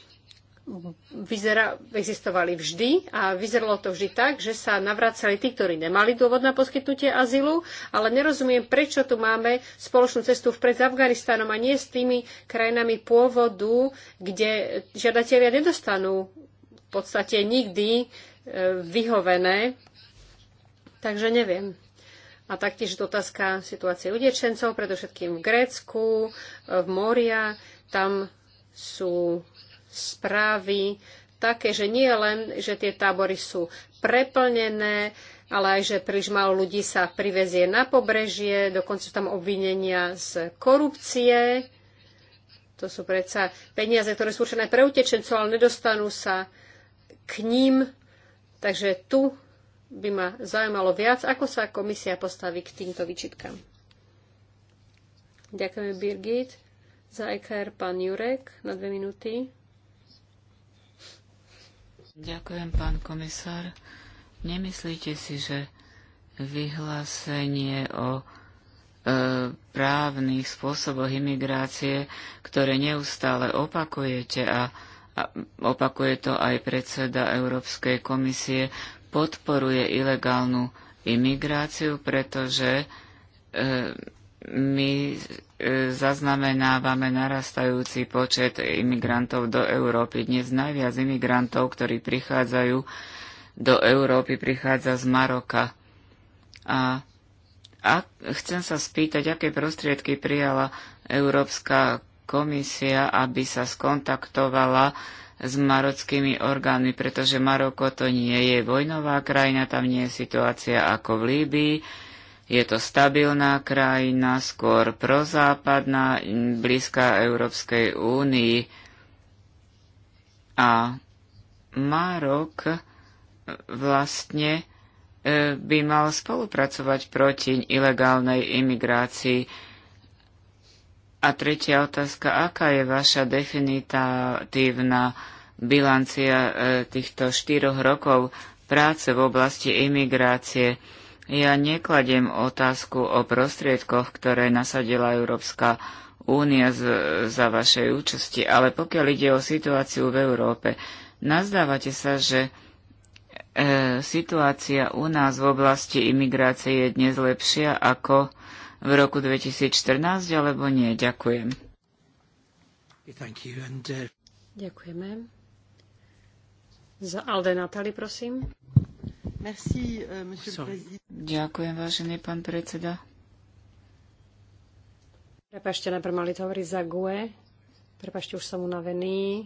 Speaker 3: vyzera, existovali vždy a vyzeralo to vždy tak, že sa navracali tí, ktorí nemali dôvod na poskytnutie azylu, ale nerozumiem, prečo tu máme spoločnú cestu vpred s Afganistanom a nie s tými krajinami pôvodu, kde žiadatelia nedostanú v podstate nikdy e, vyhovené. Takže neviem. A taktiež otázka situácie utečencov, predovšetkým v Grécku, e, v Moria. Tam sú správy také, že nie len, že tie tábory sú preplnené, ale aj, že príliš málo ľudí sa privezie na pobrežie, dokonca sú tam obvinenia z korupcie. To sú predsa peniaze, ktoré sú určené pre utečencov, ale nedostanú sa k ním. Takže tu by ma zaujímalo viac, ako sa komisia postaví k týmto vyčitkám. Ďakujeme Birgit. Za EKR pán Jurek na dve minúty.
Speaker 2: Ďakujem, pán komisár. Nemyslíte si, že vyhlásenie o e, právnych spôsoboch imigrácie, ktoré neustále opakujete a, a opakuje to aj predseda Európskej komisie, podporuje ilegálnu imigráciu, pretože e, my zaznamenávame narastajúci počet imigrantov do Európy. Dnes najviac imigrantov, ktorí prichádzajú do Európy, prichádza z Maroka. A, a chcem sa spýtať, aké prostriedky prijala Európska komisia, aby sa skontaktovala s marockými orgánmi, pretože Maroko to nie je vojnová krajina, tam nie je situácia ako v Líbii je to stabilná krajina, skôr prozápadná, blízka Európskej únii. A Marok vlastne e, by mal spolupracovať proti ilegálnej imigrácii. A tretia otázka, aká je vaša definitívna bilancia e, týchto štyroch rokov práce v oblasti imigrácie? Ja nekladiem otázku o prostriedkoch, ktoré nasadila Európska únia z, za vašej účasti, ale pokiaľ ide o situáciu v Európe, nazdávate sa, že e, situácia u nás v oblasti imigrácie je dnes lepšia ako v roku 2014, alebo nie? Ďakujem.
Speaker 4: Uh,
Speaker 3: Ďakujeme. Za Alde Natali, prosím. Euh,
Speaker 2: ďakujem, vážený pán predseda.
Speaker 3: Prepašte, najprv mali to hovoriť za GUE. Prepašte, už som unavený.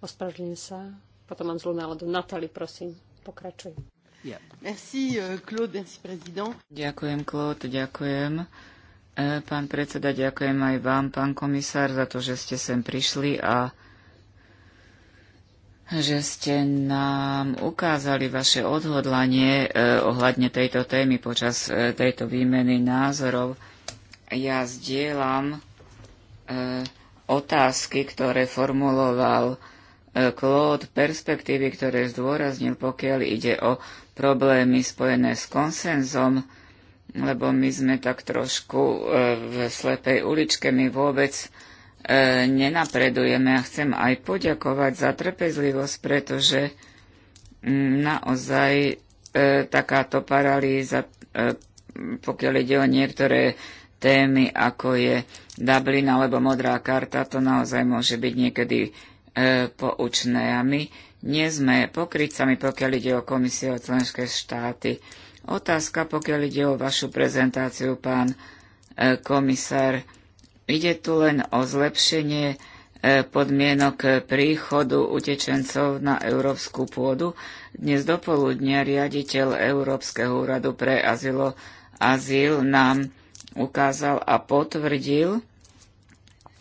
Speaker 3: Ospravedlňujem sa. Potom mám zlú náladu. Natali, prosím, pokračuj. Yeah. Merci, euh,
Speaker 4: Claude, merci, prezident.
Speaker 2: Ďakujem, Claude, ďakujem. E, pán predseda, ďakujem aj vám, pán komisár, za to, že ste sem prišli a že ste nám ukázali vaše odhodlanie eh, ohľadne tejto témy počas eh, tejto výmeny názorov. Ja zdieľam eh, otázky, ktoré formuloval Claude, perspektívy, ktoré zdôraznil, pokiaľ ide o problémy spojené s konsenzom, lebo my sme tak trošku v slepej uličke, my vôbec E, nenapredujeme a chcem aj poďakovať za trpezlivosť, pretože mm, naozaj e, takáto paralýza, e, pokiaľ ide o niektoré témy, ako je Dublin alebo modrá karta, to naozaj môže byť niekedy poučné. A my nie sme pokrytcami, pokiaľ ide o Komisie o členské štáty. Otázka, pokiaľ ide o vašu prezentáciu, pán komisár, Ide tu len o zlepšenie e, podmienok e, príchodu utečencov na európsku pôdu. Dnes dopoludnia riaditeľ Európskeho úradu pre azylo, azyl nám ukázal a potvrdil,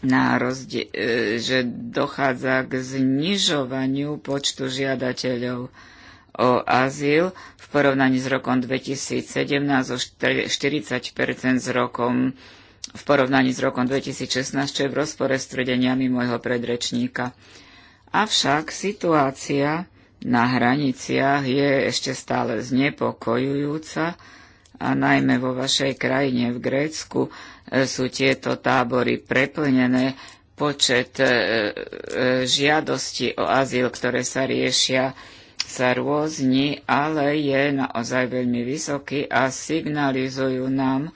Speaker 2: na rozdie- e, že dochádza k znižovaniu počtu žiadateľov o azyl v porovnaní s rokom 2017 o 40 s rokom v porovnaní s rokom 2016, čo je v rozpore s tvrdeniami môjho predrečníka. Avšak situácia na hraniciach je ešte stále znepokojujúca a najmä vo vašej krajine v Grécku e, sú tieto tábory preplnené. Počet e, e, žiadostí o azyl, ktoré sa riešia, sa rôzni, ale je naozaj veľmi vysoký a signalizujú nám,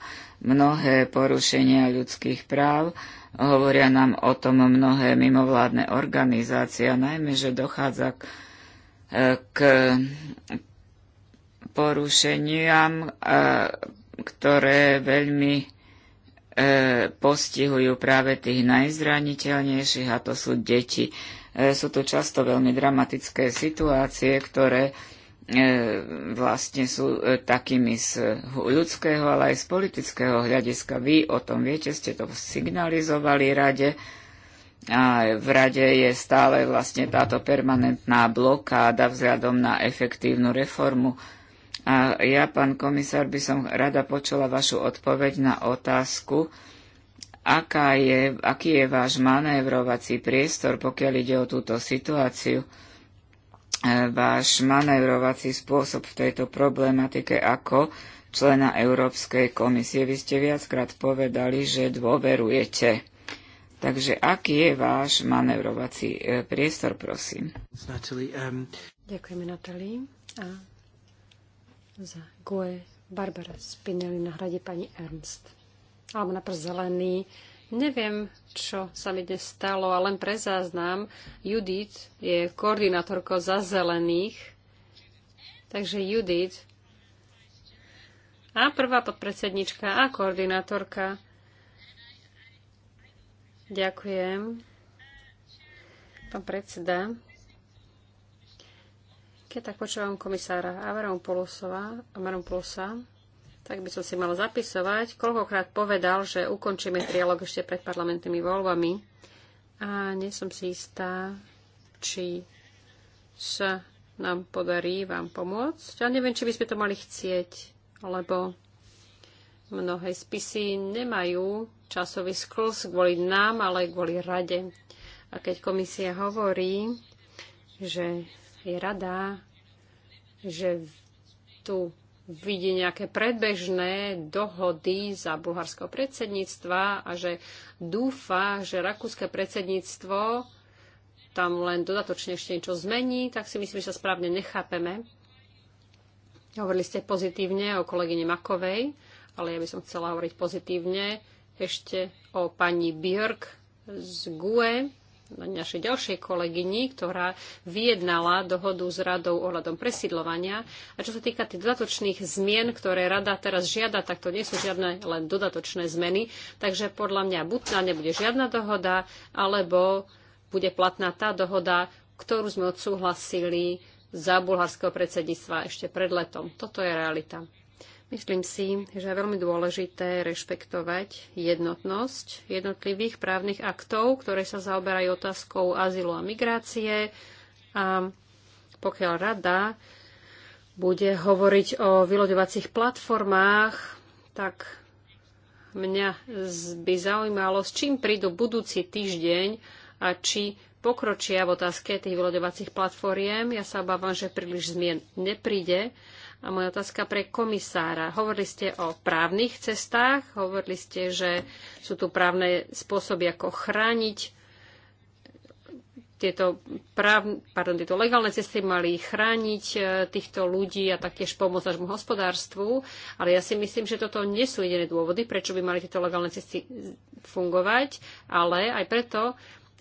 Speaker 2: mnohé porušenia ľudských práv. Hovoria nám o tom mnohé mimovládne organizácie, a najmä, že dochádza k, e, k porušeniam, e, ktoré veľmi e, postihujú práve tých najzraniteľnejších, a to sú deti. Sú tu často veľmi dramatické situácie, ktoré E, vlastne sú e, takými z ľudského, ale aj z politického hľadiska. Vy o tom viete, ste to signalizovali rade a v rade je stále vlastne táto permanentná blokáda vzhľadom na efektívnu reformu. A ja, pán komisár, by som rada počula vašu odpoveď na otázku, aká je, aký je váš manévrovací priestor, pokiaľ ide o túto situáciu E, váš manévrovací spôsob v tejto problematike ako člena Európskej komisie. Vy ste viackrát povedali, že dôverujete. Takže aký je váš manévrovací e, priestor, prosím?
Speaker 4: Um,
Speaker 3: Ďakujeme, Natalie. A za Goe Barbara Spinelli na hrade pani Ernst. Alebo napr zelený Neviem, čo sa mi dnes stalo, ale len pre záznam. Judith je koordinátorkou za zelených. Takže Judith a prvá podpredsednička a koordinátorka. Ďakujem. Pán predseda, keď tak počúvam komisára Avarom Polosa, tak by som si mal zapisovať, koľkokrát povedal, že ukončíme trialog ešte pred parlamentnými voľbami. A nie som si istá, či sa nám podarí vám pomôcť. Ja neviem, či by sme to mali chcieť, lebo mnohé spisy nemajú časový sklz kvôli nám, ale kvôli rade. A keď komisia hovorí, že je rada, že tu vidie nejaké predbežné dohody za bulharského predsedníctva a že dúfa, že rakúske predsedníctvo tam len dodatočne ešte niečo zmení, tak si myslím, že sa správne nechápeme. Hovorili ste pozitívne o kolegyne Makovej, ale ja by som chcela hovoriť pozitívne ešte o pani Björk z GUE našej ďalšej kolegyni, ktorá vyjednala dohodu s radou ohľadom presídlovania. A čo sa týka tých dodatočných zmien, ktoré rada teraz žiada, tak to nie sú žiadne len dodatočné zmeny. Takže podľa mňa buď na nebude žiadna dohoda, alebo bude platná tá dohoda, ktorú sme odsúhlasili za bulharského predsedníctva ešte pred letom. Toto je realita. Myslím si, že je veľmi dôležité rešpektovať jednotnosť jednotlivých právnych aktov, ktoré sa zaoberajú otázkou azylu a migrácie. A pokiaľ rada bude hovoriť o vyloďovacích platformách, tak mňa by zaujímalo, s čím prídu budúci týždeň a či pokročia v otázke tých vyloďovacích platformiem. Ja sa obávam, že príliš zmien nepríde a moja otázka pre komisára. Hovorili ste o právnych cestách, hovorili ste, že sú tu právne spôsoby, ako chrániť tieto, práv, pardon, tieto legálne cesty mali chrániť e, týchto ľudí a taktiež pomôcť nášmu hospodárstvu, ale ja si myslím, že toto nie sú jediné dôvody, prečo by mali tieto legálne cesty fungovať, ale aj preto,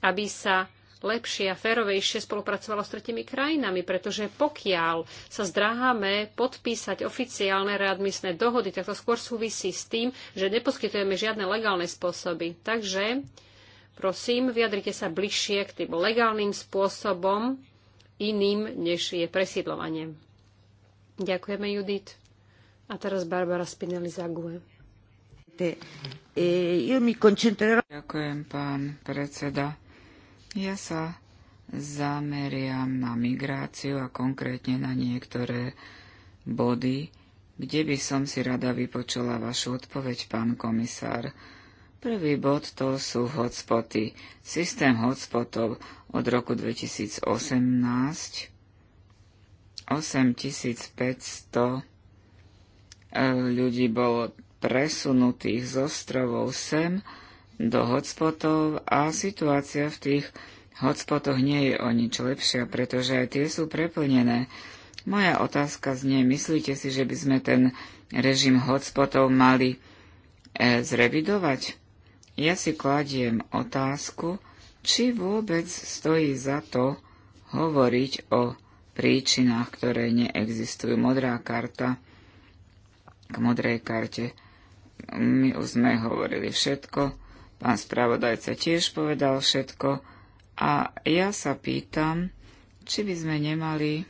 Speaker 3: aby sa lepšie a férovejšie spolupracovalo s tretimi krajinami, pretože pokiaľ sa zdráhame podpísať oficiálne readmisné dohody, tak to skôr súvisí s tým, že neposkytujeme žiadne legálne spôsoby. Takže prosím, vyjadrite sa bližšie k tým legálnym spôsobom iným, než je presídlovanie. Ďakujeme, Judith. A teraz Barbara Spinelli Zague.
Speaker 2: Eh, Ďakujem, pán predseda. Ja sa zameriam na migráciu a konkrétne na niektoré body, kde by som si rada vypočula vašu odpoveď, pán komisár. Prvý bod to sú hotspoty. Systém hotspotov od roku 2018 8500 eh, ľudí bolo presunutých z ostrovov sem do hotspotov a situácia v tých hotspotoch nie je o nič lepšia, pretože aj tie sú preplnené. Moja otázka znie, myslíte si, že by sme ten režim hotspotov mali e, zrevidovať? Ja si kladiem otázku, či vôbec stojí za to hovoriť o príčinách, ktoré neexistujú. Modrá karta k modrej karte. My už sme hovorili všetko Pán spravodajca tiež povedal všetko a ja sa pýtam, či by sme nemali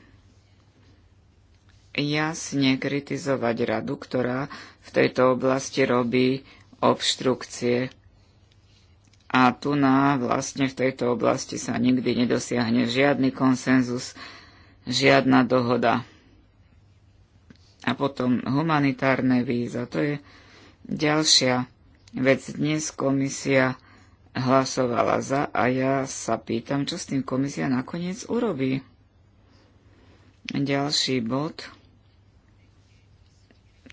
Speaker 2: jasne kritizovať radu, ktorá v tejto oblasti robí obštrukcie. A tu na vlastne v tejto oblasti sa nikdy nedosiahne žiadny konsenzus, žiadna dohoda. A potom humanitárne víza, to je ďalšia Veď dnes komisia hlasovala za a ja sa pýtam, čo s tým komisia nakoniec urobí. Ďalší bod.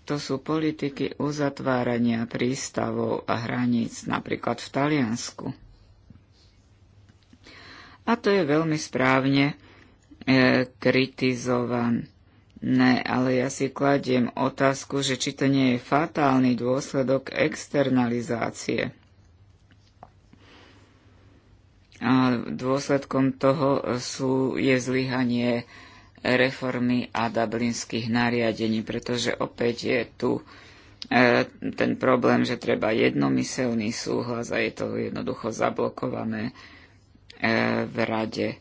Speaker 2: To sú politiky uzatvárania prístavov a hraníc, napríklad v Taliansku. A to je veľmi správne e, eh, kritizovan, Ne, ale ja si kladiem otázku, že či to nie je fatálny dôsledok externalizácie. A dôsledkom toho sú, je zlyhanie reformy a dublinských nariadení, pretože opäť je tu e, ten problém, že treba jednomyselný súhlas a je to jednoducho zablokované e, v rade.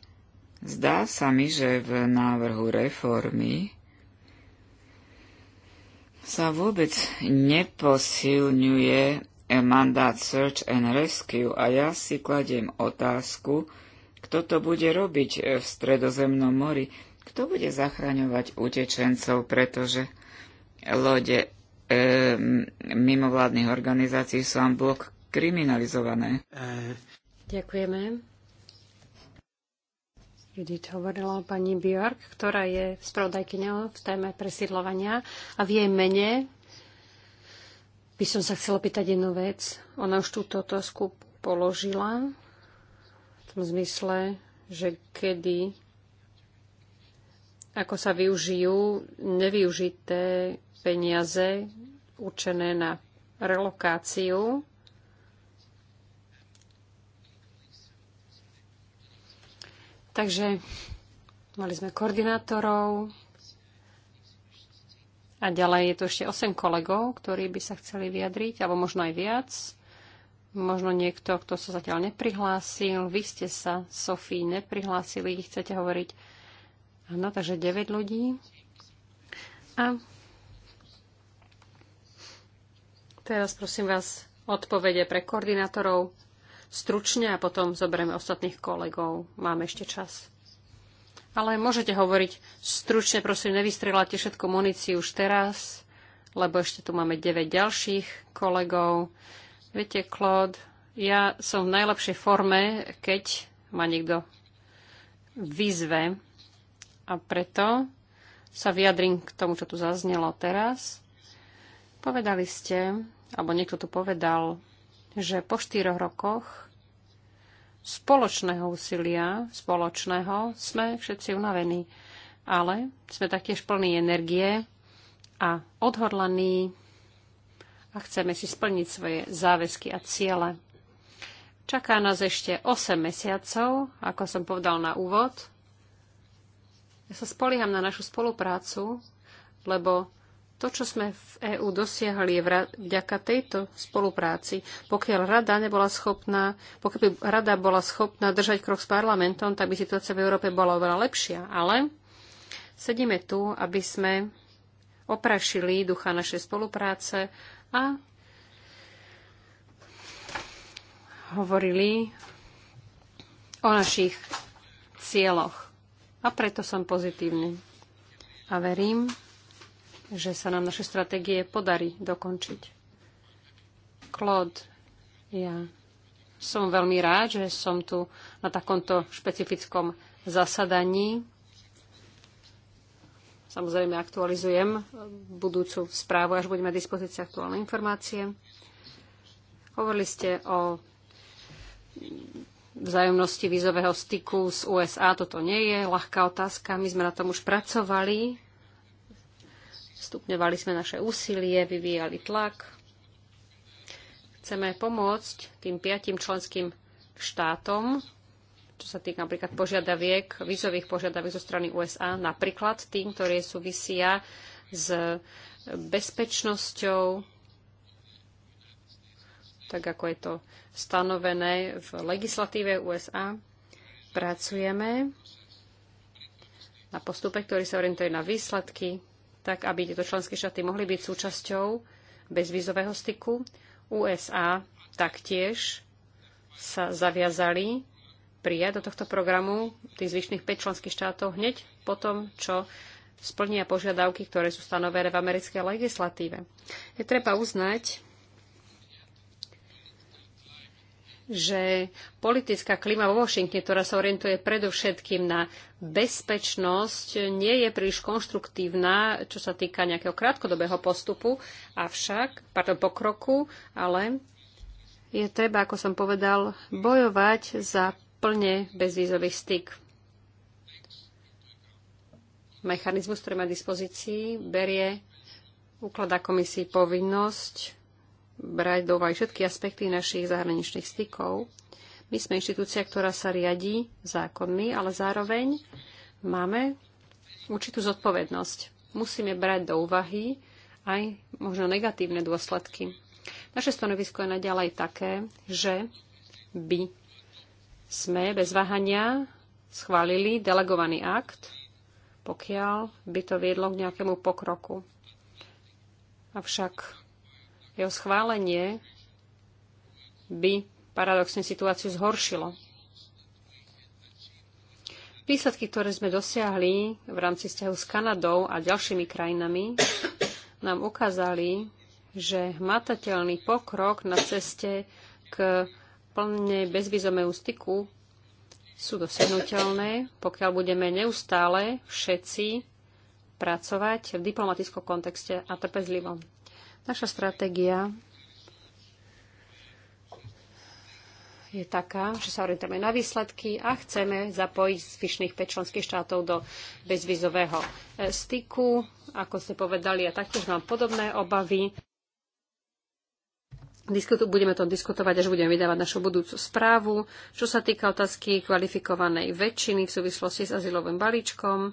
Speaker 2: Zdá sa mi, že v návrhu reformy sa vôbec neposilňuje mandát Search and Rescue a ja si kladiem otázku, kto to bude robiť v Stredozemnom mori, kto bude zachraňovať utečencov, pretože lode e, mimovládnych organizácií sú vám blok kriminalizované.
Speaker 3: Ďakujeme. Judith hovorila o pani Björk, ktorá je spravodajkyňou v téme presídlovania a v jej mene by som sa chcela pýtať jednu vec. Ona už túto otázku položila v tom zmysle, že kedy ako sa využijú nevyužité peniaze určené na relokáciu Takže mali sme koordinátorov a ďalej je tu ešte 8 kolegov, ktorí by sa chceli vyjadriť, alebo možno aj viac. Možno niekto, kto sa zatiaľ neprihlásil. Vy ste sa, Sofí, neprihlásili, chcete hovoriť. Áno, takže 9 ľudí. A teraz prosím vás odpovede pre koordinátorov stručne a potom zoberieme ostatných kolegov. Máme ešte čas. Ale môžete hovoriť stručne, prosím, nevystrelate všetko muníciu už teraz, lebo ešte tu máme 9 ďalších kolegov. Viete, Claude, ja som v najlepšej forme, keď ma niekto vyzve a preto sa vyjadrím k tomu, čo tu zaznelo teraz. Povedali ste, alebo niekto tu povedal, že po štyroch rokoch spoločného úsilia, spoločného, sme všetci unavení. Ale sme taktiež plní energie a odhodlaní a chceme si splniť svoje záväzky a ciele. Čaká nás ešte 8 mesiacov, ako som povedal na úvod. Ja sa spolíham na našu spoluprácu, lebo to, čo sme v EÚ dosiahli, je vďaka tejto spolupráci. Pokiaľ rada, nebola schopná, pokiaľ by rada bola schopná držať krok s parlamentom, tak by situácia v Európe bola oveľa lepšia. Ale sedíme tu, aby sme oprašili ducha našej spolupráce a hovorili o našich cieľoch. A preto som pozitívny. A verím, že sa nám naše stratégie podarí dokončiť. Claude, ja som veľmi rád, že som tu na takomto špecifickom zasadaní. Samozrejme, aktualizujem budúcu správu, až budeme dispozícii aktuálne informácie. Hovorili ste o vzájomnosti vízového styku z USA. Toto nie je ľahká otázka. My sme na tom už pracovali stupňovali sme naše úsilie, vyvíjali tlak. Chceme pomôcť tým piatim členským štátom, čo sa týka napríklad požiadaviek, vízových požiadaviek zo strany USA, napríklad tým, ktoré súvisia s bezpečnosťou, tak ako je to stanovené v legislatíve USA. Pracujeme na postupe, ktorý sa orientuje na výsledky tak aby tieto členské štáty mohli byť súčasťou bezvízového styku. USA taktiež sa zaviazali prijať do tohto programu tých zvyšných 5 členských štátov hneď po tom, čo splnia požiadavky, ktoré sú stanovené v americkej legislatíve. Je treba uznať, že politická klíma vo Washingtone, ktorá sa orientuje predovšetkým na bezpečnosť, nie je príliš konštruktívna, čo sa týka nejakého krátkodobého postupu, avšak, pardon, pokroku, ale je treba, ako som povedal, bojovať za plne bezvízový styk. Mechanizmus, ktorý má dispozícii, berie, ukladá komisii povinnosť brať do úvahy všetky aspekty našich zahraničných stykov. My sme inštitúcia, ktorá sa riadí zákonmi, ale zároveň máme určitú zodpovednosť. Musíme brať do úvahy aj možno negatívne dôsledky. Naše stanovisko je naďalej také, že by sme bez váhania schválili delegovaný akt, pokiaľ by to viedlo k nejakému pokroku. Avšak jeho schválenie by paradoxne situáciu zhoršilo. Výsledky, ktoré sme dosiahli v rámci vzťahu s Kanadou a ďalšími krajinami, nám ukázali, že hmatateľný pokrok na ceste k plne bezvizomému styku sú dosiahnuteľné, pokiaľ budeme neustále všetci pracovať v diplomatickom kontexte a trpezlivom. Naša stratégia je taká, že sa orientujeme na výsledky a chceme zapojiť zvyšných 5 členských štátov do bezvizového eh, styku. Ako ste povedali, ja taktiež mám podobné obavy. Diskutu, budeme to diskutovať, až budeme vydávať našu budúcu správu, čo sa týka otázky kvalifikovanej väčšiny v súvislosti s azylovým balíčkom.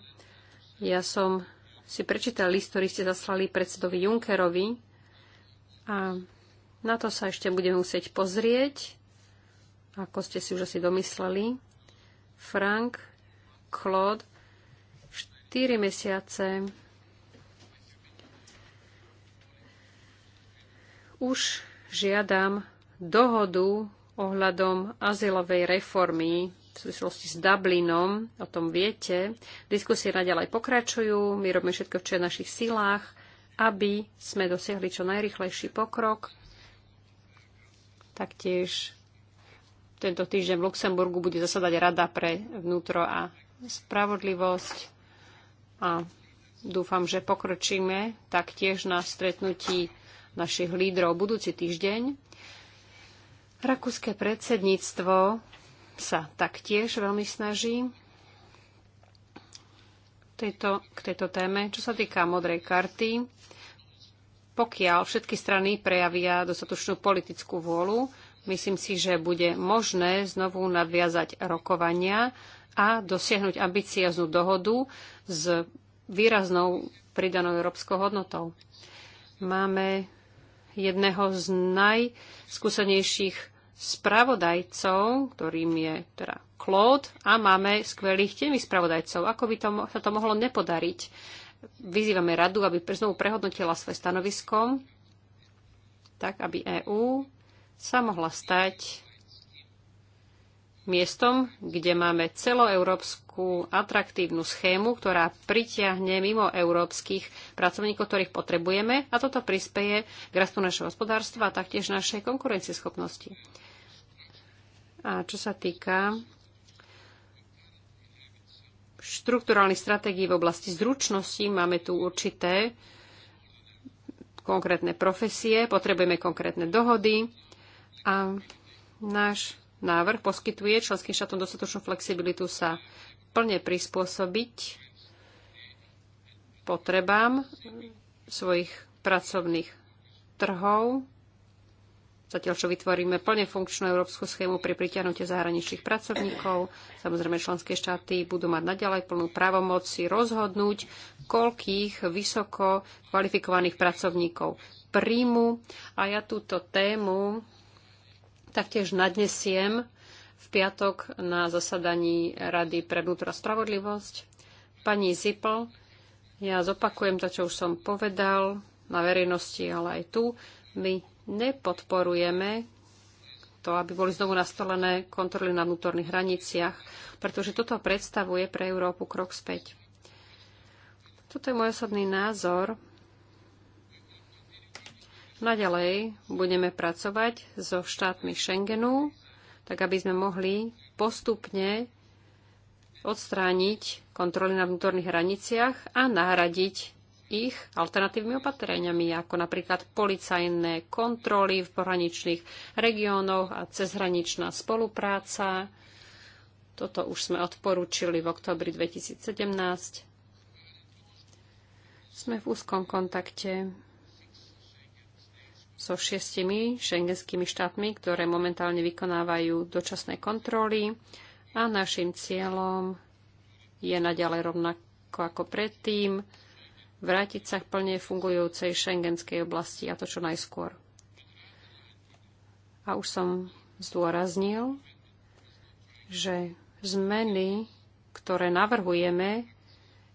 Speaker 3: Ja som si prečítal list, ktorý ste zaslali predsedovi Junckerovi a na to sa ešte budeme musieť pozrieť, ako ste si už asi domysleli. Frank, Claude, 4 mesiace už žiadam dohodu ohľadom azylovej reformy v súvislosti s Dublinom, o tom viete. Diskusie naďalej pokračujú, my robíme všetko, čo je v našich silách, aby sme dosiahli čo najrychlejší pokrok. Taktiež tento týždeň v Luxemburgu bude zasadať Rada pre vnútro a spravodlivosť a dúfam, že pokročíme taktiež na stretnutí našich lídrov budúci týždeň. Rakúske predsedníctvo sa taktiež veľmi snaží tejto, k tejto téme. Čo sa týka modrej karty, pokiaľ všetky strany prejavia dostatočnú politickú vôľu, myslím si, že bude možné znovu nadviazať rokovania a dosiahnuť ambicioznú dohodu s výraznou pridanou európskou hodnotou. Máme jedného z najskúsenejších spravodajcov, ktorým je teda Claude a máme skvelých temi spravodajcov. Ako by to, sa to mohlo nepodariť? Vyzývame radu, aby znovu prehodnotila svoje stanovisko, tak aby EÚ sa mohla stať miestom, kde máme celoeurópsku atraktívnu schému, ktorá pritiahne mimo európskych pracovníkov, ktorých potrebujeme a toto prispieje k rastu našeho hospodárstva a taktiež našej konkurencieschopnosti. A čo sa týka štrukturálnych stratégií v oblasti zručnosti Máme tu určité konkrétne profesie, potrebujeme konkrétne dohody a náš návrh poskytuje členským štátom dostatočnú flexibilitu sa plne prispôsobiť potrebám svojich pracovných trhov Zatiaľ, čo vytvoríme plne funkčnú európsku schému pri pritiahnutie zahraničných pracovníkov, samozrejme členské štáty budú mať naďalej plnú si rozhodnúť, koľkých vysoko kvalifikovaných pracovníkov príjmu. A ja túto tému taktiež nadnesiem v piatok na zasadaní Rady pre vnútro spravodlivosť. Pani Zipl, ja zopakujem to, čo už som povedal na verejnosti, ale aj tu. My nepodporujeme to, aby boli znovu nastolené kontroly na vnútorných hraniciach, pretože toto predstavuje pre Európu krok späť. Toto je môj osobný názor. Naďalej budeme pracovať so štátmi Schengenu, tak aby sme mohli postupne odstrániť kontroly na vnútorných hraniciach a nahradiť ich alternatívnymi opatreniami, ako napríklad policajné kontroly v pohraničných regiónoch a cezhraničná spolupráca. Toto už sme odporúčili v oktobri 2017. Sme v úzkom kontakte so šiestimi šengenskými štátmi, ktoré momentálne vykonávajú dočasné kontroly a našim cieľom je naďalej rovnako ako predtým vrátiť sa k plne fungujúcej šengenskej oblasti a to čo najskôr. A už som zdôraznil, že zmeny, ktoré navrhujeme,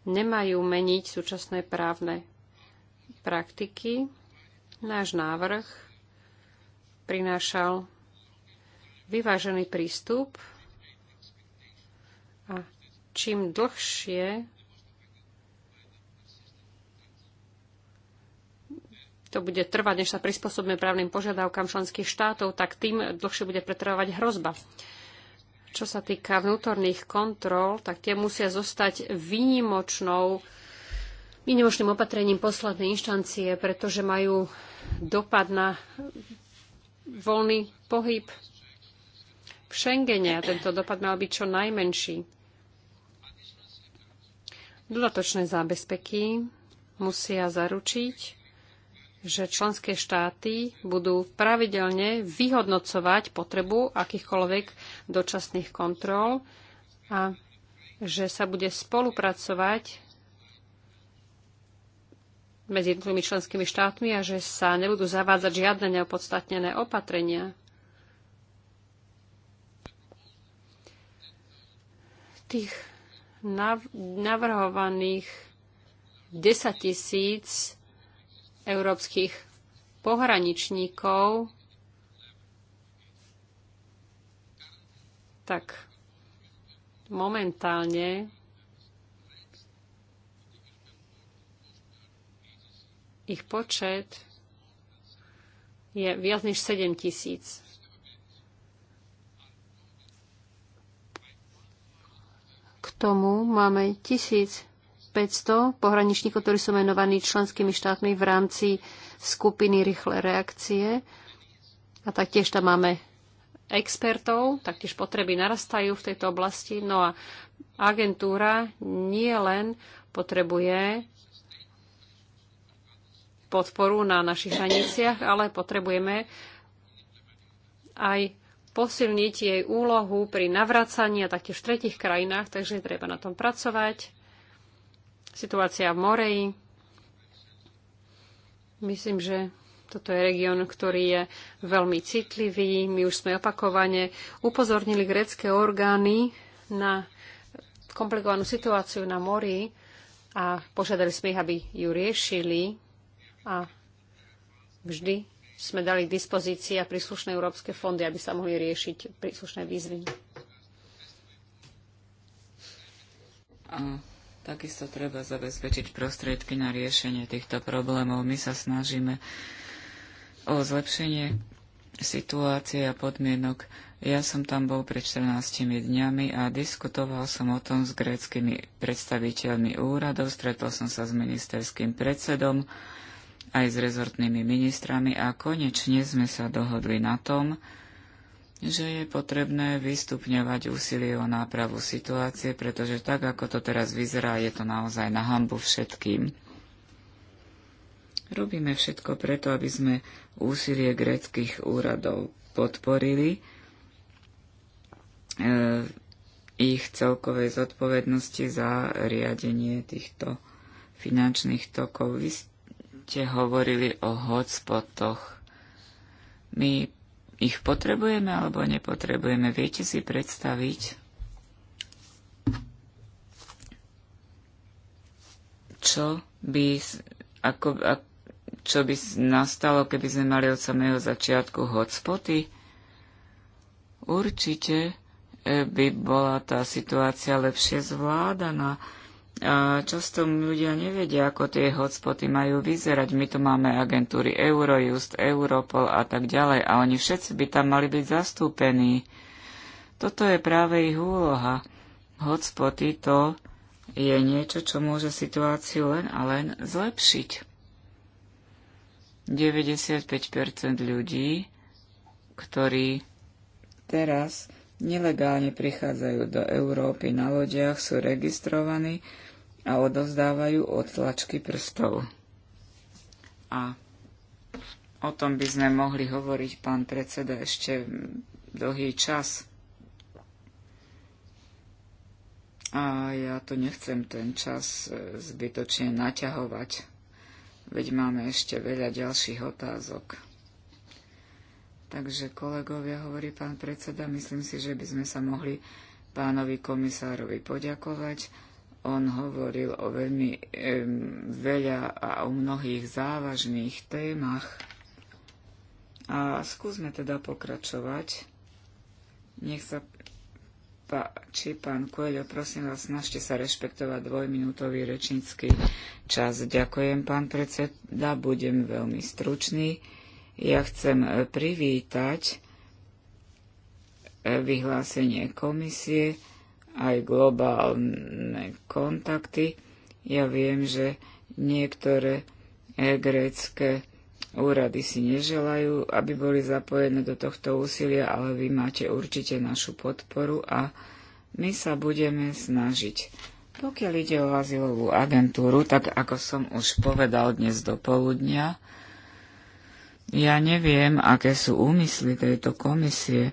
Speaker 3: nemajú meniť súčasné právne praktiky. Náš návrh prinášal vyvážený prístup a čím dlhšie to bude trvať, než sa prispôsobíme právnym požiadavkám členských štátov, tak tým dlhšie bude pretrvávať hrozba. Čo sa týka vnútorných kontrol, tak tie musia zostať výnimočnou, výnimočným opatrením poslednej inštancie, pretože majú dopad na voľný pohyb v Schengene a tento dopad mal byť čo najmenší. Dodatočné zábezpeky musia zaručiť, že členské štáty budú pravidelne vyhodnocovať potrebu akýchkoľvek dočasných kontrol a že sa bude spolupracovať medzi jednotlivými členskými štátmi a že sa nebudú zavádzať žiadne neopodstatnené opatrenia. Tých navrhovaných 10 tisíc európskych pohraničníkov, tak momentálne ich počet je viac než 7 tisíc. K tomu máme tisíc 500 pohraničníkov, ktorí sú menovaní členskými štátmi v rámci skupiny rýchle reakcie. A taktiež tam máme expertov, taktiež potreby narastajú v tejto oblasti. No a agentúra nie len potrebuje podporu na našich hraniciach, ale potrebujeme aj posilniť jej úlohu pri navracaní a taktiež v tretich krajinách, takže treba na tom pracovať situácia v Moreji. Myslím, že toto je región, ktorý je veľmi citlivý. My už sme opakovane upozornili grecké orgány na komplikovanú situáciu na mori a požiadali sme ich, aby ju riešili a vždy sme dali k dispozícii a príslušné európske fondy, aby sa mohli riešiť
Speaker 2: príslušné výzvy. Takisto treba zabezpečiť prostriedky na riešenie týchto problémov. My sa snažíme o zlepšenie situácie a podmienok. Ja som tam bol pred 14 dňami a diskutoval som o tom s gréckými predstaviteľmi úradov, stretol som sa s ministerským predsedom, aj s rezortnými ministrami a konečne sme sa dohodli na tom, že je potrebné vystupňovať úsilie o nápravu situácie, pretože tak, ako to teraz vyzerá, je to naozaj na hambu všetkým. Robíme všetko preto, aby sme úsilie greckých úradov podporili, e, ich celkovej zodpovednosti za riadenie týchto finančných tokov. Vy ste hovorili o hotspotoch. My ich potrebujeme alebo nepotrebujeme. Viete si predstaviť, čo by, ako, a, čo by nastalo, keby sme mali od samého začiatku hotspoty? Určite e, by bola tá situácia lepšie zvládaná. A často ľudia nevedia, ako tie hotspoty majú vyzerať. My tu máme agentúry Eurojust, Europol a tak ďalej a oni všetci by tam mali byť zastúpení. Toto je práve ich úloha. Hotspoty to je niečo, čo môže situáciu len a len zlepšiť. 95% ľudí, ktorí teraz nelegálne prichádzajú do Európy na lodiach, sú registrovaní a od odtlačky prstov. A o tom by sme mohli hovoriť, pán predseda, ešte dlhý čas. A ja tu nechcem ten čas e, zbytočne naťahovať, veď máme ešte veľa ďalších otázok. Takže kolegovia, hovorí pán predseda, myslím si, že by sme sa mohli pánovi komisárovi poďakovať on hovoril o veľmi e, veľa a o mnohých závažných témach. A skúsme teda pokračovať. Nech sa páči, pán Koelho, prosím vás, snažte sa rešpektovať dvojminútový rečnícky čas. Ďakujem, pán predseda, budem veľmi stručný. Ja chcem e, privítať e, vyhlásenie komisie, aj globálne kontakty. Ja viem, že niektoré e, grécké úrady si neželajú, aby boli zapojené do tohto úsilia, ale vy máte určite našu podporu a my sa budeme snažiť. Pokiaľ ide o azylovú agentúru, tak ako som už povedal dnes do poludnia, ja neviem, aké sú úmysly tejto komisie,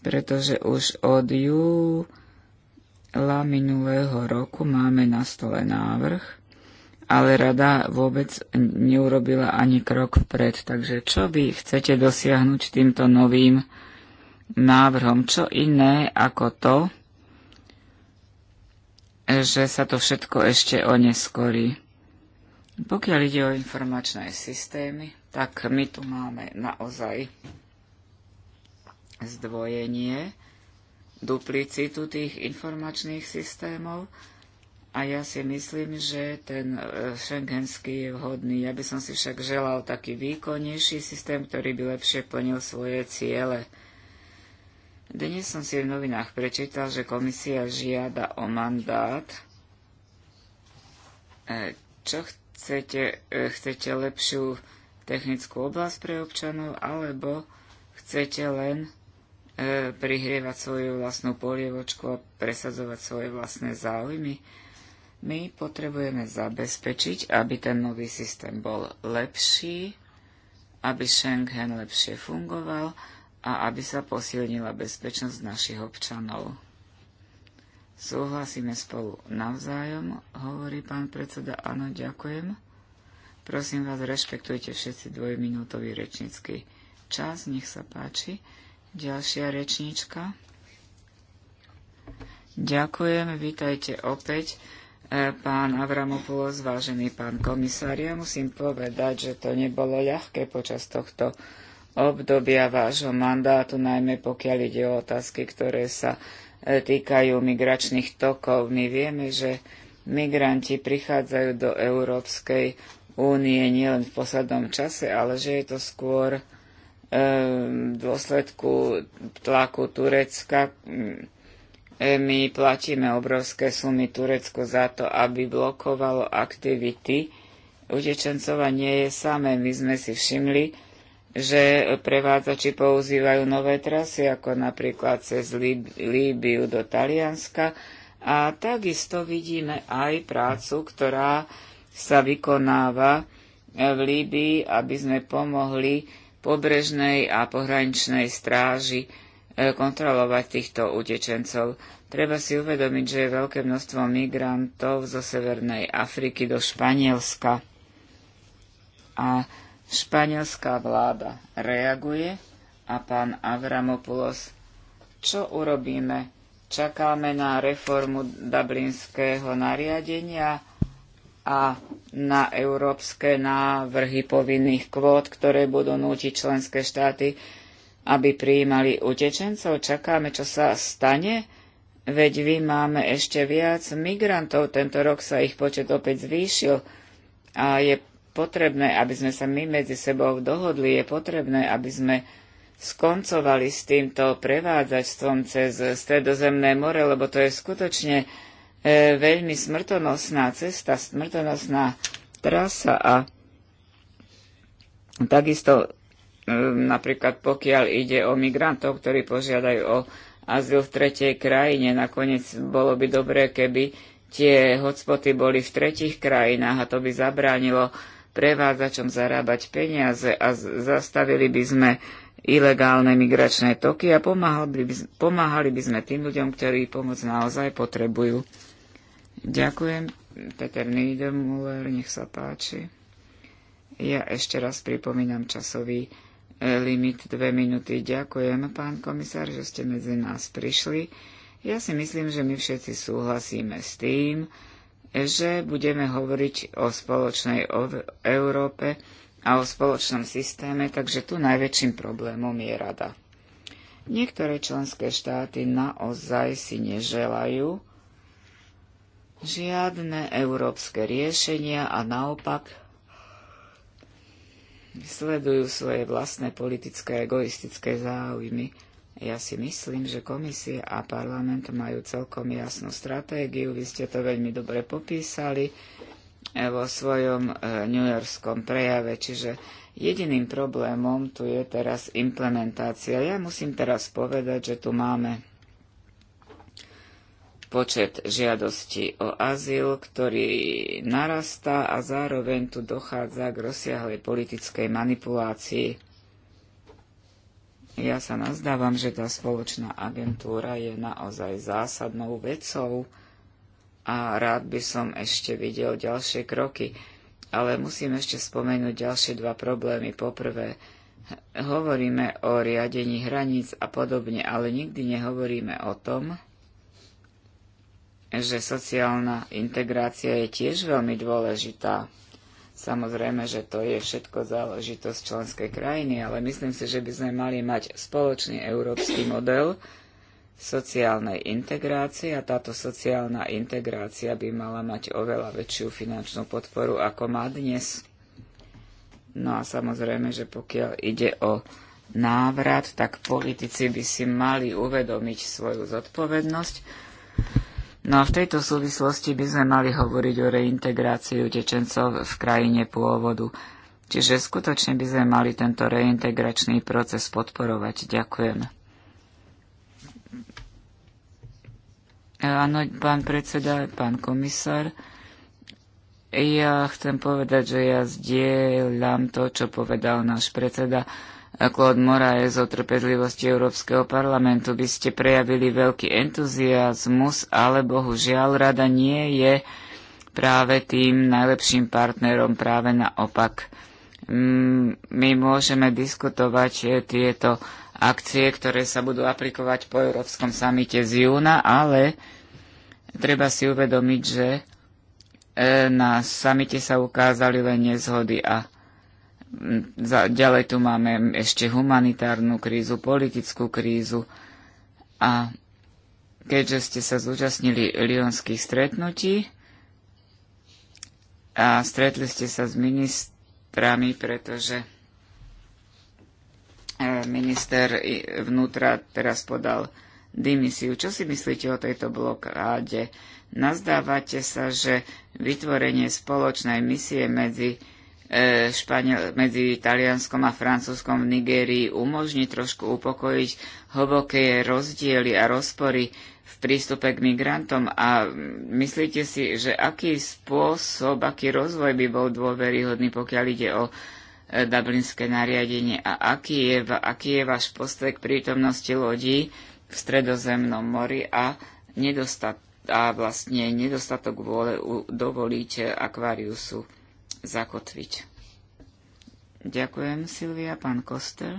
Speaker 2: pretože už od júla apríla minulého roku máme na stole návrh, ale rada vôbec neurobila ani krok vpred. Takže čo vy chcete dosiahnuť týmto novým návrhom? Čo iné ako to, že sa to všetko ešte oneskorí? Pokiaľ ide o informačné systémy, tak my tu máme naozaj zdvojenie duplicitu tých informačných systémov a ja si myslím, že ten e, šengenský je vhodný. Ja by som si však želal taký výkonnejší systém, ktorý by lepšie plnil svoje ciele. Dnes som si v novinách prečítal, že komisia žiada o mandát. E, čo chcete? E, chcete lepšiu technickú oblasť pre občanov, alebo chcete len E, prihrievať svoju vlastnú polievočku a presadzovať svoje vlastné záujmy. My potrebujeme zabezpečiť, aby ten nový systém bol lepší, aby Schengen lepšie fungoval a aby sa posilnila bezpečnosť našich občanov. Súhlasíme spolu navzájom, hovorí pán predseda. Áno, ďakujem. Prosím vás, rešpektujte všetci dvojminútový rečnícky čas, nech sa páči. Ďalšia rečníčka. Ďakujem, vítajte opäť. E, pán Avramopoulos, vážený pán komisár, ja musím povedať, že to nebolo ľahké počas tohto obdobia vášho mandátu, najmä pokiaľ ide o otázky, ktoré sa e, týkajú migračných tokov. My vieme, že migranti prichádzajú do Európskej únie nielen v poslednom čase, ale že je to skôr v dôsledku tlaku Turecka my platíme obrovské sumy Turecku za to, aby blokovalo aktivity Utečencova nie je samé. My sme si všimli, že prevádzači používajú nové trasy, ako napríklad cez Lib- Líbiu do Talianska. A takisto vidíme aj prácu, ktorá sa vykonáva eh, v Líbii, aby sme pomohli pobrežnej a pohraničnej stráži e, kontrolovať týchto utečencov. Treba si uvedomiť, že je veľké množstvo migrantov zo Severnej Afriky do Španielska. A španielská vláda reaguje a pán Avramopoulos, čo urobíme? Čakáme na reformu dublinského nariadenia a na európske návrhy povinných kvót, ktoré budú nútiť členské štáty, aby prijímali utečencov. Čakáme, čo sa stane, veď my máme ešte viac migrantov. Tento rok sa ich počet opäť zvýšil a je potrebné, aby sme sa my medzi sebou dohodli, je potrebné, aby sme skoncovali s týmto prevádzačstvom cez Stredozemné more, lebo to je skutočne E, veľmi smrtonosná cesta, smrtonosná trasa a takisto e, napríklad pokiaľ ide o migrantov, ktorí požiadajú o azyl v tretej krajine, nakoniec bolo by dobré, keby tie hotspoty boli v tretich krajinách a to by zabránilo prevádzačom zarábať peniaze a zastavili by sme ilegálne migračné toky a pomáhali by, pomáhali by sme tým ľuďom, ktorí pomoc naozaj potrebujú. Ďakujem. Peter Niedermuller, nech sa páči. Ja ešte raz pripomínam časový e, limit dve minúty. Ďakujem, pán komisár, že ste medzi nás prišli. Ja si myslím, že my všetci súhlasíme s tým, že budeme hovoriť o spoločnej Európe a o spoločnom systéme, takže tu najväčším problémom je rada. Niektoré členské štáty naozaj si neželajú, žiadne európske riešenia a naopak sledujú svoje vlastné politické a egoistické záujmy. Ja si myslím, že komisia a parlament majú celkom jasnú stratégiu. Vy ste to veľmi dobre popísali eh, vo svojom eh, New Yorkskom prejave, čiže jediným problémom tu je teraz implementácia. Ja musím teraz povedať, že tu máme počet žiadostí o azyl, ktorý narastá a zároveň tu dochádza k rozsiahlej politickej manipulácii. Ja sa nazdávam, že tá spoločná agentúra je naozaj zásadnou vecou a rád by som ešte videl ďalšie kroky. Ale musím ešte spomenúť ďalšie dva problémy. Poprvé, hovoríme o riadení hraníc a podobne, ale nikdy nehovoríme o tom, že sociálna integrácia je tiež veľmi dôležitá. Samozrejme, že to je všetko záležitosť členskej krajiny, ale myslím si, že by sme mali mať spoločný európsky model sociálnej integrácie a táto sociálna integrácia by mala mať oveľa väčšiu finančnú podporu, ako má dnes. No a samozrejme, že pokiaľ ide o návrat, tak politici by si mali uvedomiť svoju zodpovednosť No a v tejto súvislosti by sme mali hovoriť o reintegrácii utečencov v krajine pôvodu. Čiže skutočne by sme mali tento reintegračný proces podporovať. Ďakujem. Áno, pán predseda, pán komisár. Ja chcem povedať, že ja zdieľam to, čo povedal náš predseda. Claude Moraes o trpezlivosti Európskeho parlamentu. By ste prejavili veľký entuziasmus, ale bohužiaľ rada nie je práve tým najlepším partnerom, práve naopak. Mm, my môžeme diskutovať tieto akcie, ktoré sa budú aplikovať po Európskom samite z júna, ale treba si uvedomiť, že e, na samite sa ukázali len nezhody a Mm, ďalej tu máme ešte humanitárnu krízu, politickú krízu. A keďže ste sa zúčastnili lionských stretnutí a stretli ste sa s ministrami, pretože e, minister vnútra teraz podal dimisiu. Čo si myslíte o tejto blokáde? Nazdávate sa, že vytvorenie spoločnej misie medzi E, Španiel, medzi Talianskom a Francúzskom v Nigérii umožní trošku upokojiť hlboké rozdiely a rozpory v prístupe k migrantom a myslíte si, že aký spôsob, aký rozvoj by bol dôveryhodný, pokiaľ ide o e, dublinské nariadenie a aký je, aký je váš postoj k prítomnosti lodí v stredozemnom mori a, nedostat, a vlastne nedostatok vôle u, dovolíte akváriusu zakotviť. Ďakujem, Silvia, pán Koster.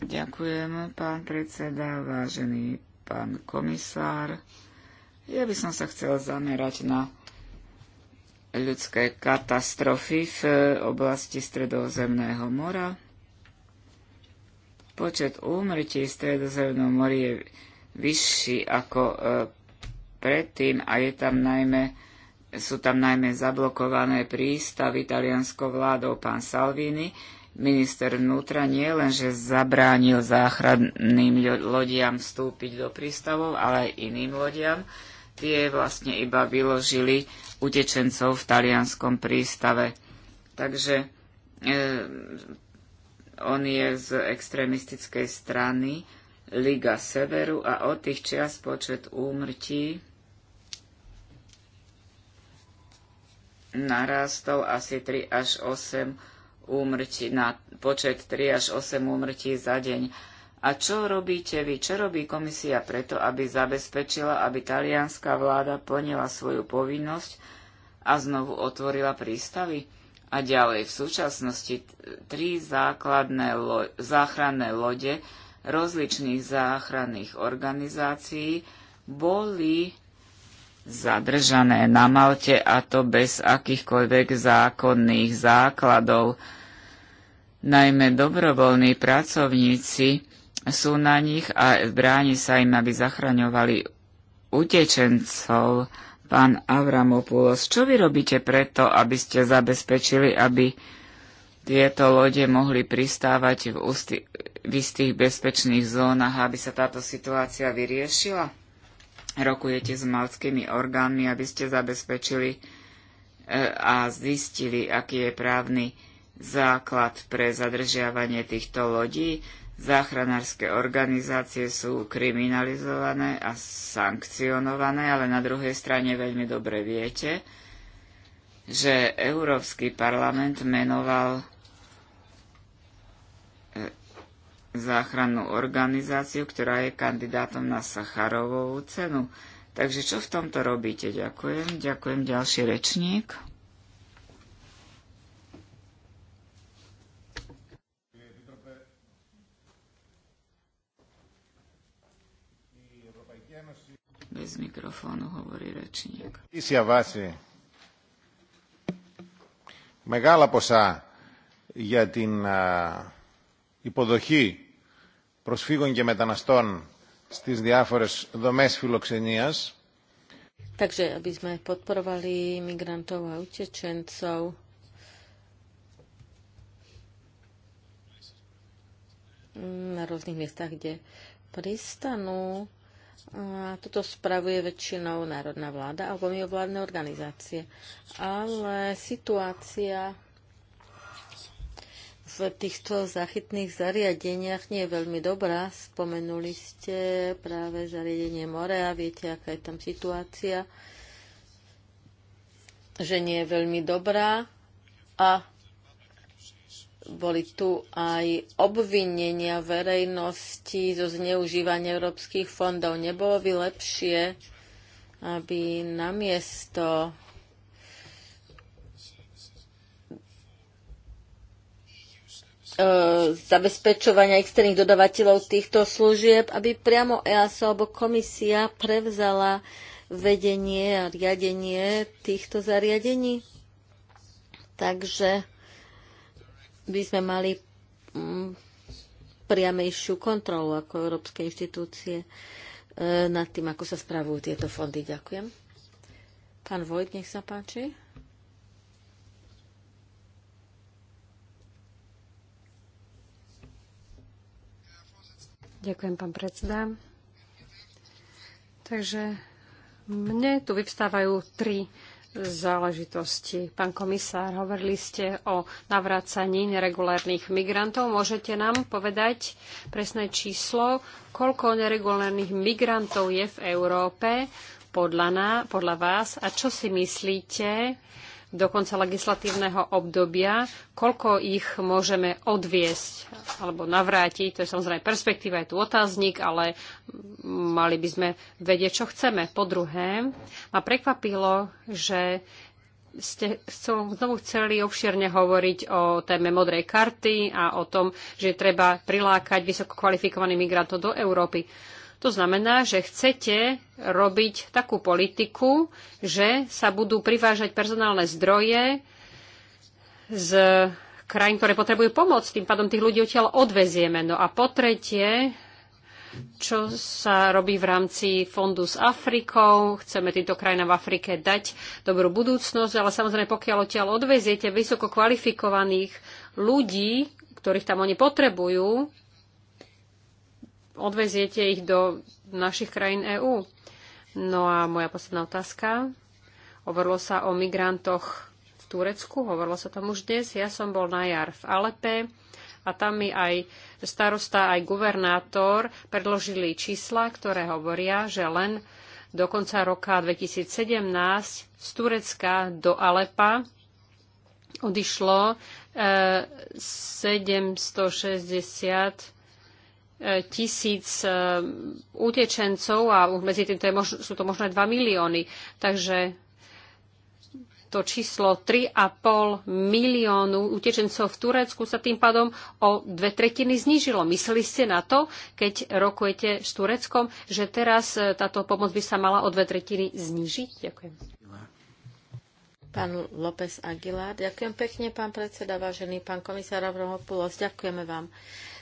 Speaker 2: Ďakujem, pán predseda, vážený pán komisár. Ja by som sa chcel zamerať na ľudské katastrofy v oblasti Stredozemného mora. Počet úmrtí v Stredozemnom mori je vyšší ako e, predtým a je tam najmä, sú tam najmä zablokované prístavy italianskou vládou pán Salvini. Minister vnútra nie len, že zabránil záchranným lodiam vstúpiť do prístavov, ale aj iným lodiam. Tie vlastne iba vyložili utečencov v talianskom prístave. Takže e, on je z extrémistickej strany, Liga Severu a od tých čias počet úmrtí narastol asi 3 až 8 úmrtí, na počet 3 až 8 úmrtí za deň. A čo robíte vy? Čo robí komisia preto, aby zabezpečila, aby talianská vláda plnila svoju povinnosť a znovu otvorila prístavy? A ďalej, v súčasnosti tri základné lo- záchranné lode rozličných záchranných organizácií boli zadržané na Malte a to bez akýchkoľvek zákonných základov. Najmä dobrovoľní pracovníci sú na nich a bráni sa im, aby zachraňovali utečencov. Pán Avramopoulos, čo vy robíte preto, aby ste zabezpečili, aby tieto lode mohli pristávať v, ústy, v istých bezpečných zónach, aby sa táto situácia vyriešila? rokujete s malckými orgánmi, aby ste zabezpečili e, a zistili, aký je právny základ pre zadržiavanie týchto lodí. Záchranárske organizácie sú kriminalizované a sankcionované, ale na druhej strane veľmi dobre viete, že Európsky parlament menoval záchrannú organizáciu, ktorá je kandidátom na Sacharovovú cenu. Takže čo v tomto robíte? Ďakujem. Ďakujem ďalší rečník.
Speaker 5: Bez mikrofónu hovorí rečník. Μεγάλα ποσά για την υποδοχή προσφύγων και μεταναστών στις διάφορες δομές φιλοξενίας.
Speaker 1: Takže aby sme podporovali migrantov a utečencov, mm, na rôznych miestach, kde pristanú. A toto spravuje väčšinou národná vláda alebo mimovládne organizácie. Ale situácia v týchto zachytných zariadeniach nie je veľmi dobrá. Spomenuli ste práve zariadenie a viete, aká je tam situácia, že nie je veľmi dobrá a boli tu aj obvinenia verejnosti zo zneužívania európskych fondov. Nebolo by lepšie, aby namiesto E, zabezpečovania externých dodavateľov týchto služieb, aby priamo EASO alebo komisia prevzala vedenie a riadenie týchto zariadení. Takže by sme mali mm, priamejšiu kontrolu ako európske inštitúcie e, nad tým, ako sa spravujú tieto fondy. Ďakujem. Pán Vojt, nech sa páči.
Speaker 3: Ďakujem, pán predseda. Takže mne tu vyvstávajú tri záležitosti. Pán komisár, hovorili ste o navrácaní neregulárnych migrantov. Môžete nám povedať presné číslo, koľko neregulárnych migrantov je v Európe podľa, podľa vás a čo si myslíte do konca legislatívneho obdobia, koľko ich môžeme odviesť alebo navrátiť. To je samozrejme perspektíva, je tu otáznik, ale mali by sme vedieť, čo chceme. Po druhé, ma prekvapilo, že ste znovu chceli obširne hovoriť o téme modrej karty a o tom, že treba prilákať vysoko kvalifikovaných migrantov do Európy. To znamená, že chcete robiť takú politiku, že sa budú privážať personálne zdroje z krajín, ktoré potrebujú pomoc. Tým pádom tých ľudí odtiaľ odvezieme. No a po tretie, čo sa robí v rámci fondu s Afrikou. Chceme týmto krajinám v Afrike dať dobrú budúcnosť, ale samozrejme, pokiaľ odtiaľ odveziete vysoko kvalifikovaných ľudí, ktorých tam oni potrebujú, odveziete ich do našich krajín EÚ. No a moja posledná otázka. Hovorilo sa o migrantoch v Turecku, hovorilo sa tam už dnes. Ja som bol na jar v Alepe a tam mi aj starosta, aj guvernátor predložili čísla, ktoré hovoria, že len do konca roka 2017 z Turecka do Alepa odišlo 760 eh, tisíc e, utečencov a medzi tým to je sú to možno 2 milióny. Takže to číslo 3,5 miliónu utečencov v Turecku sa tým pádom o dve tretiny znížilo. Mysleli ste na to, keď rokujete s Tureckom, že teraz e, táto pomoc by sa mala o dve tretiny znížiť?
Speaker 1: Ďakujem. Pán López Aguilar, ďakujem pekne, pán predseda, vážený pán komisár Avramopoulos, ďakujeme vám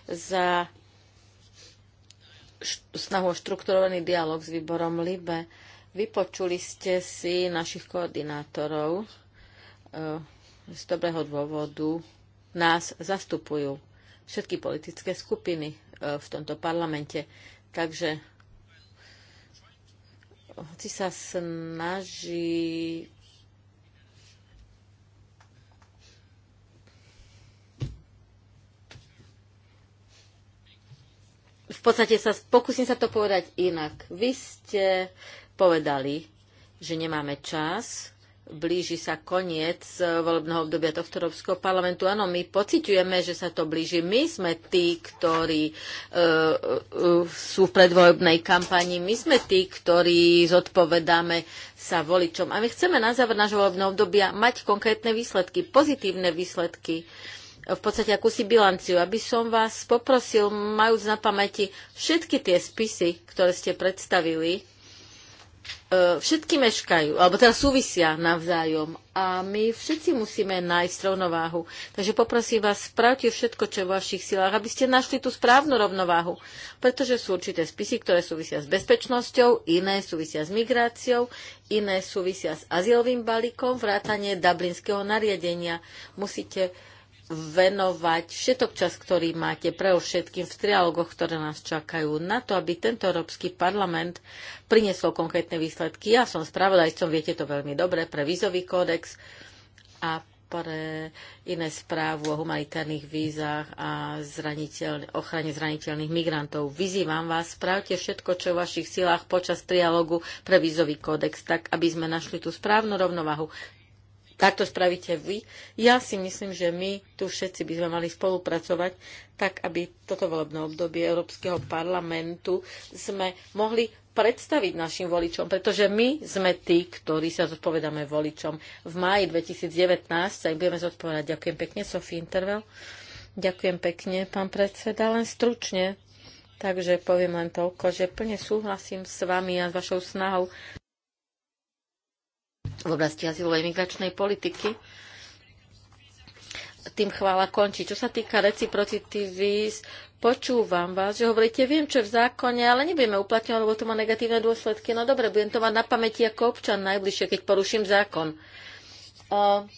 Speaker 1: za snahu o štrukturovaný dialog s výborom LIBE. Vypočuli ste si našich koordinátorov e, z dobrého dôvodu. Nás zastupujú všetky politické skupiny e, v tomto parlamente. Takže hoci sa snaží podstate sa, pokúsim sa to povedať inak. Vy ste povedali, že nemáme čas, blíži sa koniec eh, volebného obdobia tohto Európskeho parlamentu. Áno, my pociťujeme, že sa to blíži. My sme tí, ktorí uh, uh, sú v predvojobnej kampani. My sme tí, ktorí zodpovedáme sa voličom. A my chceme na záver nášho volebného obdobia mať konkrétne výsledky, pozitívne výsledky. Uh, v podstate akúsi bilanciu. Aby som vás poprosil, majúc na pamäti všetky tie spisy, ktoré ste predstavili, e, všetky meškajú, alebo teda súvisia navzájom a my všetci musíme nájsť rovnováhu. Takže poprosím vás, spravte všetko, čo je v vašich silách, aby ste našli tú správnu rovnováhu, pretože sú určité spisy, ktoré súvisia s bezpečnosťou, iné súvisia s migráciou, iné súvisia s azylovým balíkom, vrátanie dublinského nariadenia. Musíte uh, venovať všetok čas, ktorý máte pre všetkým v trialogoch, ktoré nás čakajú, na to, aby tento Európsky parlament priniesol konkrétne výsledky. Ja som spravodajcom, viete to veľmi dobre, pre vízový kódex a pre iné správu o humanitárnych vízach a zraniteľ, ochrane zraniteľných migrantov. Vyzývam vás, spravte všetko, čo je v vašich silách počas trialogu pre vízový kódex, tak aby sme našli tú správnu rovnovahu tak to spravíte vy. Ja si myslím, že my tu všetci by sme mali spolupracovať, tak aby toto volebné obdobie Európskeho parlamentu sme mohli predstaviť našim voličom, pretože my sme tí, ktorí sa zodpovedáme voličom. V máji 2019 sa im budeme zodpovedať. Ďakujem pekne, Sofie Intervel. Ďakujem pekne, pán predseda, len stručne. Takže poviem len toľko, že plne súhlasím s vami a s vašou snahou v oblasti azylovej migračnej politiky. Tým chvála končí. Čo sa týka reciprocity víz, počúvam vás, že hovoríte, viem, čo je v zákone, ale nebudeme uplatňovať, lebo to má negatívne dôsledky. No dobre, budem to mať na pamäti ako občan najbližšie, keď poruším zákon. Uh,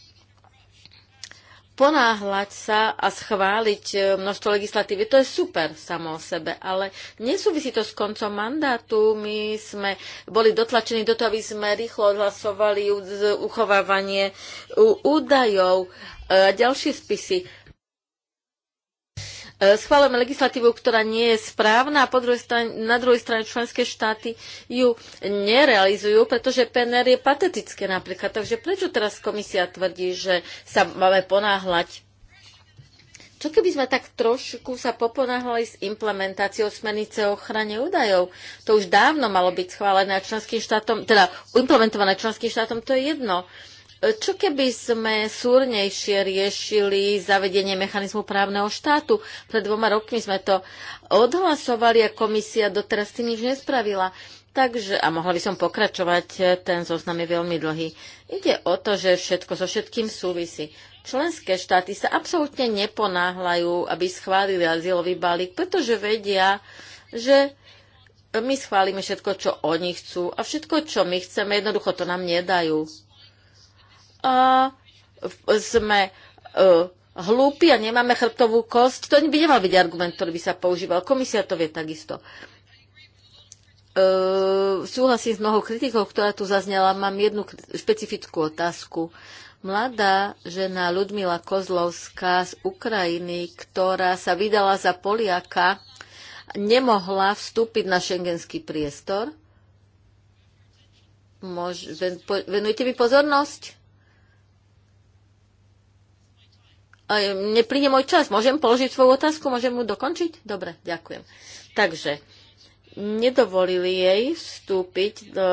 Speaker 1: ponáhľať sa a schváliť e, množstvo legislatívy. To je super samo o sebe, ale nesúvisí to s koncom mandátu. My sme boli dotlačení do toho, aby sme rýchlo odhlasovali uchovávanie údajov e, a ďalšie spisy E, schválime legislatívu, ktorá nie je správna a po druhej strane, na druhej strane členské štáty ju nerealizujú, pretože PNR je patetické napríklad. Takže prečo teraz komisia tvrdí, že sa máme ponáhľať? Čo keby sme tak trošku sa poponáhľali s implementáciou smernice o ochrane údajov? To už dávno malo byť schválené členským štátom, teda implementované členským štátom, to je jedno. Uh, čo keby sme súrnejšie riešili zavedenie mechanizmu právneho štátu? Pred dvoma rokmi sme to odhlasovali a komisia doteraz tým nič nespravila. Takže, a mohla by som pokračovať, ten zoznam je veľmi dlhý. Ide o to, že všetko so všetkým súvisí. Členské štáty sa absolútne neponáhľajú, aby schválili azylový balík, pretože vedia, že my schválime všetko, čo oni chcú a všetko, čo my chceme, jednoducho to nám nedajú sme e, hlúpi a nemáme chrbtovú kosť, to by nemal byť argument, ktorý by sa používal. Komisia to vie takisto. Uh, súhlasím s mnohou kritikou, ktorá tu zaznela. Mám jednu špecifickú otázku. Mladá žena Ludmila Kozlovská z Ukrajiny, ktorá sa vydala za Poliaka, nemohla vstúpiť na šengenský priestor. Môž, ven, po, venujte mi pozornosť. E, nepríde môj čas. Môžem položiť svoju otázku? Môžem mu dokončiť? Dobre, ďakujem. Takže, nedovolili jej vstúpiť do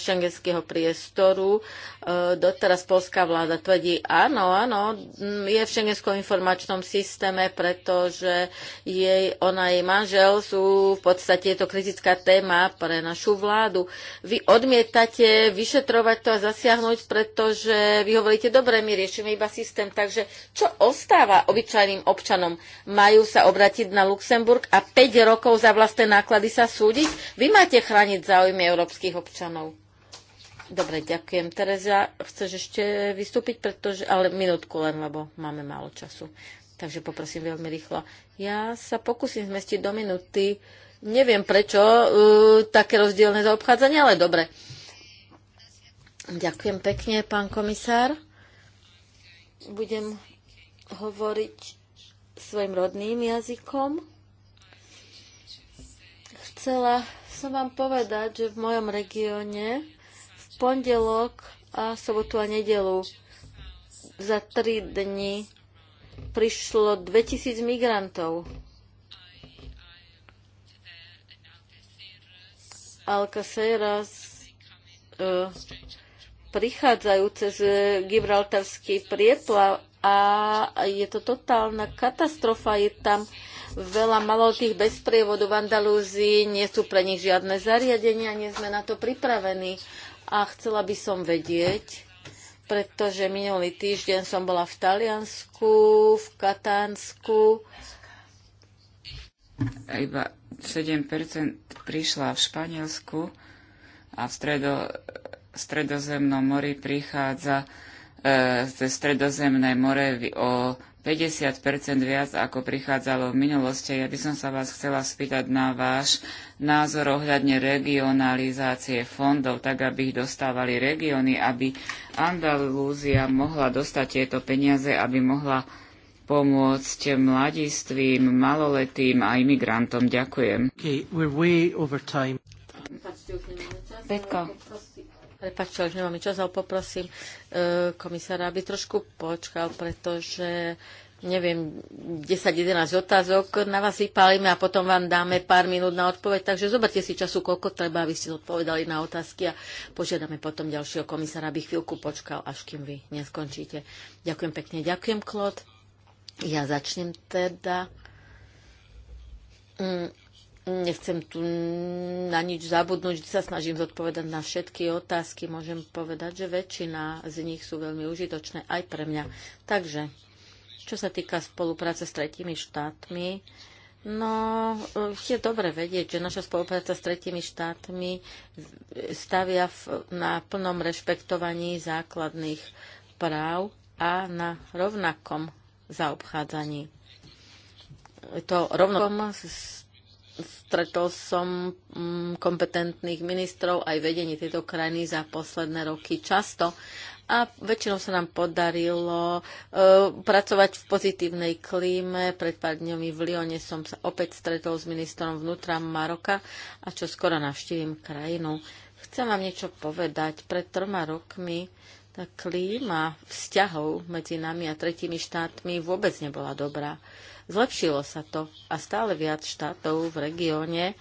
Speaker 1: šengenského priestoru E, doteraz polská vláda tvrdí, áno, áno, je v šengenskom informačnom systéme, pretože jej, ona jej manžel sú v podstate je to kritická téma pre našu vládu. Vy odmietate vyšetrovať to a zasiahnuť, pretože vy hovoríte, dobre, my riešime iba systém, takže čo ostáva obyčajným občanom? Majú sa obratiť na Luxemburg a 5 rokov za vlastné náklady sa súdiť? Vy máte chrániť záujmy európskych občanov. Dobre, ďakujem. Tereza, chceš ešte vystúpiť, pretože, ale minútku len, lebo máme málo času. Takže poprosím veľmi rýchlo. Ja sa pokúsim zmestiť do minúty. Neviem prečo uh, také rozdielne zaobchádzanie, ale dobre. Ďakujem pekne, pán komisár. Budem hovoriť svojim rodným jazykom. Chcela som vám povedať, že v mojom regióne pondelok a sobotu a nedelu. Za tri dni prišlo 2000 migrantov. Alcaceras e, prichádzajú cez Gibraltarský prieplav a je to totálna katastrofa. Je tam veľa malotých bez prievodu v Andalúzii, nie sú pre nich žiadne zariadenia, nie sme na to pripravení a chcela by som vedieť, pretože minulý týždeň som bola v Taliansku, v Katánsku.
Speaker 2: Iba 7% prišla v Španielsku a v stredo, stredozemnom mori prichádza e, ze stredozemné more o 50 viac, ako prichádzalo v minulosti. Ja by som sa vás chcela spýtať na váš názor ohľadne regionalizácie fondov, tak aby ich dostávali regióny, aby Andalúzia mohla dostať tieto peniaze, aby mohla pomôcť mladistvým, maloletým a imigrantom. Ďakujem. Okay,
Speaker 1: Petko, Prepačte, už nemám čas, ale poprosím e, komisára, aby trošku počkal, pretože neviem, 10-11 otázok na vás vypálime a potom vám dáme pár minút na odpoveď. Takže zoberte si času, koľko treba, aby ste odpovedali na otázky a požiadame potom ďalšieho komisára, aby chvíľku počkal, až kým vy neskončíte. Ďakujem pekne. Ďakujem, Klod. Ja začnem teda. Mm Nechcem tu na nič zabudnúť, sa snažím zodpovedať na všetky otázky. Môžem povedať, že väčšina z nich sú veľmi užitočné aj pre mňa. Takže, čo sa týka spolupráce s tretími štátmi, No, e, je dobre vedieť, že naša spolupráca s tretími štátmi stavia v, na plnom rešpektovaní základných práv a na rovnakom zaobchádzaní. To rovnakom s stretol som mm, kompetentných ministrov aj vedení tejto krajiny za posledné roky často a väčšinou sa nám podarilo e, pracovať v pozitívnej klíme. Pred pár dňami v Lione som sa opäť stretol s ministrom vnútra Maroka a čo skoro navštívim krajinu. Chcem vám niečo povedať. Pred troma rokmi tá klíma vzťahov medzi nami a tretími štátmi vôbec nebola dobrá. E, Zlepšilo sa to a stále viac štátov v regióne e,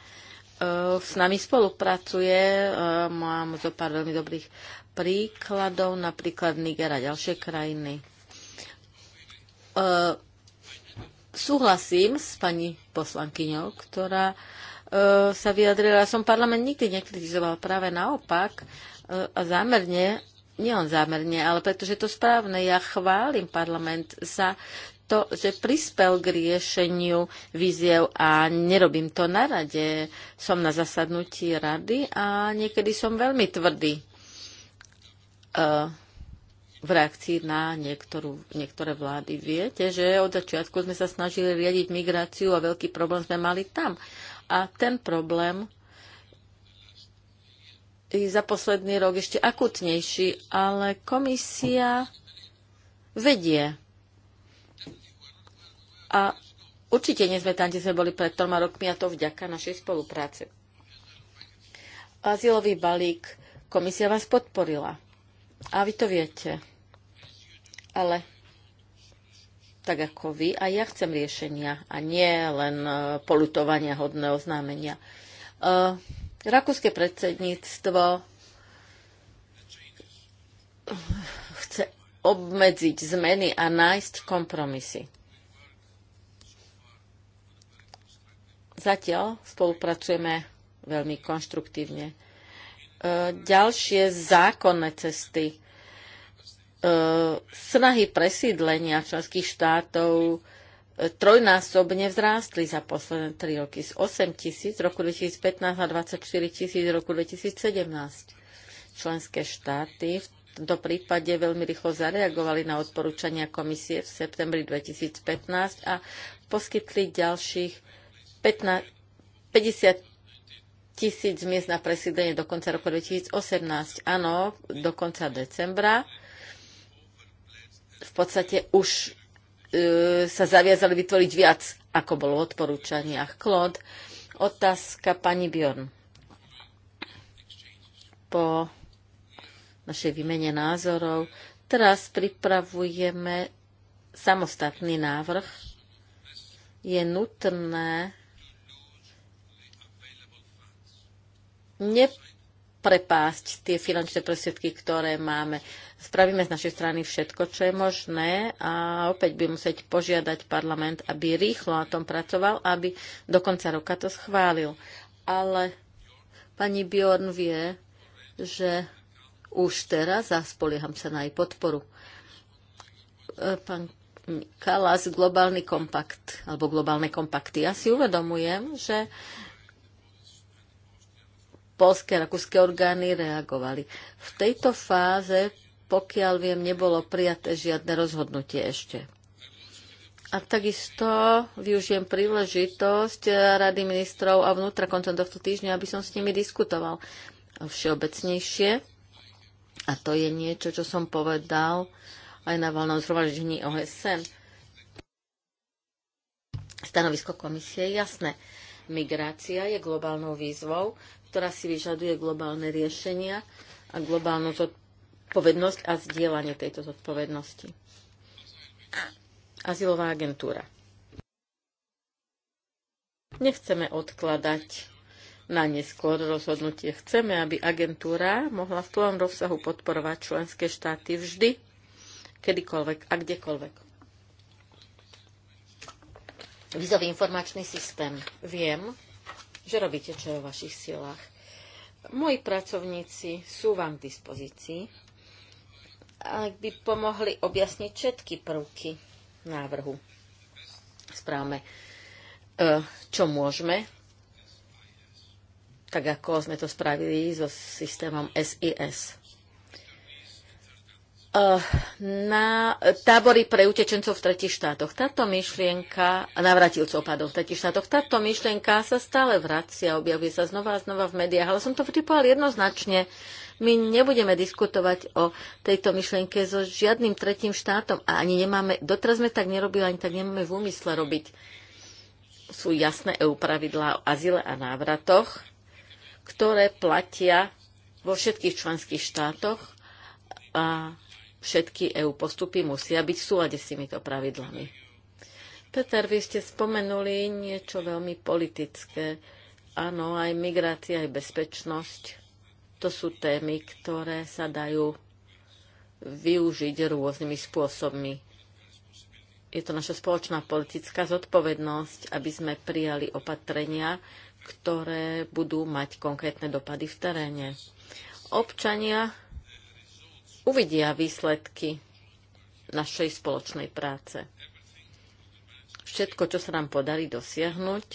Speaker 1: s nami spolupracuje. E, no mám zo pár veľmi dobrých príkladov, napríklad Niger a ďalšie krajiny. E, súhlasím s pani poslankyňou, ktorá sa vyjadrila, som parlament nikdy nekritizoval, práve naopak a zámerne on zámerne, ale pretože je to správne. Ja chválim parlament za to, že prispel k riešeniu víziev a nerobím to na rade. Som na zasadnutí rady a niekedy som veľmi tvrdý e, v reakcii na niektorú, niektoré vlády. Viete, že od začiatku sme sa snažili riadiť migráciu a veľký problém sme mali tam. A ten problém je za posledný rok ešte akutnejší, ale komisia vedie a určite nie sme tam, kde sme boli pred troma rokmi a to vďaka našej spolupráce. Azylový balík, komisia vás podporila. A vy to viete. Ale tak ako vy, a ja chcem riešenia a nie len e, polutovania hodné oznámenia. E, rakúske predsedníctvo obmedziť zmeny a nájsť kompromisy. Zatiaľ spolupracujeme veľmi konštruktívne. E, ďalšie zákonné cesty, e, snahy presídlenia členských štátov e, trojnásobne vzrástli za posledné tri roky z 8 tisíc roku 2015 na 24 tisíc roku 2017. Členské štáty v tomto prípade veľmi rýchlo zareagovali na odporúčania komisie v septembri 2015 a poskytli ďalších 50 tisíc miest na presídlenie do konca roku 2018. Áno, do konca decembra. V podstate už e, sa zaviazali vytvoriť viac, ako bolo v odporúčaniach. Claude, otázka pani Bjorn. Po našej výmene názorov. Teraz pripravujeme samostatný návrh. Je nutné neprepásť tie finančné prostriedky, ktoré máme. Spravíme z našej strany všetko, čo je možné a opäť by musieť požiadať parlament, aby rýchlo na tom pracoval, aby do konca roka to schválil. Ale pani Bjorn vie, že už teraz a spolieham sa na jej podporu. E, pán Kalas, globálny kompakt, alebo globálne kompakty. Ja si uvedomujem, že polské a rakúske orgány reagovali. V tejto fáze, pokiaľ viem, nebolo prijaté žiadne rozhodnutie ešte. A takisto využijem príležitosť e, Rady ministrov a vnútra koncom tohto týždňa, aby som s nimi diskutoval všeobecnejšie a to je niečo, čo som povedal aj na voľnom zhromaždení OSN. Stanovisko komisie je jasné. Migrácia je globálnou výzvou, ktorá si vyžaduje globálne riešenia a globálnu zodpovednosť a zdieľanie tejto zodpovednosti. Azylová agentúra. Nechceme odkladať na neskôr rozhodnutie. Chceme, aby agentúra mohla v plnom rozsahu podporovať členské štáty vždy, kedykoľvek a kdekoľvek. Vizový informačný systém. Viem, že robíte, čo je o vašich silách. Moji pracovníci sú vám k dispozícii, ak by pomohli objasniť všetky prvky návrhu. Správame, e, čo môžeme tak ako sme to spravili so systémom SIS. Eh, na tábory pre utečencov v tretich štátoch. Táto myšlienka, navratilcov, pádov v tretich štátoch, táto myšlienka sa stále vracia, objavuje sa znova a znova v médiách, ale som to vtipoval jednoznačne. My nebudeme diskutovať o tejto myšlienke so žiadnym tretím štátom a ani nemáme, doteraz sme tak nerobili, ani tak nemáme v úmysle robiť. Sú jasné EU pravidlá o azile a návratoch, ktoré platia vo všetkých členských štátoch a všetky EU postupy musia byť v súlade s týmito pravidlami. Peter, vy ste spomenuli niečo veľmi politické. Áno, aj migrácia, aj bezpečnosť. To sú témy, ktoré sa dajú využiť rôznymi spôsobmi. Je to naša spoločná politická zodpovednosť, aby sme prijali opatrenia, ktoré budú mať konkrétne dopady v teréne. Občania uvidia výsledky našej spoločnej práce. Všetko, čo sa nám podarí dosiahnuť,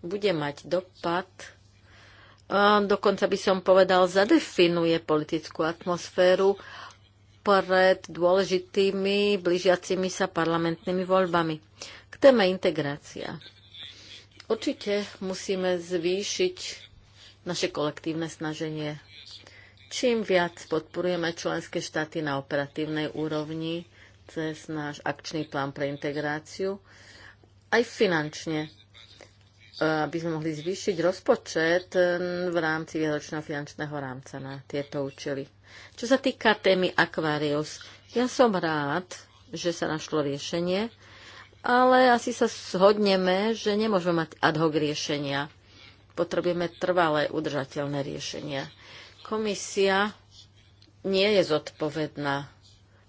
Speaker 1: bude mať dopad, dokonca by som povedal, zadefinuje politickú atmosféru pred dôležitými blížiacimi sa parlamentnými voľbami. K téme integrácia. Určite musíme zvýšiť naše kolektívne snaženie. Čím viac podporujeme členské štáty na operatívnej úrovni cez náš akčný plán pre integráciu, aj finančne, e, aby sme mohli zvýšiť rozpočet e, v rámci výročného finančného rámca na tieto účely. Čo sa týka témy Aquarius, ja som rád, že sa našlo riešenie, ale asi sa shodneme, že nemôžeme mať ad hoc riešenia. Potrebujeme trvalé, udržateľné riešenia. Komisia nie je zodpovedná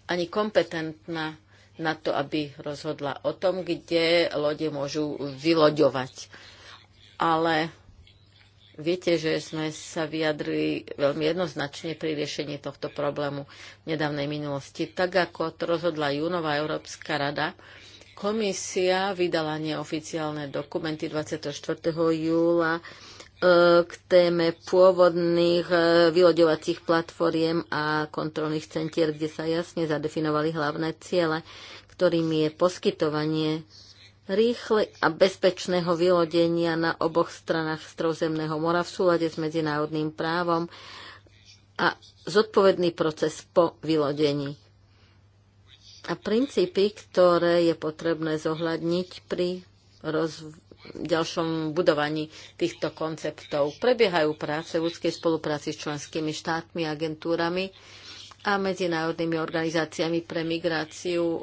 Speaker 1: ani kompetentná na to, aby rozhodla o tom, kde lode môžu vyloďovať. Ale viete, že sme sa vyjadrili veľmi jednoznačne pri riešení tohto problému v nedávnej minulosti. Tak ako to rozhodla Júnová Európska rada, Komisia vydala neoficiálne dokumenty 24. júla e, k téme pôvodných e, vyloďovacích platformiem a kontrolných centier, kde sa jasne zadefinovali hlavné ciele, ktorým je poskytovanie rýchle a bezpečného vylodenia na oboch stranách Strozemného mora v súlade s medzinárodným právom a zodpovedný proces po vylodení a princípy, ktoré je potrebné zohľadniť pri rozvoji ďalšom budovaní týchto konceptov. Prebiehajú práce v úzkej spolupráci s členskými štátmi, agentúrami a medzinárodnými organizáciami pre migráciu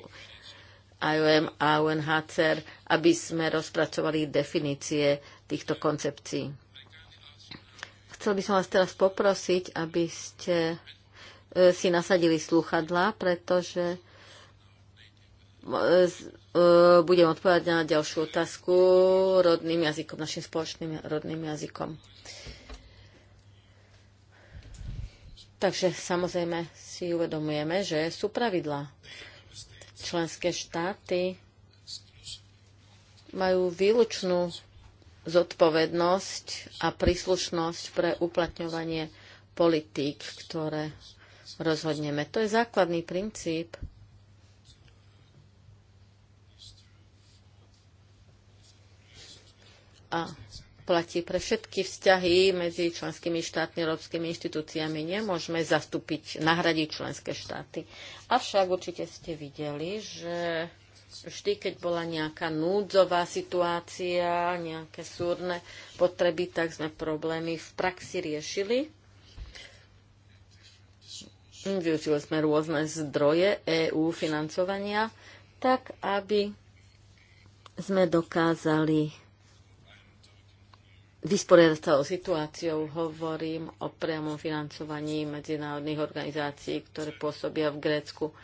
Speaker 1: IOM a UNHCR, aby sme rozpracovali definície týchto koncepcií. Chcel by som vás teraz poprosiť, aby ste e, si nasadili slúchadlá, pretože E, budem odpovedať na ďalšiu otázku rodným jazykom, našim spoločným rodným jazykom. Takže samozrejme si uvedomujeme, že sú pravidlá. Členské štáty majú výlučnú zodpovednosť a príslušnosť pre uplatňovanie politík, ktoré rozhodneme. To je základný princíp a platí pre všetky vzťahy medzi členskými štátmi a európskymi inštitúciami. Nemôžeme zastúpiť, nahradiť členské štáty. Avšak určite ste videli, že vždy, keď bola nejaká núdzová situácia, nejaké súrne potreby, tak sme problémy v praxi riešili. Využili sme rôzne zdroje EÚ financovania, tak aby sme dokázali vysporiadať sa o situáciou. Hovorím o priamom financovaní medzinárodných organizácií, ktoré pôsobia v Grécku.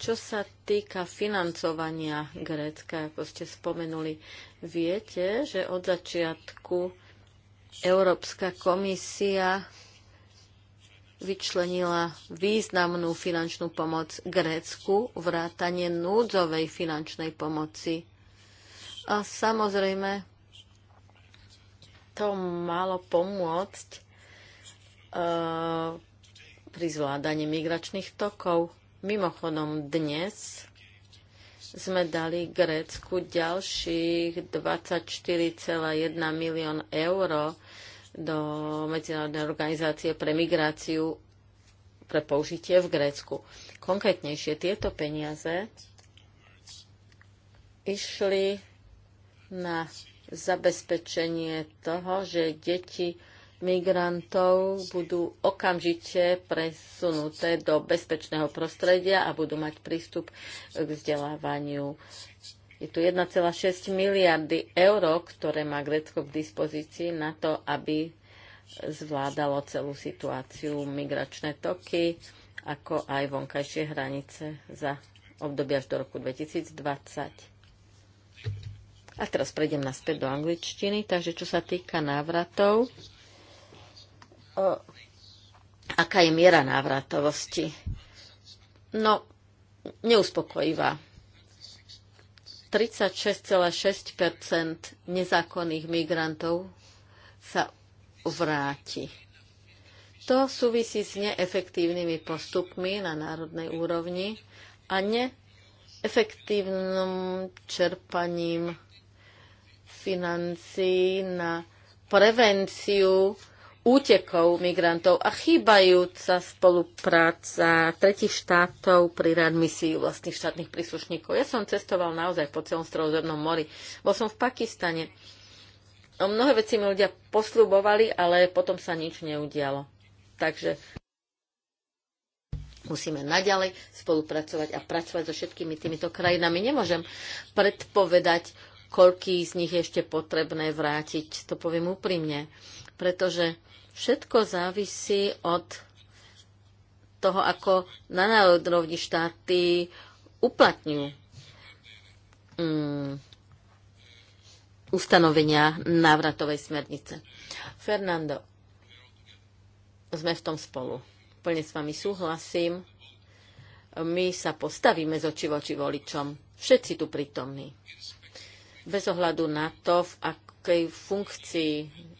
Speaker 1: Čo sa týka financovania Grécka, ako ste spomenuli, viete, že od začiatku Európska komisia vyčlenila významnú finančnú pomoc Grécku, vrátanie núdzovej finančnej pomoci. A samozrejme, to malo pomôcť uh, pri zvládaní migračných tokov. Mimochodom, dnes sme dali Grécku ďalších 24,1 milión eur do Medzinárodnej organizácie pre migráciu pre použitie v Grécku. Konkrétnejšie tieto peniaze išli na zabezpečenie toho, že deti migrantov budú okamžite presunuté do bezpečného prostredia a budú mať prístup k vzdelávaniu. Je tu 1,6 miliardy eur, ktoré má Grécko k dispozícii na to, aby zvládalo celú situáciu migračné toky, ako aj vonkajšie hranice za obdobie až do roku 2020 a teraz prejdem naspäť do angličtiny. Takže čo sa týka návratov, aká je miera návratovosti? No, neuspokojivá. 36,6 nezákonných migrantov sa vráti. To súvisí s neefektívnymi postupmi na národnej úrovni a neefektívnym čerpaním financí na prevenciu útekov migrantov a chýbajúca spolupráca tretich štátov pri readmisii vlastných štátnych príslušníkov. Ja som cestoval naozaj po celom stredozemnom mori. Bol som v Pakistane. Mnohé veci mi ľudia posľubovali, ale potom sa nič neudialo. Takže musíme naďalej spolupracovať a pracovať so všetkými týmito krajinami. Nemôžem predpovedať koľký z nich je ešte potrebné vrátiť. To poviem úprimne, pretože všetko závisí od toho, ako na národrovni štáty uplatňujú um, ustanovenia návratovej smernice. Fernando, sme v tom spolu. Plne s vami súhlasím. My sa postavíme z oči voličom. Všetci tu prítomní bez ohľadu na to, v akej funkcii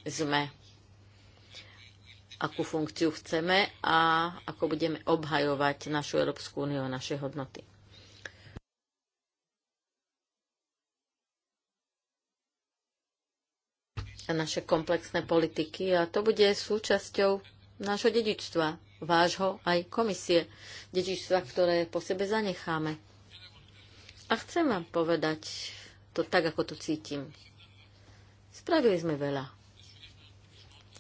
Speaker 1: sme, akú funkciu chceme a ako budeme obhajovať našu Európsku úniu a naše hodnoty. a naše komplexné politiky a to bude súčasťou nášho dedičstva, vášho aj komisie, dedičstva, ktoré po sebe zanecháme. A chcem vám povedať, to tak, ako to cítim. Spravili sme veľa.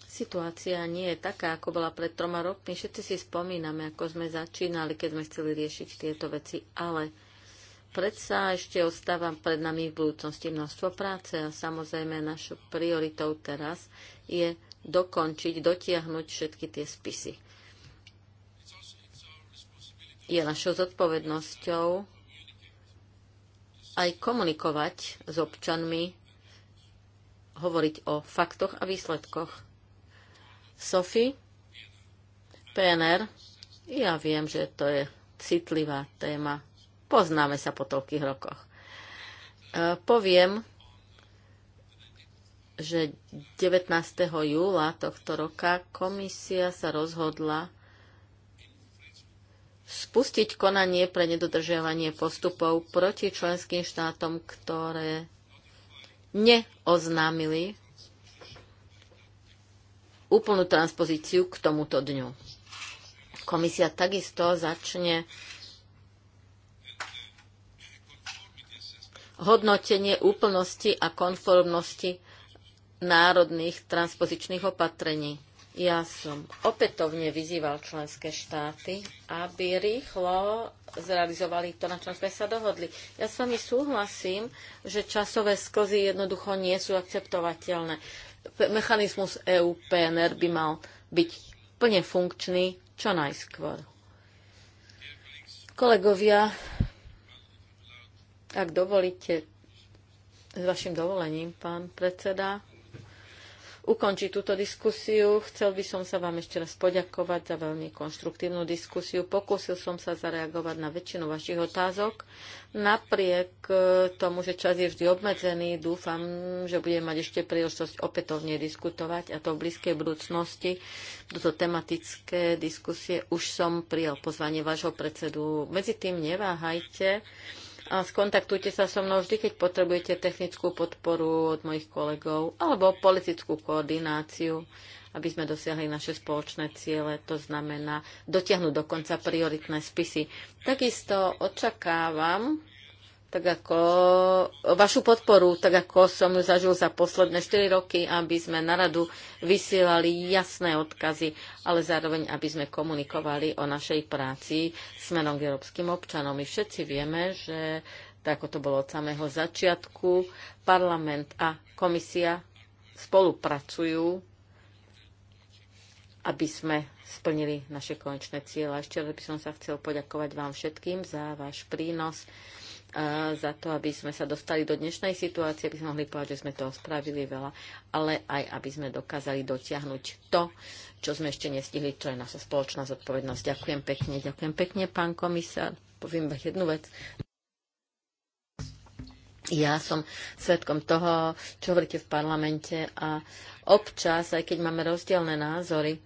Speaker 1: Situácia nie je taká, ako bola pred troma rokmi. Všetci si spomíname, ako sme začínali, keď sme chceli riešiť tieto veci, ale predsa ešte ostáva pred nami v budúcnosti množstvo práce a samozrejme našou prioritou teraz je dokončiť, dotiahnuť všetky tie spisy. Je našou zodpovednosťou aj komunikovať s občanmi, hovoriť o faktoch a výsledkoch. Sophie, PNR, ja viem, že to je citlivá téma. Poznáme sa po toľkých rokoch. E, poviem, že 19. júla tohto roka komisia sa rozhodla spustiť konanie pre nedodržiavanie postupov proti členským štátom, ktoré neoznámili úplnú transpozíciu k tomuto dňu. Komisia takisto začne hodnotenie úplnosti a konformnosti národných transpozičných opatrení ja som opätovne vyzýval členské štáty, aby rýchlo zrealizovali to, na čom sme sa dohodli. Ja s vami súhlasím, že časové sklzy jednoducho nie sú akceptovateľné. Mechanizmus EU PNR by mal byť plne funkčný čo najskôr. Kolegovia, ak dovolíte, s vašim dovolením, pán predseda, ukončiť túto diskusiu. Chcel by som sa vám ešte raz poďakovať za veľmi konštruktívnu diskusiu. Pokúsil som sa zareagovať na väčšinu vašich otázok. Napriek e, tomu, že čas je vždy obmedzený, dúfam, že budem mať ešte príležitosť opätovne diskutovať a to v blízkej budúcnosti. Toto tematické diskusie už som prijal pozvanie vášho predsedu. Medzi tým neváhajte a skontaktujte sa so mnou vždy, keď potrebujete technickú podporu od mojich kolegov alebo politickú koordináciu, aby sme dosiahli naše spoločné ciele, to znamená dotiahnuť dokonca prioritné spisy. Takisto očakávam tak ako vašu podporu, tak ako som ju zažil za posledné 4 roky, aby sme na radu vysielali jasné odkazy, ale zároveň, aby sme komunikovali o našej práci smerom k európskym občanom. My všetci vieme, že tak ako to bolo od samého začiatku, parlament a komisia spolupracujú, aby sme splnili naše konečné cieľa. Ešte by som sa chcel poďakovať vám všetkým za váš prínos za to, aby sme sa dostali do dnešnej situácie, aby sme mohli povedať, že sme toho spravili veľa, ale aj aby sme dokázali dotiahnuť to, čo sme ešte nestihli, čo je naša spoločná zodpovednosť. Ďakujem pekne, ďakujem pekne, pán komisár. Poviem vám jednu vec. Ja som svetkom toho, čo hovoríte v parlamente a občas, aj keď máme rozdielne názory,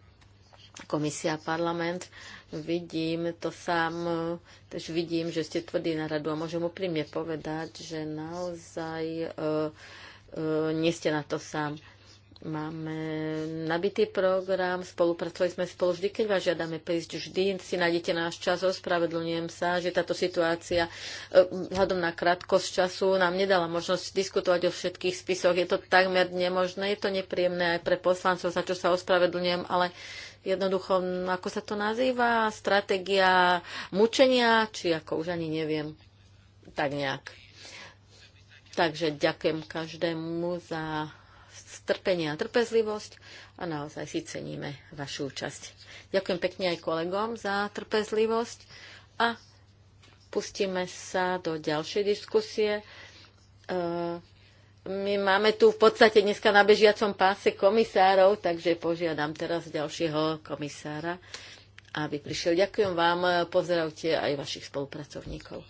Speaker 1: komisia a parlament. Vidím to sám, tež vidím, že ste tvrdí na radu a môžem úprimne povedať, že naozaj e, e, nie ste na to sám. Máme nabitý program, spolupracovali sme spolu vždy, keď vás žiadame prísť, vždy si nájdete náš čas, ospravedlňujem sa, že táto situácia e, vzhľadom na krátkosť času nám nedala možnosť diskutovať o všetkých spisoch. Je to takmer nemožné, je to nepríjemné aj pre poslancov, za čo sa ospravedlňujem, ale uh, jednoducho, ako sa to nazýva, stratégia mučenia, či ako už ani neviem, tak nejak. Takže ďakujem každému za strpenie a trpezlivosť a naozaj si ceníme vašu účasť. Ďakujem pekne aj kolegom za trpezlivosť a pustíme sa do ďalšej diskusie. E, my máme tu v podstate dneska na bežiacom páse komisárov, takže požiadam teraz ďalšieho komisára, aby prišiel. Ďakujem vám, pozdravte aj vašich spolupracovníkov.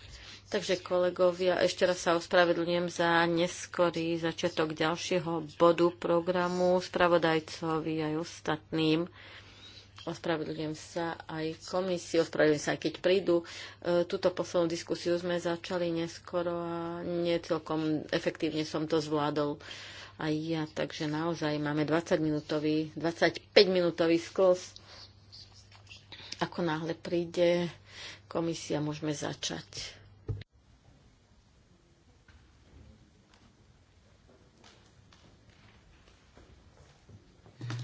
Speaker 1: Takže kolegovia, ešte raz sa ospravedlňujem za neskorý začiatok ďalšieho bodu programu spravodajcovi aj ostatným. Ospravedlňujem sa aj komisiu, ospravedlňujem sa aj keď prídu. E, túto poslednú diskusiu sme začali neskoro a necelkom efektívne som to zvládol aj ja. Takže naozaj máme 20-minútový, 25-minútový sklos. Ako náhle príde komisia, môžeme začať.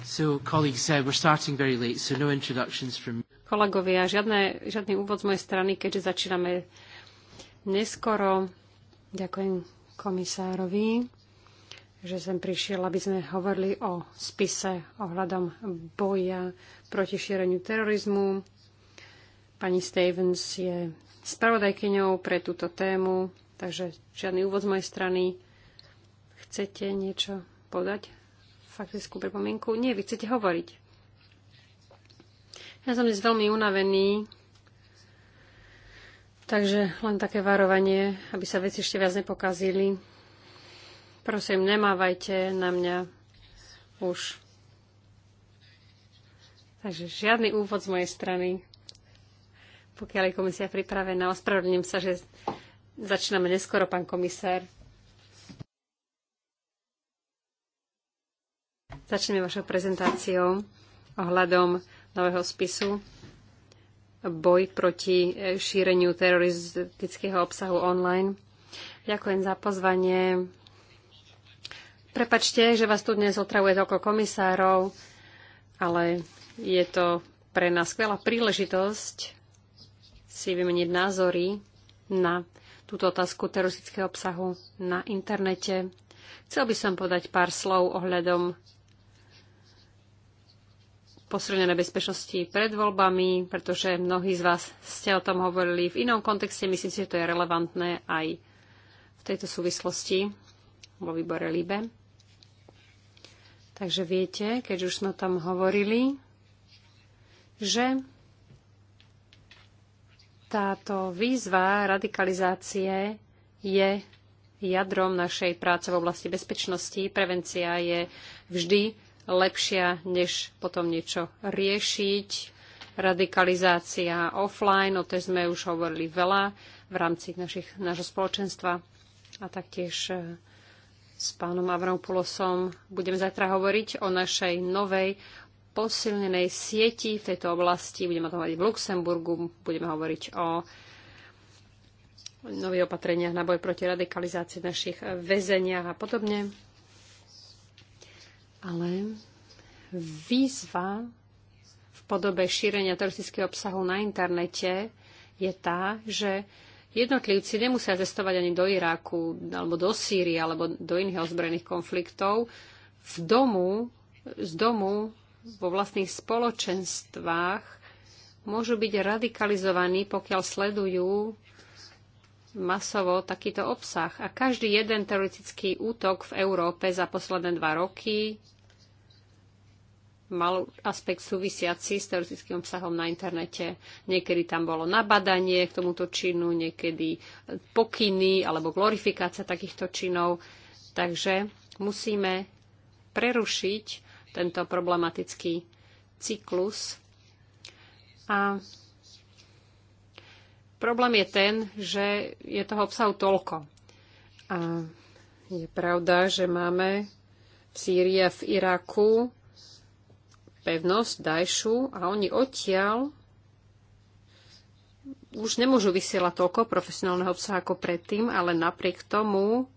Speaker 4: So, colleagues, uh, we're starting very late, so no introductions from...
Speaker 3: Kolegovia, žiadne, žiadny úvod z mojej strany, keďže začíname neskoro. Ďakujem komisárovi, že sem prišiel, aby sme hovorili o spise ohľadom boja proti šíreniu terorizmu. Pani Stevens je spravodajkyňou pre túto tému, takže žiadny úvod z mojej strany. Chcete niečo podať faktickú pripomienku. Nie, vy chcete hovoriť. Ja som dnes veľmi unavený, takže len také varovanie, aby sa veci ešte viac nepokazili. Prosím, nemávajte na mňa už. Takže žiadny úvod z mojej strany. Pokiaľ je komisia pripravená, ospravedlňujem sa, že začíname neskoro, pán komisár. Začneme vašou prezentáciou ohľadom nového spisu boj proti e, šíreniu teroristického obsahu online. Ďakujem za pozvanie. Prepačte, že vás tu dnes otravuje toľko komisárov, ale je to pre nás skvelá príležitosť si vymeniť názory na túto otázku teroristického obsahu na internete. Chcel by som podať pár slov ohľadom posilnené bezpečnosti pred voľbami, pretože mnohí z vás ste o tom hovorili v inom kontexte. Myslím si, že to je relevantné aj v tejto súvislosti vo výbore LIBE. Takže viete, keď už sme tom hovorili, že táto výzva radikalizácie je jadrom našej práce v oblasti bezpečnosti. Prevencia je vždy lepšia, než potom niečo riešiť. Radikalizácia offline, o tej sme už hovorili veľa v rámci našich, našho spoločenstva a taktiež e, s pánom Pulosom budeme zajtra hovoriť o našej novej posilnenej sieti v tejto oblasti. Budeme to hovoriť v Luxemburgu, budeme hovoriť o nových opatreniach na boj proti radikalizácii v našich väzeniach a podobne ale výzva v podobe šírenia teroristického obsahu na internete je tá, že jednotlivci nemusia cestovať ani do Iráku, alebo do Sýrie, alebo do iných ozbrojených konfliktov. V domu, z domu, vo vlastných spoločenstvách môžu byť radikalizovaní, pokiaľ sledujú masovo takýto obsah. A každý jeden teroristický útok v Európe za posledné dva roky mal aspekt súvisiaci s teroristickým obsahom na internete. Niekedy tam bolo nabadanie k tomuto činu, niekedy pokyny alebo glorifikácia takýchto činov. Takže musíme prerušiť tento problematický cyklus a Problém je ten, že je toho obsahu toľko. A je pravda, že máme v Sýrii a v Iraku pevnosť Dajšu a oni odtiaľ už nemôžu vysielať toľko profesionálneho obsahu ako predtým, ale napriek tomu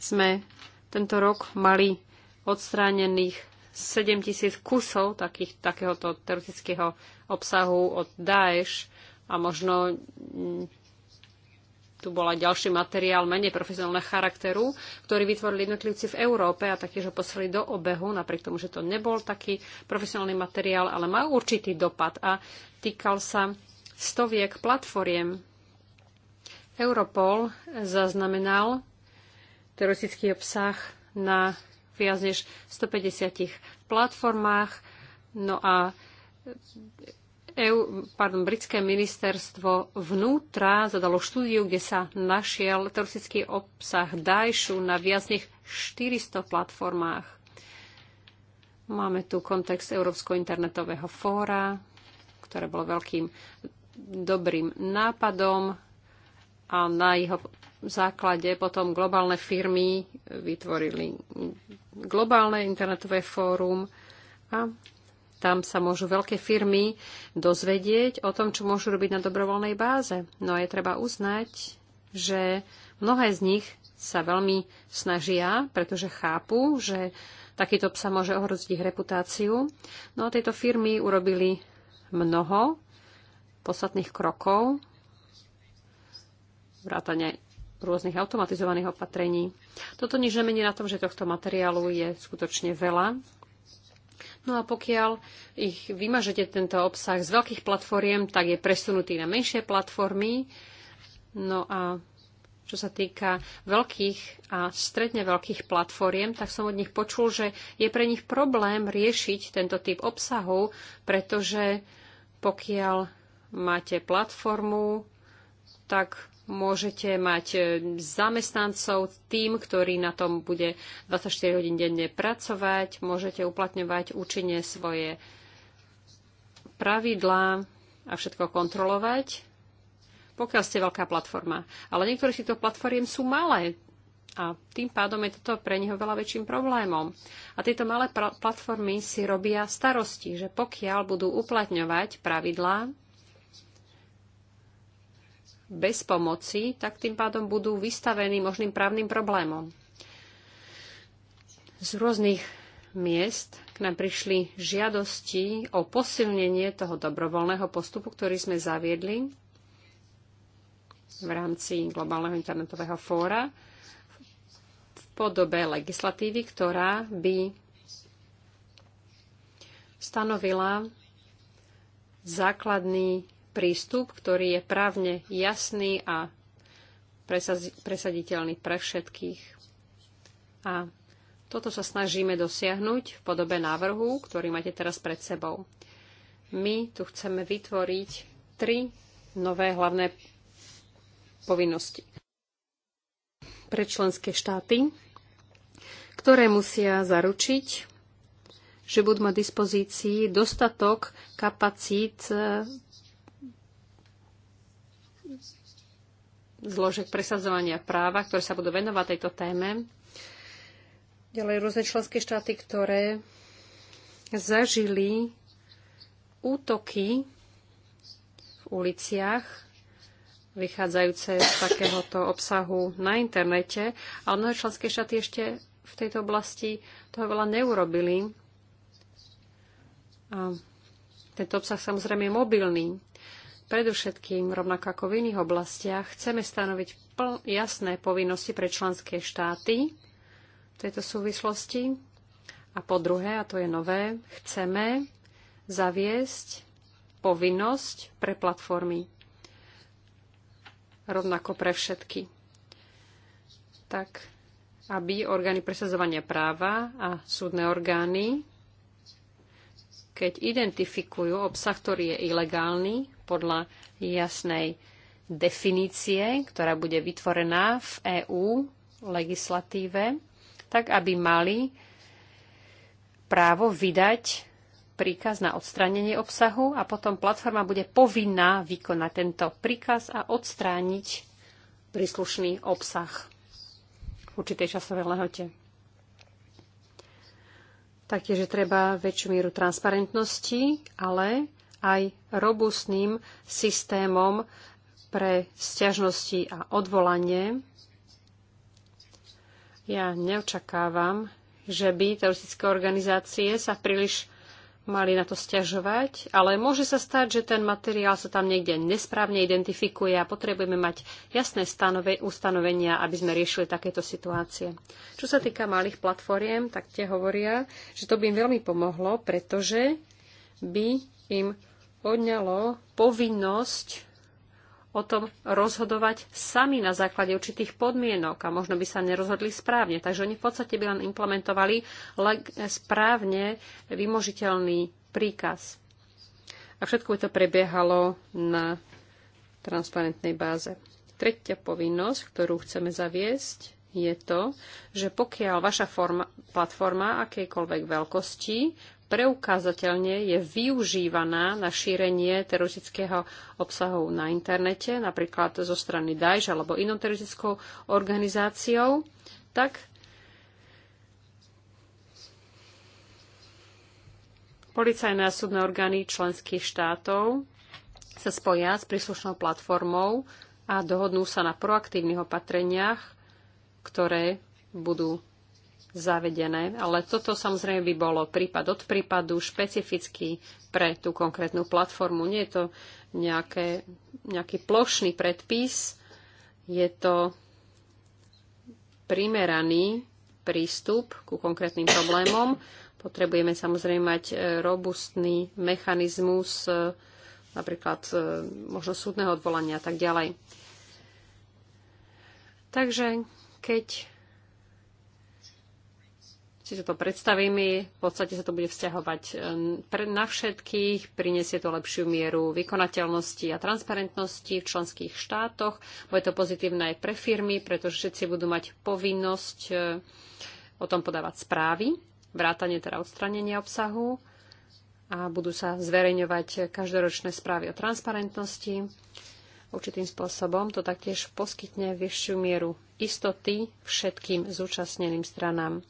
Speaker 3: sme tento rok mali odstránených 7000 kusov takých, takéhoto teoretického obsahu od Daesh a možno mm, tu bola ďalší materiál menej profesionálneho charakteru, ktorý vytvorili jednotlivci v Európe a taktiež ho poslali do obehu, napriek tomu, že to nebol taký profesionálny materiál, ale má určitý dopad a týkal sa stoviek platformiem. Europol zaznamenal teroristický obsah na viac než 150 platformách. No a EU, pardon, britské ministerstvo vnútra zadalo štúdiu, kde sa našiel teroristický obsah Daešu na viac než 400 platformách. Máme tu kontext Európsko internetového fóra, ktoré bolo veľkým dobrým nápadom a na jeho základe potom globálne firmy vytvorili globálne internetové fórum a tam sa môžu veľké firmy dozvedieť o tom, čo môžu robiť na dobrovoľnej báze. No a je treba uznať, že mnohé z nich sa veľmi snažia, pretože chápu, že takýto psa môže ohroziť ich reputáciu. No a tieto firmy urobili mnoho podstatných krokov, vrátane rôznych automatizovaných opatrení. Toto nič nemení na tom, že tohto materiálu je skutočne veľa No a pokiaľ ich vymažete tento obsah z veľkých platformiem, tak je presunutý na menšie platformy. No a čo sa týka veľkých a stredne veľkých platformiem, tak som od nich počul, že je pre nich problém riešiť tento typ obsahu, pretože pokiaľ máte platformu, tak môžete mať e, zamestnancov, tým, ktorý na tom bude 24 hodín denne pracovať, môžete uplatňovať účinne svoje pravidlá a všetko kontrolovať, pokiaľ ste veľká platforma. Ale niektoré z týchto platformiem sú malé a tým pádom je toto pre neho veľa väčším problémom. A tieto malé platformy si robia starosti, že pokiaľ budú uplatňovať pravidlá, bez pomoci, tak tým pádom budú vystavení možným právnym problémom. Z rôznych miest k nám prišli žiadosti o posilnenie toho dobrovoľného postupu, ktorý sme zaviedli v rámci globálneho internetového fóra v podobe legislatívy, ktorá by stanovila základný prístup, ktorý je právne jasný a presaditeľný pre všetkých. A toto sa snažíme dosiahnuť v podobe návrhu, ktorý máte teraz pred sebou. My tu chceme vytvoriť tri nové hlavné povinnosti pre členské štáty, ktoré musia zaručiť, že budú mať dispozícii dostatok kapacít zložek presadzovania práva, ktoré sa budú venovať tejto téme. Ďalej rôzne členské štáty, ktoré zažili útoky v uliciach vychádzajúce z takéhoto obsahu na internete, ale mnohé členské štáty ešte v tejto oblasti toho veľa neurobili. A tento obsah samozrejme je mobilný. Predovšetkým, rovnako ako v iných oblastiach, chceme stanoviť pl- jasné povinnosti pre členské štáty v tejto súvislosti. A po druhé, a to je nové, chceme zaviesť povinnosť pre platformy. Rovnako pre všetky. Tak, aby orgány presadzovania práva a súdne orgány, keď identifikujú obsah, ktorý je ilegálny, podľa jasnej definície, ktorá bude vytvorená v EÚ legislatíve, tak aby mali právo vydať príkaz na odstránenie obsahu a potom platforma bude povinná vykonať tento príkaz a odstrániť príslušný obsah v určitej časovej lehote. Taktiež treba väčšiu mieru transparentnosti, ale aj robustným systémom pre stiažnosti a odvolanie. Ja neočakávam, že by teroristické organizácie sa príliš mali na to stiažovať, ale môže sa stať, že ten materiál sa tam niekde nesprávne identifikuje a potrebujeme mať jasné stanove, ustanovenia, aby sme riešili takéto situácie. Čo sa týka malých platformiem, tak tie hovoria, že to by im veľmi pomohlo, pretože by im odňalo povinnosť o tom rozhodovať sami na základe určitých podmienok a možno by sa nerozhodli správne. Takže oni v podstate by len implementovali správne vymožiteľný príkaz. A všetko by to prebiehalo na transparentnej báze. Tretia povinnosť, ktorú chceme zaviesť, je to, že pokiaľ vaša forma, platforma akejkoľvek veľkosti preukázateľne je využívaná na šírenie teroristického obsahu na internete, napríklad zo strany Daesh alebo inou teroristickou organizáciou, tak policajné a súdne orgány členských štátov sa spoja s príslušnou platformou a dohodnú sa na proaktívnych opatreniach, ktoré budú zavedené, ale toto samozrejme by bolo prípad od prípadu špecificky pre tú konkrétnu platformu. Nie je to nejaké, nejaký plošný predpis, je to primeraný prístup ku konkrétnym problémom. Potrebujeme samozrejme mať e, robustný mechanizmus e, napríklad e, možno súdneho odvolania a tak ďalej. Takže keď si to predstavíme, v podstate sa to bude vzťahovať e, na všetkých, prinesie to lepšiu mieru vykonateľnosti a transparentnosti v členských štátoch. Bude to pozitívne aj pre firmy, pretože všetci budú mať povinnosť e, o tom podávať správy, vrátanie teda odstranenia obsahu a budú sa zverejňovať každoročné správy o transparentnosti. Určitým spôsobom to taktiež poskytne vyššiu mieru istoty všetkým zúčastneným stranám.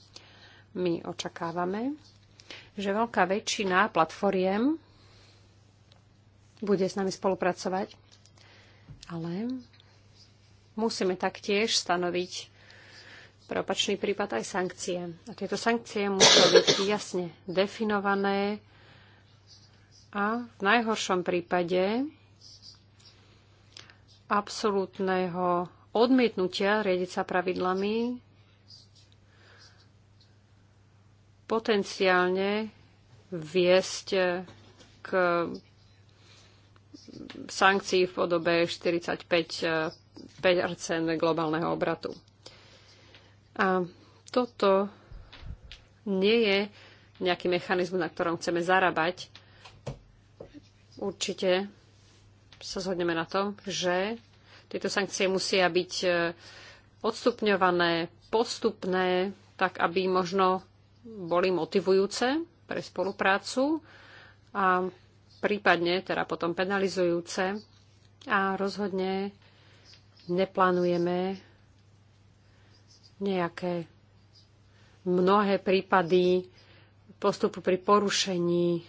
Speaker 3: My očakávame, že veľká väčšina platformiem bude s nami spolupracovať, ale musíme taktiež stanoviť pre opačný prípad aj sankcie. A tieto sankcie musia byť jasne definované a v najhoršom prípade absolútneho odmietnutia riadiť sa pravidlami potenciálne viesť eh, k sankcií v podobe 45 5 eh, globálneho obratu. A toto nie je nejaký mechanizmus, na ktorom chceme zarábať. Určite sa zhodneme na tom, že tieto sankcie musia byť eh, odstupňované, postupné, tak aby možno boli motivujúce pre spoluprácu a prípadne teda potom penalizujúce a rozhodne neplánujeme nejaké mnohé prípady postupu pri porušení.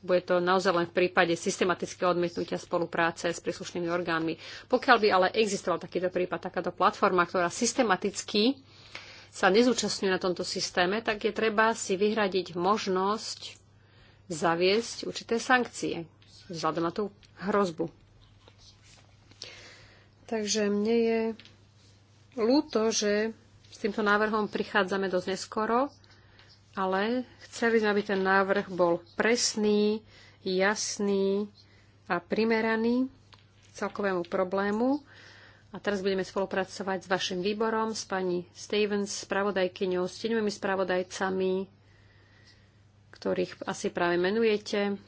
Speaker 3: Bude to naozaj len v prípade systematického odmietnutia spolupráce s príslušnými orgánmi. Pokiaľ by ale existoval takýto prípad, takáto platforma, ktorá systematicky sa nezúčastňujú na tomto systéme, tak je treba si vyhradiť možnosť zaviesť určité sankcie vzhľadom na tú hrozbu. Takže mne je ľúto, že s týmto návrhom prichádzame dosť neskoro, ale chceli sme, aby ten návrh bol presný, jasný a primeraný celkovému problému. A teraz budeme spolupracovať s vašim výborom, s pani Stevens, spravodajkyňou, s teňovými spravodajcami, ktorých asi práve menujete,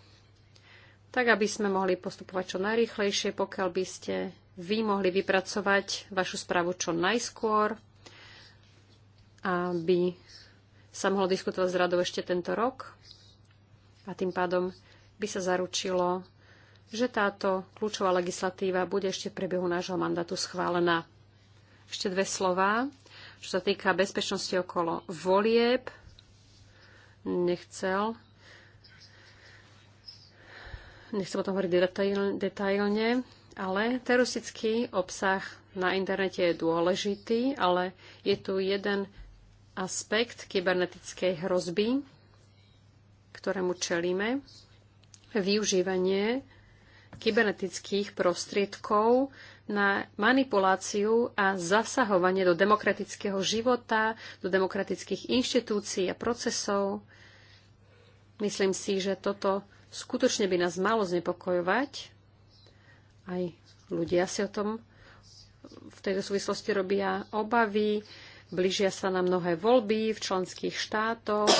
Speaker 3: tak aby sme mohli postupovať čo najrýchlejšie, pokiaľ by ste vy mohli vypracovať vašu správu čo najskôr, aby sa mohlo diskutovať s radou ešte tento rok a tým pádom by sa zaručilo, že táto kľúčová legislatíva bude ešte v priebehu nášho mandátu schválená. Ešte dve slova, čo sa týka bezpečnosti okolo volieb. Nechcel. Nechcem o tom hovoriť detailne, ale teroristický obsah na internete je dôležitý, ale je tu jeden aspekt kybernetickej hrozby, ktorému čelíme. Využívanie kybernetických prostriedkov na manipuláciu a zasahovanie do demokratického života, do demokratických inštitúcií a procesov. Myslím si, že toto skutočne by nás malo znepokojovať. Aj ľudia si o tom v tejto súvislosti robia obavy. Blížia sa nám mnohé voľby v členských štátoch.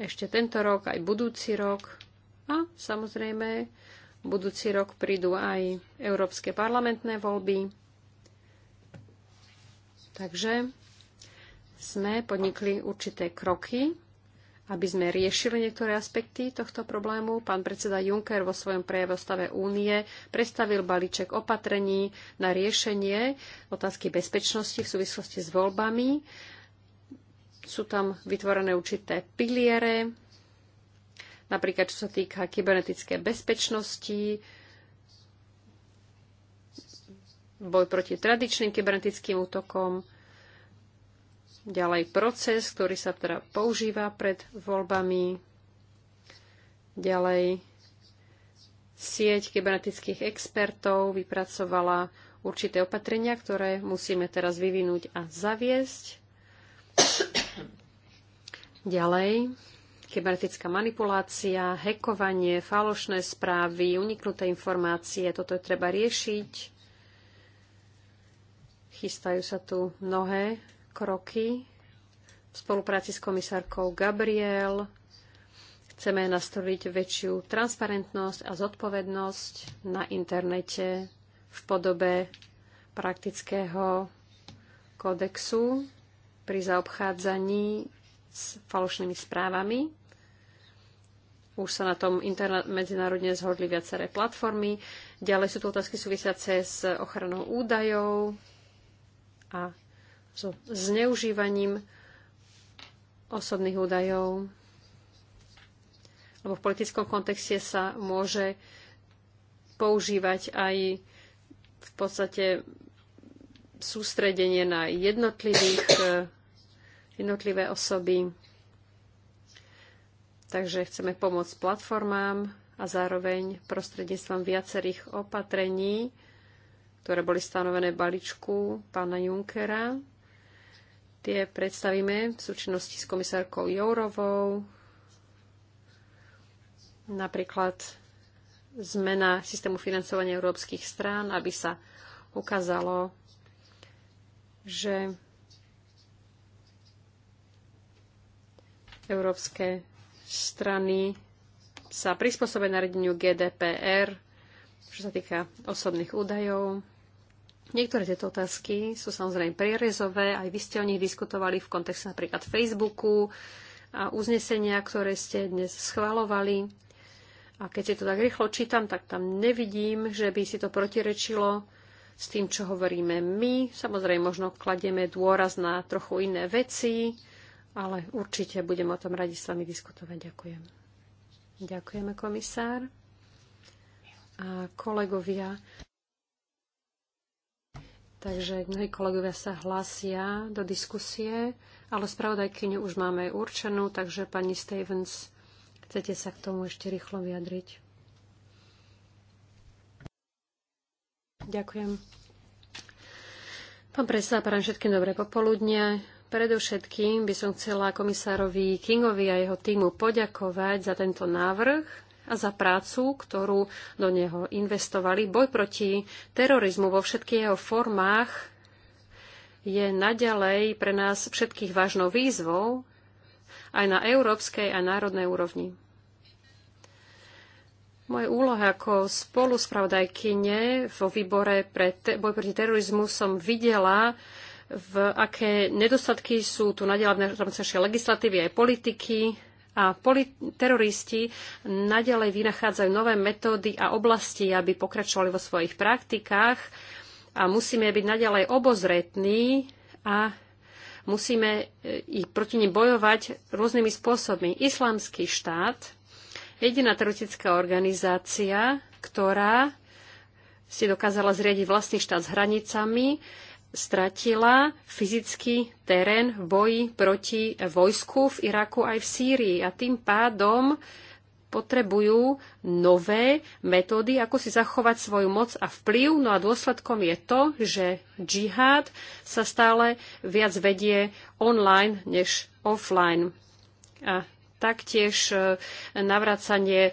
Speaker 3: Ešte tento rok, aj budúci rok. A samozrejme, budúci rok prídu aj európske parlamentné voľby. Takže sme podnikli určité kroky, aby sme riešili niektoré aspekty tohto problému. Pán predseda Juncker vo svojom prejave o stave únie predstavil balíček opatrení na riešenie otázky bezpečnosti v súvislosti s voľbami. Sú tam vytvorené určité piliere, napríklad čo sa týka kybernetické bezpečnosti, boj proti tradičným kybernetickým útokom, ďalej proces, ktorý sa teda používa pred voľbami, ďalej sieť kybernetických expertov vypracovala určité opatrenia, ktoré musíme teraz vyvinúť a zaviesť. Ďalej kybernetická manipulácia, hekovanie, falošné správy, uniknuté informácie. Toto je treba riešiť. Chystajú sa tu mnohé kroky v spolupráci s komisárkou Gabriel. Chceme nastoliť väčšiu transparentnosť a zodpovednosť na internete v podobe praktického kodexu pri zaobchádzaní s falošnými správami. Už sa na tom medzinárodne zhodli viaceré platformy. Ďalej sú tu otázky súvisiace s ochranou údajov a so zneužívaním osobných údajov. Lebo v politickom kontexte sa môže používať aj v podstate sústredenie na jednotlivých, eh, jednotlivé osoby. Takže chceme pomôcť platformám a zároveň prostredníctvom viacerých opatrení, ktoré boli stanovené v balíčku pána Junckera, Tie predstavíme v súčinnosti s komisárkou Jourovou. Napríklad zmena systému financovania európskych strán, aby sa ukázalo, že európske strany sa prispôsobia nariadeniu GDPR, čo sa týka osobných údajov. Niektoré tieto otázky sú samozrejme prierezové, aj vy ste o nich diskutovali v kontexte napríklad Facebooku a uznesenia, ktoré ste dnes schvalovali. A keď si to tak rýchlo čítam, tak tam nevidím, že by si to protirečilo s tým, čo hovoríme my. Samozrejme, možno kladieme dôraz na trochu iné veci, ale určite budem o tom radi s vami diskutovať. Ďakujem. Ďakujeme, komisár. A kolegovia, takže mnohí kolegovia sa hlásia do diskusie, ale spravodajkyňu už máme určenú, takže pani Stevens, chcete sa k tomu ešte rýchlo vyjadriť? Ďakujem. Pán predseda, prajem všetkým dobré popoludne. Predovšetkým by som chcela komisárovi Kingovi a jeho týmu poďakovať za tento návrh a za prácu, ktorú do neho investovali. Boj proti terorizmu vo všetkých jeho formách je naďalej pre nás všetkých vážnou výzvou aj na európskej a národnej úrovni. Moje úloha ako spoluspravodajkyne vo výbore pre boj proti terorizmu som videla, v aké nedostatky sú tu nadiaľ v legislatívy aj politiky. A polit- teroristi nadalej vynachádzajú nové metódy a oblasti, aby pokračovali vo svojich praktikách. A musíme byť nadalej obozretní a musíme e, ich proti nim bojovať rôznymi spôsobmi. Islamský štát, jediná teroristická organizácia, ktorá si dokázala zriadiť vlastný štát s hranicami, stratila fyzický terén v boji proti vojsku v Iraku aj v Sýrii a tým pádom potrebujú nové metódy, ako si zachovať svoju moc a vplyv. No a dôsledkom je to, že džihad sa stále viac vedie online než offline. A taktiež e, navracanie e,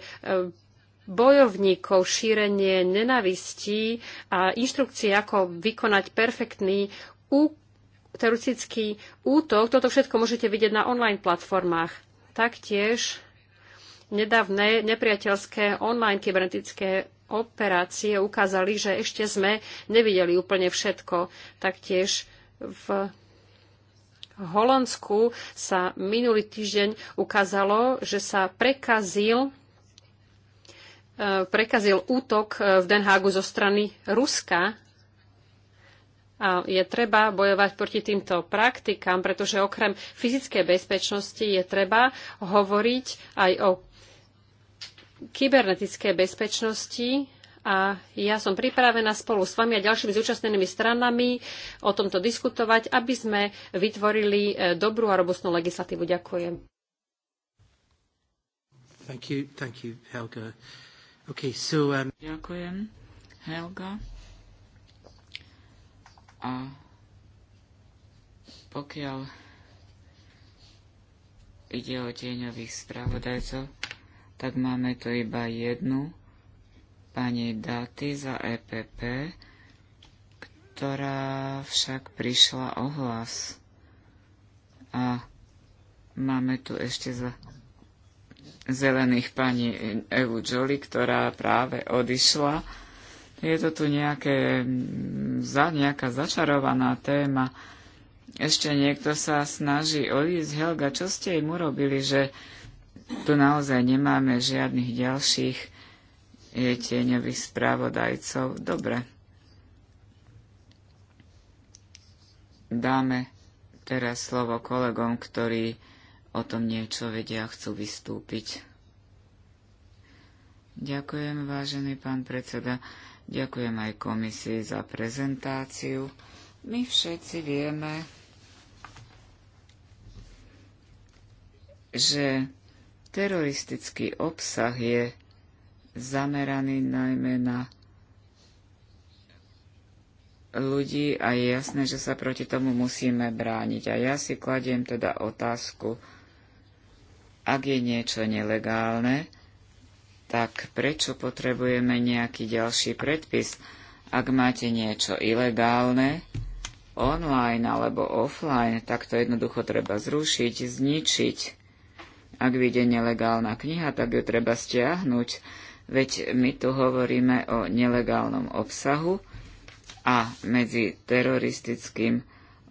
Speaker 3: bojovníkov, šírenie nenavistí a inštrukcie, ako vykonať perfektný teroristický útok. Toto všetko môžete vidieť na online platformách. Taktiež nedávne nepriateľské online kybernetické operácie ukázali, že ešte sme nevideli úplne všetko. Taktiež v Holandsku sa minulý týždeň ukázalo, že sa prekazil prekazil útok e, v Den Hagu zo strany Ruska. A je treba bojovať proti týmto praktikám, pretože okrem fyzickej bezpečnosti je treba hovoriť aj o kybernetickej bezpečnosti a ja som pripravená spolu s vami a ďalšími zúčastnenými stranami o tomto diskutovať, aby sme vytvorili e, dobrú a robustnú legislatívu. Ďakujem.
Speaker 4: Thank you, thank you, Helga.
Speaker 2: Okay, so, um... Ďakujem, Helga. A pokiaľ ide o tieňových spravodajcov, tak máme tu iba jednu, pani Daty za EPP, ktorá však prišla o hlas. A máme tu ešte za zelených pani Evu Jolie, ktorá práve odišla. Je to tu nejaké, za, nejaká začarovaná téma. Ešte niekto sa snaží odísť. Helga, čo ste im urobili, že tu naozaj nemáme žiadnych ďalších eh, tieňových správodajcov? Dobre. Dáme teraz slovo kolegom, ktorí o tom niečo vedia, chcú vystúpiť. Ďakujem, vážený pán predseda. Ďakujem aj komisii za prezentáciu. My všetci vieme, že teroristický obsah je zameraný najmä na ľudí a je jasné, že sa proti tomu musíme brániť. A ja si kladiem teda otázku, ak je niečo nelegálne, tak prečo potrebujeme nejaký ďalší predpis? Ak máte niečo ilegálne, online alebo offline, tak to jednoducho treba zrušiť, zničiť. Ak vyjde nelegálna kniha, tak ju treba stiahnuť, veď my tu hovoríme o nelegálnom obsahu a medzi teroristickým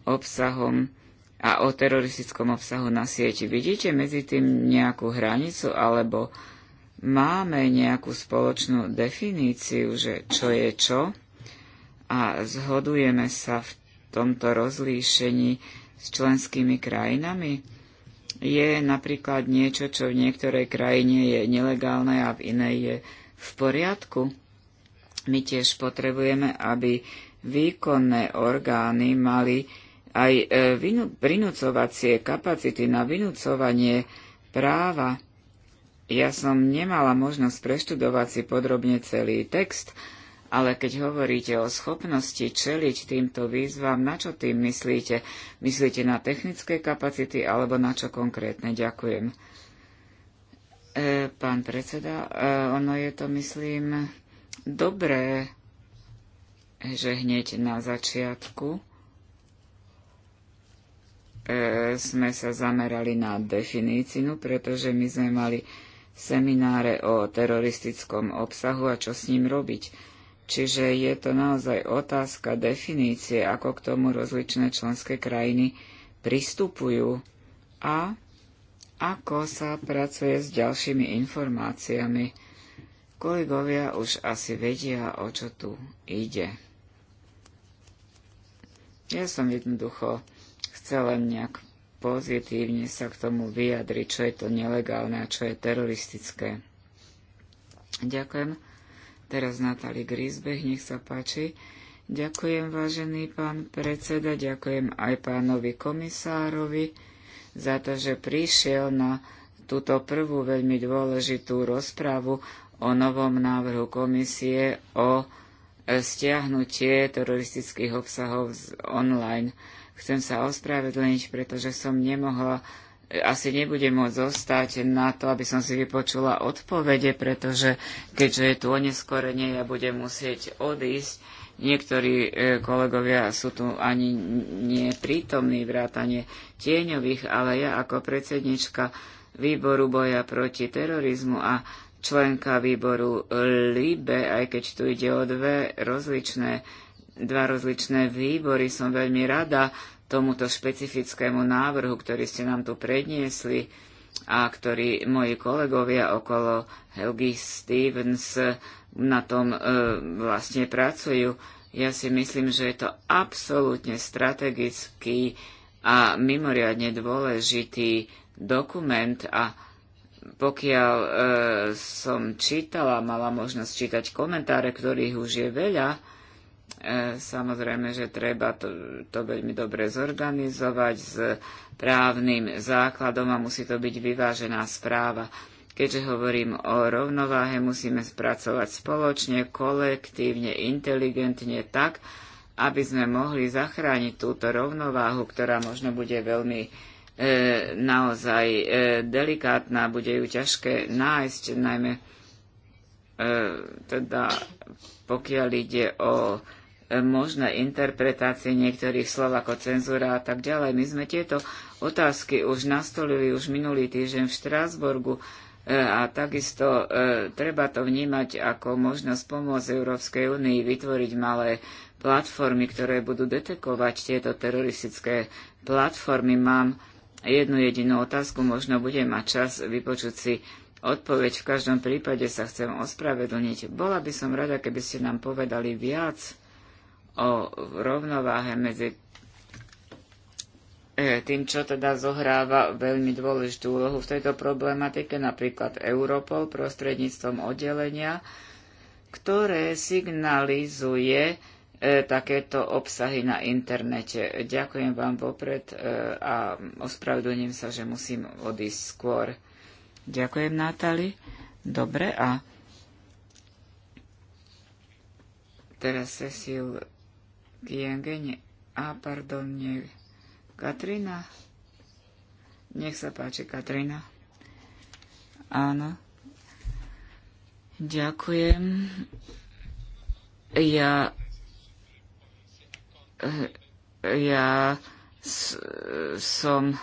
Speaker 2: obsahom a o teroristickom obsahu na sieti. Vidíte medzi tým nejakú hranicu alebo máme nejakú spoločnú definíciu, že čo je čo a zhodujeme sa v tomto rozlíšení s členskými krajinami? Je napríklad niečo, čo v niektorej krajine je nelegálne a v inej je v poriadku? My tiež potrebujeme, aby výkonné orgány mali aj prinúcovacie e, kapacity na vynúcovanie práva. Ja som nemala možnosť preštudovať si podrobne celý text, ale keď hovoríte o schopnosti čeliť týmto výzvam, na čo tým myslíte? Myslíte na technické kapacity alebo na čo konkrétne? Ďakujem. E, pán predseda, e, ono je to, myslím, dobré, že hneď na začiatku E, sme sa zamerali na definíciu, pretože my sme mali semináre o teroristickom obsahu a čo s ním robiť. Čiže je to naozaj otázka definície, ako k tomu rozličné členské krajiny pristupujú a ako sa pracuje s ďalšími informáciami. Kolegovia už asi vedia, o čo tu ide. Ja som jednoducho len nejak pozitívne sa k tomu vyjadriť, čo je to nelegálne a čo je teroristické. Ďakujem. Teraz Natali Grisbech, nech sa páči. Ďakujem, vážený pán predseda, ďakujem aj pánovi komisárovi za to, že prišiel na túto prvú veľmi dôležitú rozprávu o novom návrhu komisie o stiahnutie teroristických obsahov z online. Chcem sa ospravedlniť, pretože som nemohla, asi nebudem môcť zostať na to, aby som si vypočula odpovede, pretože keďže je tu oneskorenie, ja budem musieť odísť. Niektorí e, kolegovia sú tu ani neprítomní vrátane tieňových, ale ja ako predsednička výboru boja proti terorizmu a členka výboru LIBE, aj keď tu ide o dve rozličné dva rozličné výbory. Som veľmi rada tomuto špecifickému návrhu, ktorý ste nám tu predniesli a ktorý moji kolegovia okolo Helgi Stevens na tom e, vlastne pracujú. Ja si myslím, že je to absolútne strategický a mimoriadne dôležitý dokument a pokiaľ e, som čítala, mala možnosť čítať komentáre, ktorých už je veľa, E, samozrejme, že treba to, to veľmi dobre zorganizovať s právnym základom a musí to byť vyvážená správa. Keďže hovorím o rovnováhe, musíme spracovať spoločne, kolektívne, inteligentne tak, aby sme mohli zachrániť túto rovnováhu, ktorá možno bude veľmi e, naozaj e, delikátna, bude ju ťažké nájsť, najmä e, teda pokiaľ ide o e, možné interpretácie niektorých slov ako cenzúra a tak ďalej. My sme tieto otázky už nastolili už minulý týždeň v Štrásburgu e, a takisto e, treba to vnímať ako možnosť pomôcť Európskej únii vytvoriť malé platformy, ktoré budú detekovať tieto teroristické platformy. Mám jednu jedinú otázku, možno budem mať čas vypočuť si odpoveď. V každom prípade sa chcem ospravedlniť. Bola by som rada, keby ste nám povedali viac o rovnováhe medzi eh, tým, čo teda zohráva veľmi dôležitú úlohu v tejto problematike, napríklad Europol prostredníctvom oddelenia, ktoré signalizuje eh, takéto obsahy na internete. Ďakujem vám vopred eh, a ospravedlňujem sa, že musím odísť skôr. Ďakujem, Natali. Dobre, a teraz Cecil Kienge, a pardon, nie. Katrina. Nech sa páči, Katrina. Áno. Ďakujem. Ja eh, ja som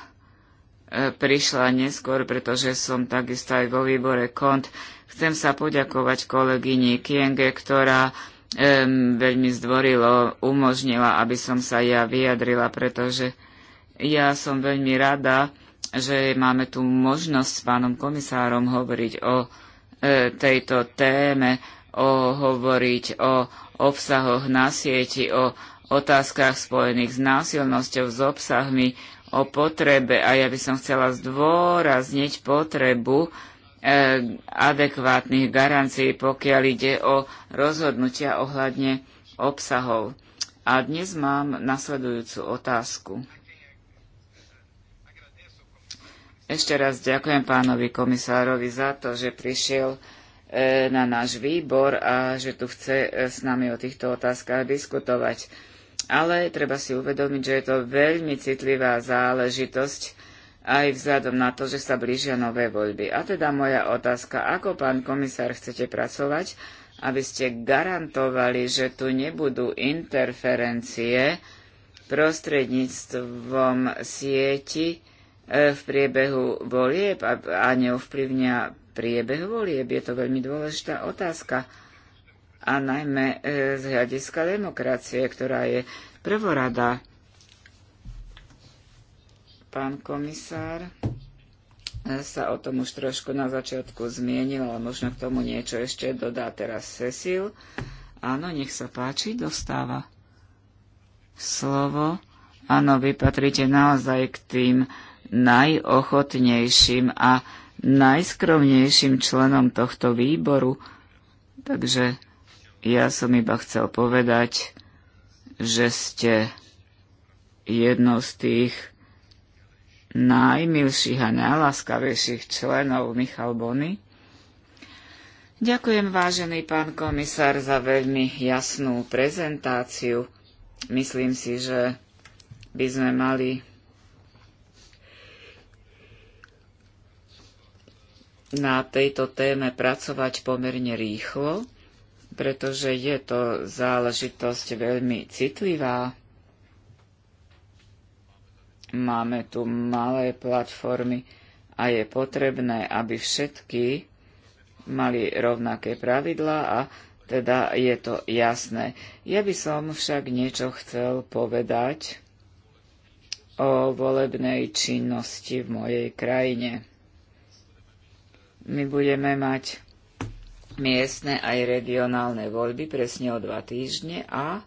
Speaker 2: prišla neskôr, pretože som takisto aj vo výbore KONT. Chcem sa poďakovať kolegyni Kienge, ktorá um, veľmi zdvorilo umožnila, aby som sa ja vyjadrila, pretože ja som veľmi rada, že máme tu možnosť s pánom komisárom hovoriť o e, tejto téme, o hovoriť o obsahoch na sieti, o otázkach spojených s násilnosťou, s obsahmi, o potrebe a ja by som chcela zdôrazniť potrebu e, adekvátnych garancií, pokiaľ ide o rozhodnutia ohľadne obsahov. A dnes mám nasledujúcu otázku. Ešte raz ďakujem pánovi komisárovi za to, že prišiel eh, na náš výbor a že tu chce eh, s nami o týchto otázkach diskutovať ale treba si uvedomiť, že je to veľmi citlivá záležitosť aj vzhľadom na to, že sa blížia nové voľby. A teda moja otázka, ako pán komisár chcete pracovať, aby ste garantovali, že tu nebudú interferencie prostredníctvom sieti e, v priebehu volieb a neovplyvňa priebeh volieb? Je to veľmi dôležitá otázka a najmä e, z hľadiska demokracie, ktorá je prvorada. Pán komisár e, sa o tom už trošku na začiatku zmienil, ale možno k tomu niečo ešte dodá teraz Cecil. Áno, nech sa páči, dostáva slovo. Áno, vy patrite naozaj k tým najochotnejším a najskromnejším členom tohto výboru. Takže ja som iba chcel povedať, že ste jednou z tých najmilších a najláskavejších členov Michal Bony. Ďakujem, vážený pán komisár, za veľmi jasnú prezentáciu. Myslím si, že by sme mali na tejto téme pracovať pomerne rýchlo pretože je to záležitosť veľmi citlivá. Máme tu malé platformy a je potrebné, aby všetky mali rovnaké pravidlá a teda je to jasné. Ja by som však niečo chcel povedať o volebnej činnosti v mojej krajine. My budeme mať miestne aj regionálne voľby presne o dva týždne a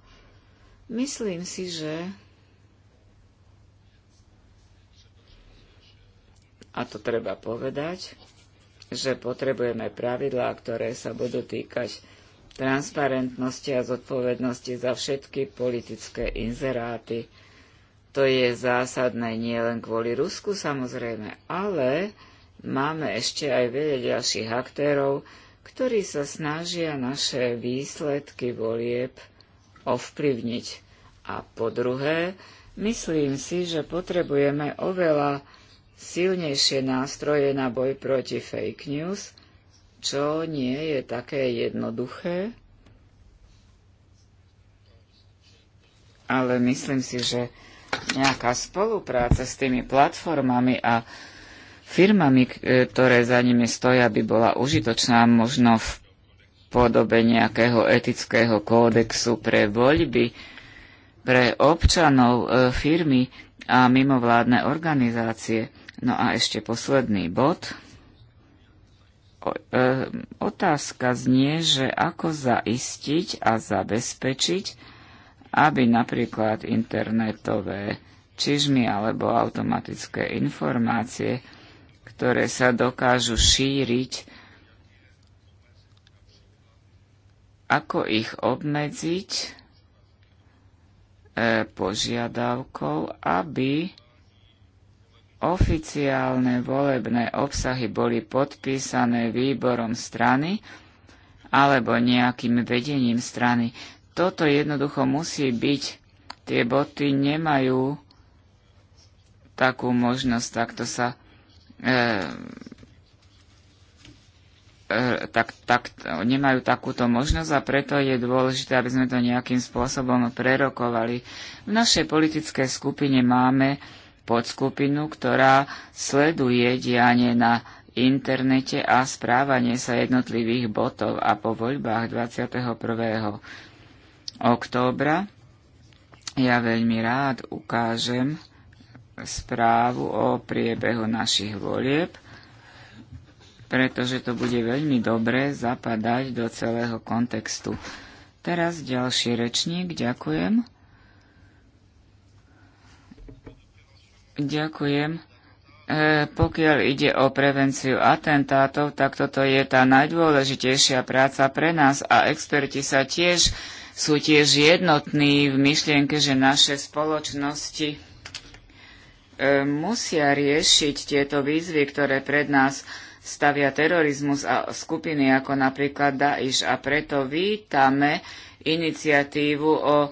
Speaker 2: myslím si, že a to treba povedať, že potrebujeme pravidlá, ktoré sa budú týkať transparentnosti a zodpovednosti za všetky politické inzeráty. To je zásadné nielen kvôli Rusku samozrejme, ale máme ešte aj veľa ďalších aktérov, ktorí sa snažia naše výsledky volieb ovplyvniť. A po druhé, myslím si, že potrebujeme oveľa silnejšie nástroje na boj proti fake news, čo nie je také jednoduché. Ale myslím si, že nejaká spolupráca s tými platformami a firmami, e, ktoré za nimi stoja, by bola užitočná možno v podobe nejakého etického kódexu pre voľby, pre občanov e, firmy a mimovládne organizácie. No a ešte posledný bod. O, e, otázka znie, že ako zaistiť a zabezpečiť, aby napríklad internetové čižmy alebo automatické informácie ktoré sa dokážu šíriť, ako ich obmedziť e, požiadavkou, aby oficiálne volebné obsahy boli podpísané výborom strany alebo nejakým vedením strany. Toto jednoducho musí byť. Tie boty nemajú takú možnosť, takto sa Ehm, eh, tak, tak, nemajú takúto možnosť a preto je dôležité, aby sme to nejakým spôsobom prerokovali. V našej politickej skupine máme podskupinu, ktorá sleduje dianie na internete a správanie sa jednotlivých botov a po voľbách 21. októbra ja veľmi rád ukážem, správu o priebehu našich volieb, pretože to bude veľmi dobre zapadať do celého kontextu. Teraz ďalší rečník, ďakujem. Ďakujem. E, pokiaľ ide o prevenciu atentátov, tak toto je tá najdôležitejšia práca pre nás a experti sa tiež sú tiež jednotní v myšlienke, že naše spoločnosti musia riešiť tieto výzvy, ktoré pred nás stavia terorizmus a skupiny ako napríklad Daesh. A preto vítame iniciatívu o e,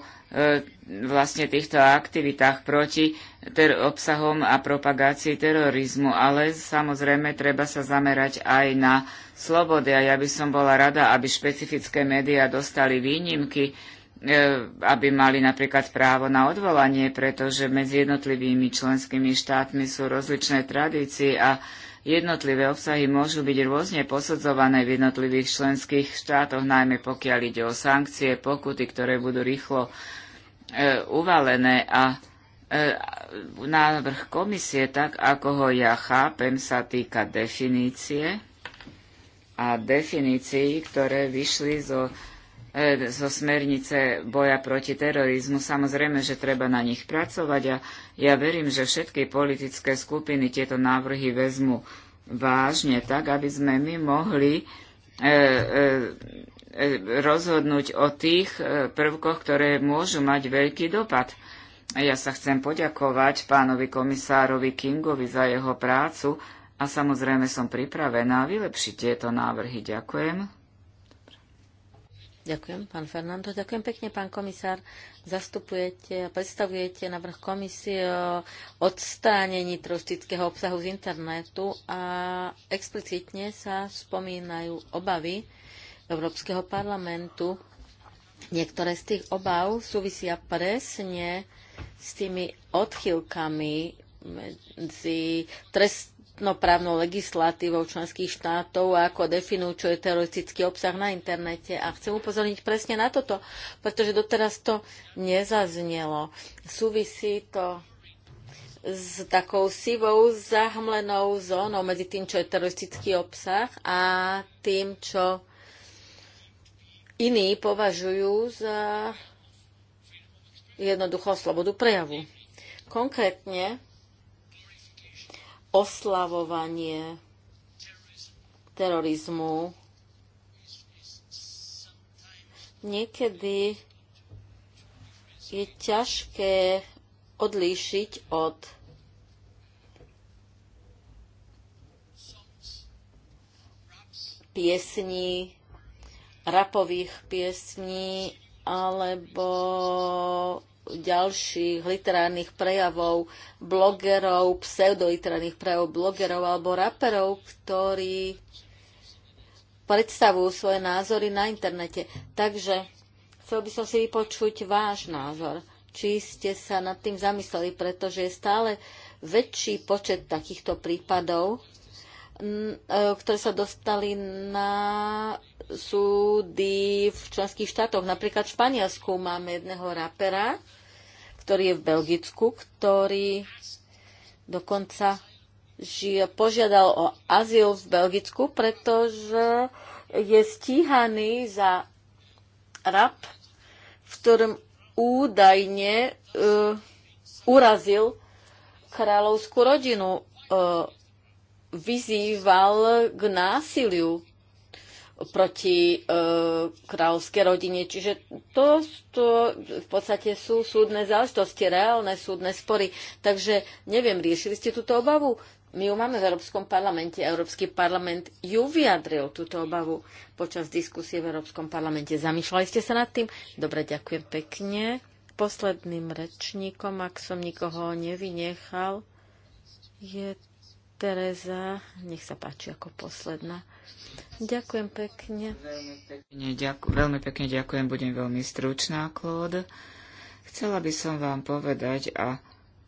Speaker 2: vlastne týchto aktivitách proti obsahom a propagácii terorizmu, ale samozrejme treba sa zamerať aj na slobody a ja by som bola rada, aby špecifické médiá dostali výnimky, E, aby mali napríklad právo na odvolanie, pretože medzi jednotlivými členskými štátmi sú rozličné tradície a jednotlivé obsahy môžu byť rôzne posudzované v jednotlivých členských štátoch, najmä pokiaľ ide o sankcie, pokuty, ktoré budú rýchlo e, uvalené a e, návrh komisie, tak ako ho ja chápem, sa týka definície a definícií, ktoré vyšli zo E, zo smernice boja proti terorizmu. Samozrejme, že treba na nich pracovať a ja verím, že všetky politické skupiny tieto návrhy vezmu vážne, tak aby sme my mohli e, e, rozhodnúť o tých prvkoch, ktoré môžu mať veľký dopad. Ja sa chcem poďakovať pánovi komisárovi Kingovi za jeho prácu a samozrejme som pripravená vylepšiť tieto návrhy. Ďakujem.
Speaker 1: Ďakujem, pán Fernando. Ďakujem pekne, pán komisár. Zastupujete a predstavujete návrh komisie o odstránení teroristického obsahu z internetu a explicitne sa spomínajú obavy Európskeho parlamentu. Niektoré z tých obav súvisia presne s tými odchýlkami medzi trest právnou legislatívou členských štátov a ako definujú, čo je teroristický obsah na internete. A chcem upozorniť presne na toto, pretože doteraz to nezaznelo. Súvisí to s takou sivou, zahmlenou zónou medzi tým, čo je teroristický obsah a tým, čo iní považujú za jednoducho slobodu prejavu. Konkrétne oslavovanie terorizmu niekedy je ťažké odlíšiť od piesní, rapových piesní alebo ďalších literárnych prejavov blogerov, pseudoliterárnych prejavov blogerov alebo raperov, ktorí predstavujú svoje názory na internete. Takže chcel by som si vypočuť váš názor. Či ste sa nad tým zamysleli, pretože je stále väčší počet takýchto prípadov, mm, e, ktoré sa dostali na súdy v členských štátoch. Napríklad v Španielsku máme jedného rapera, ktorý je v Belgicku, ktorý dokonca žije, požiadal o azyl v Belgicku, pretože je stíhaný za rap, v ktorom údajne uh, urazil kráľovskú rodinu, uh, vyzýval k násiliu proti e, kráľovskej rodine. Čiže to, to v podstate sú súdne záležitosti, reálne súdne spory. Takže neviem, riešili ste túto obavu? My ju máme v Európskom parlamente. Európsky parlament ju vyjadril, túto obavu, počas diskusie v Európskom parlamente. Zamýšľali ste sa nad tým? Dobre, ďakujem pekne. Posledným rečníkom, ak som nikoho nevynechal, je Tereza. Nech sa páči ako posledná. Ďakujem pekne. Veľmi
Speaker 2: pekne, ďak, veľmi pekne ďakujem, budem veľmi stručná, Klód. Chcela by som vám povedať, a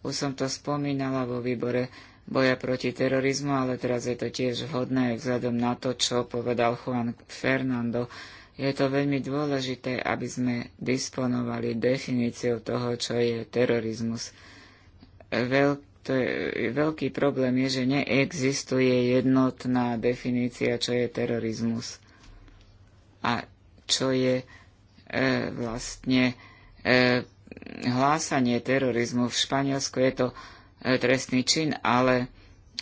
Speaker 2: už som to spomínala vo výbore boja proti terorizmu, ale teraz je to tiež vhodné vzhľadom na to, čo povedal Juan Fernando. Je to veľmi dôležité, aby sme disponovali definíciou toho, čo je terorizmus. Veľký to je, veľký problém je, že neexistuje jednotná definícia, čo je terorizmus a čo je e, vlastne e, hlásanie terorizmu. V Španielsku je to e, trestný čin, ale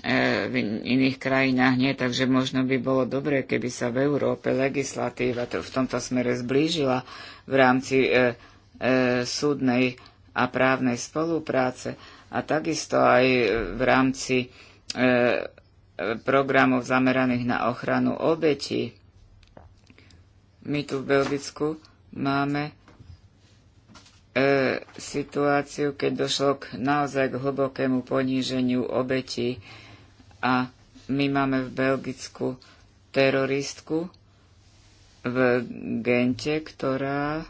Speaker 2: e, v iných krajinách nie, takže možno by bolo dobré, keby sa v Európe legislatíva to v tomto smere zblížila v rámci e, e, súdnej a právnej spolupráce a takisto aj e, v rámci e, e, programov zameraných na ochranu obetí. My tu v Belgicku máme e, situáciu, keď došlo k naozaj k hlbokému poníženiu obetí a my máme v Belgicku teroristku v Gente, ktorá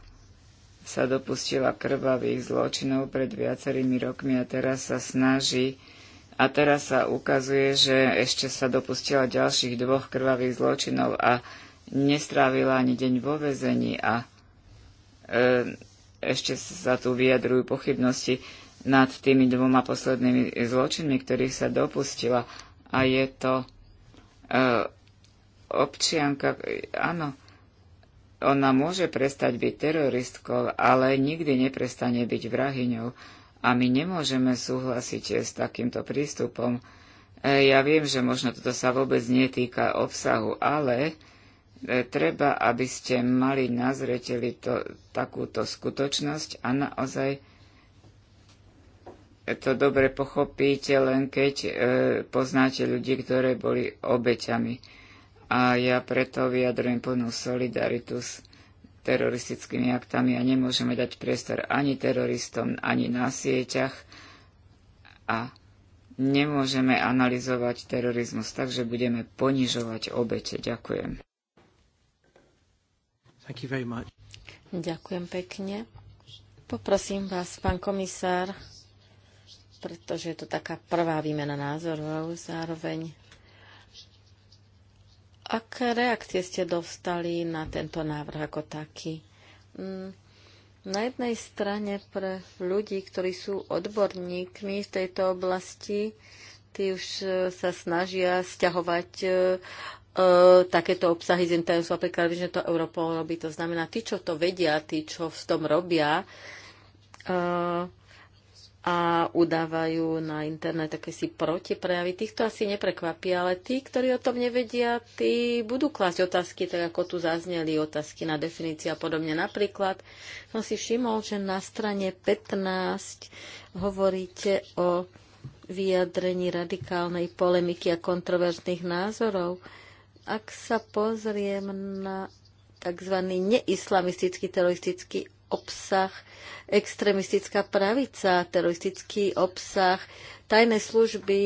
Speaker 2: sa dopustila krvavých zločinov pred viacerými rokmi a teraz sa snaží a teraz sa ukazuje, že ešte sa dopustila ďalších dvoch krvavých zločinov a nestrávila ani deň vo vezení a e, ešte sa tu vyjadrujú pochybnosti nad tými dvoma poslednými zločinmi, ktorých sa dopustila. A je to e, občianka, áno, ona môže prestať byť teroristkou, ale nikdy neprestane byť vrahyňou. A my nemôžeme súhlasiť s takýmto prístupom. E, ja viem, že možno toto sa vôbec netýka obsahu, ale e, treba, aby ste mali na zreteli to, takúto skutočnosť a naozaj to dobre pochopíte, len keď e, poznáte ľudí, ktoré boli obeťami a ja preto vyjadrujem plnú solidaritu s teroristickými aktami a nemôžeme dať priestor ani teroristom, ani na sieťach a nemôžeme analyzovať terorizmus tak, že budeme ponižovať obete. Ďakujem.
Speaker 1: Ďakujem pekne. Poprosím vás, pán komisár, pretože je to taká prvá výmena názorov, zároveň Aké reakcie ste dostali na tento návrh ako taký? Mm, na jednej strane pre ľudí, ktorí sú odborníkmi v tejto oblasti, tí už e, sa snažia stiahovať e, e, takéto obsahy z internetu, napríklad, že to Europol robí. To znamená, tí, čo to vedia, tí, čo v tom robia, e, a udávajú na internet také si protiprejavy. Týchto asi neprekvapí, ale tí, ktorí o tom nevedia, tí budú klásť otázky, tak ako tu zazneli otázky na definíciu a podobne. Napríklad som si všimol, že na strane 15 hovoríte o vyjadrení radikálnej polemiky a kontroverzných názorov. Ak sa pozriem na tzv. neislamistický teroristický obsah, extrémistická pravica, teroristický obsah, tajné služby,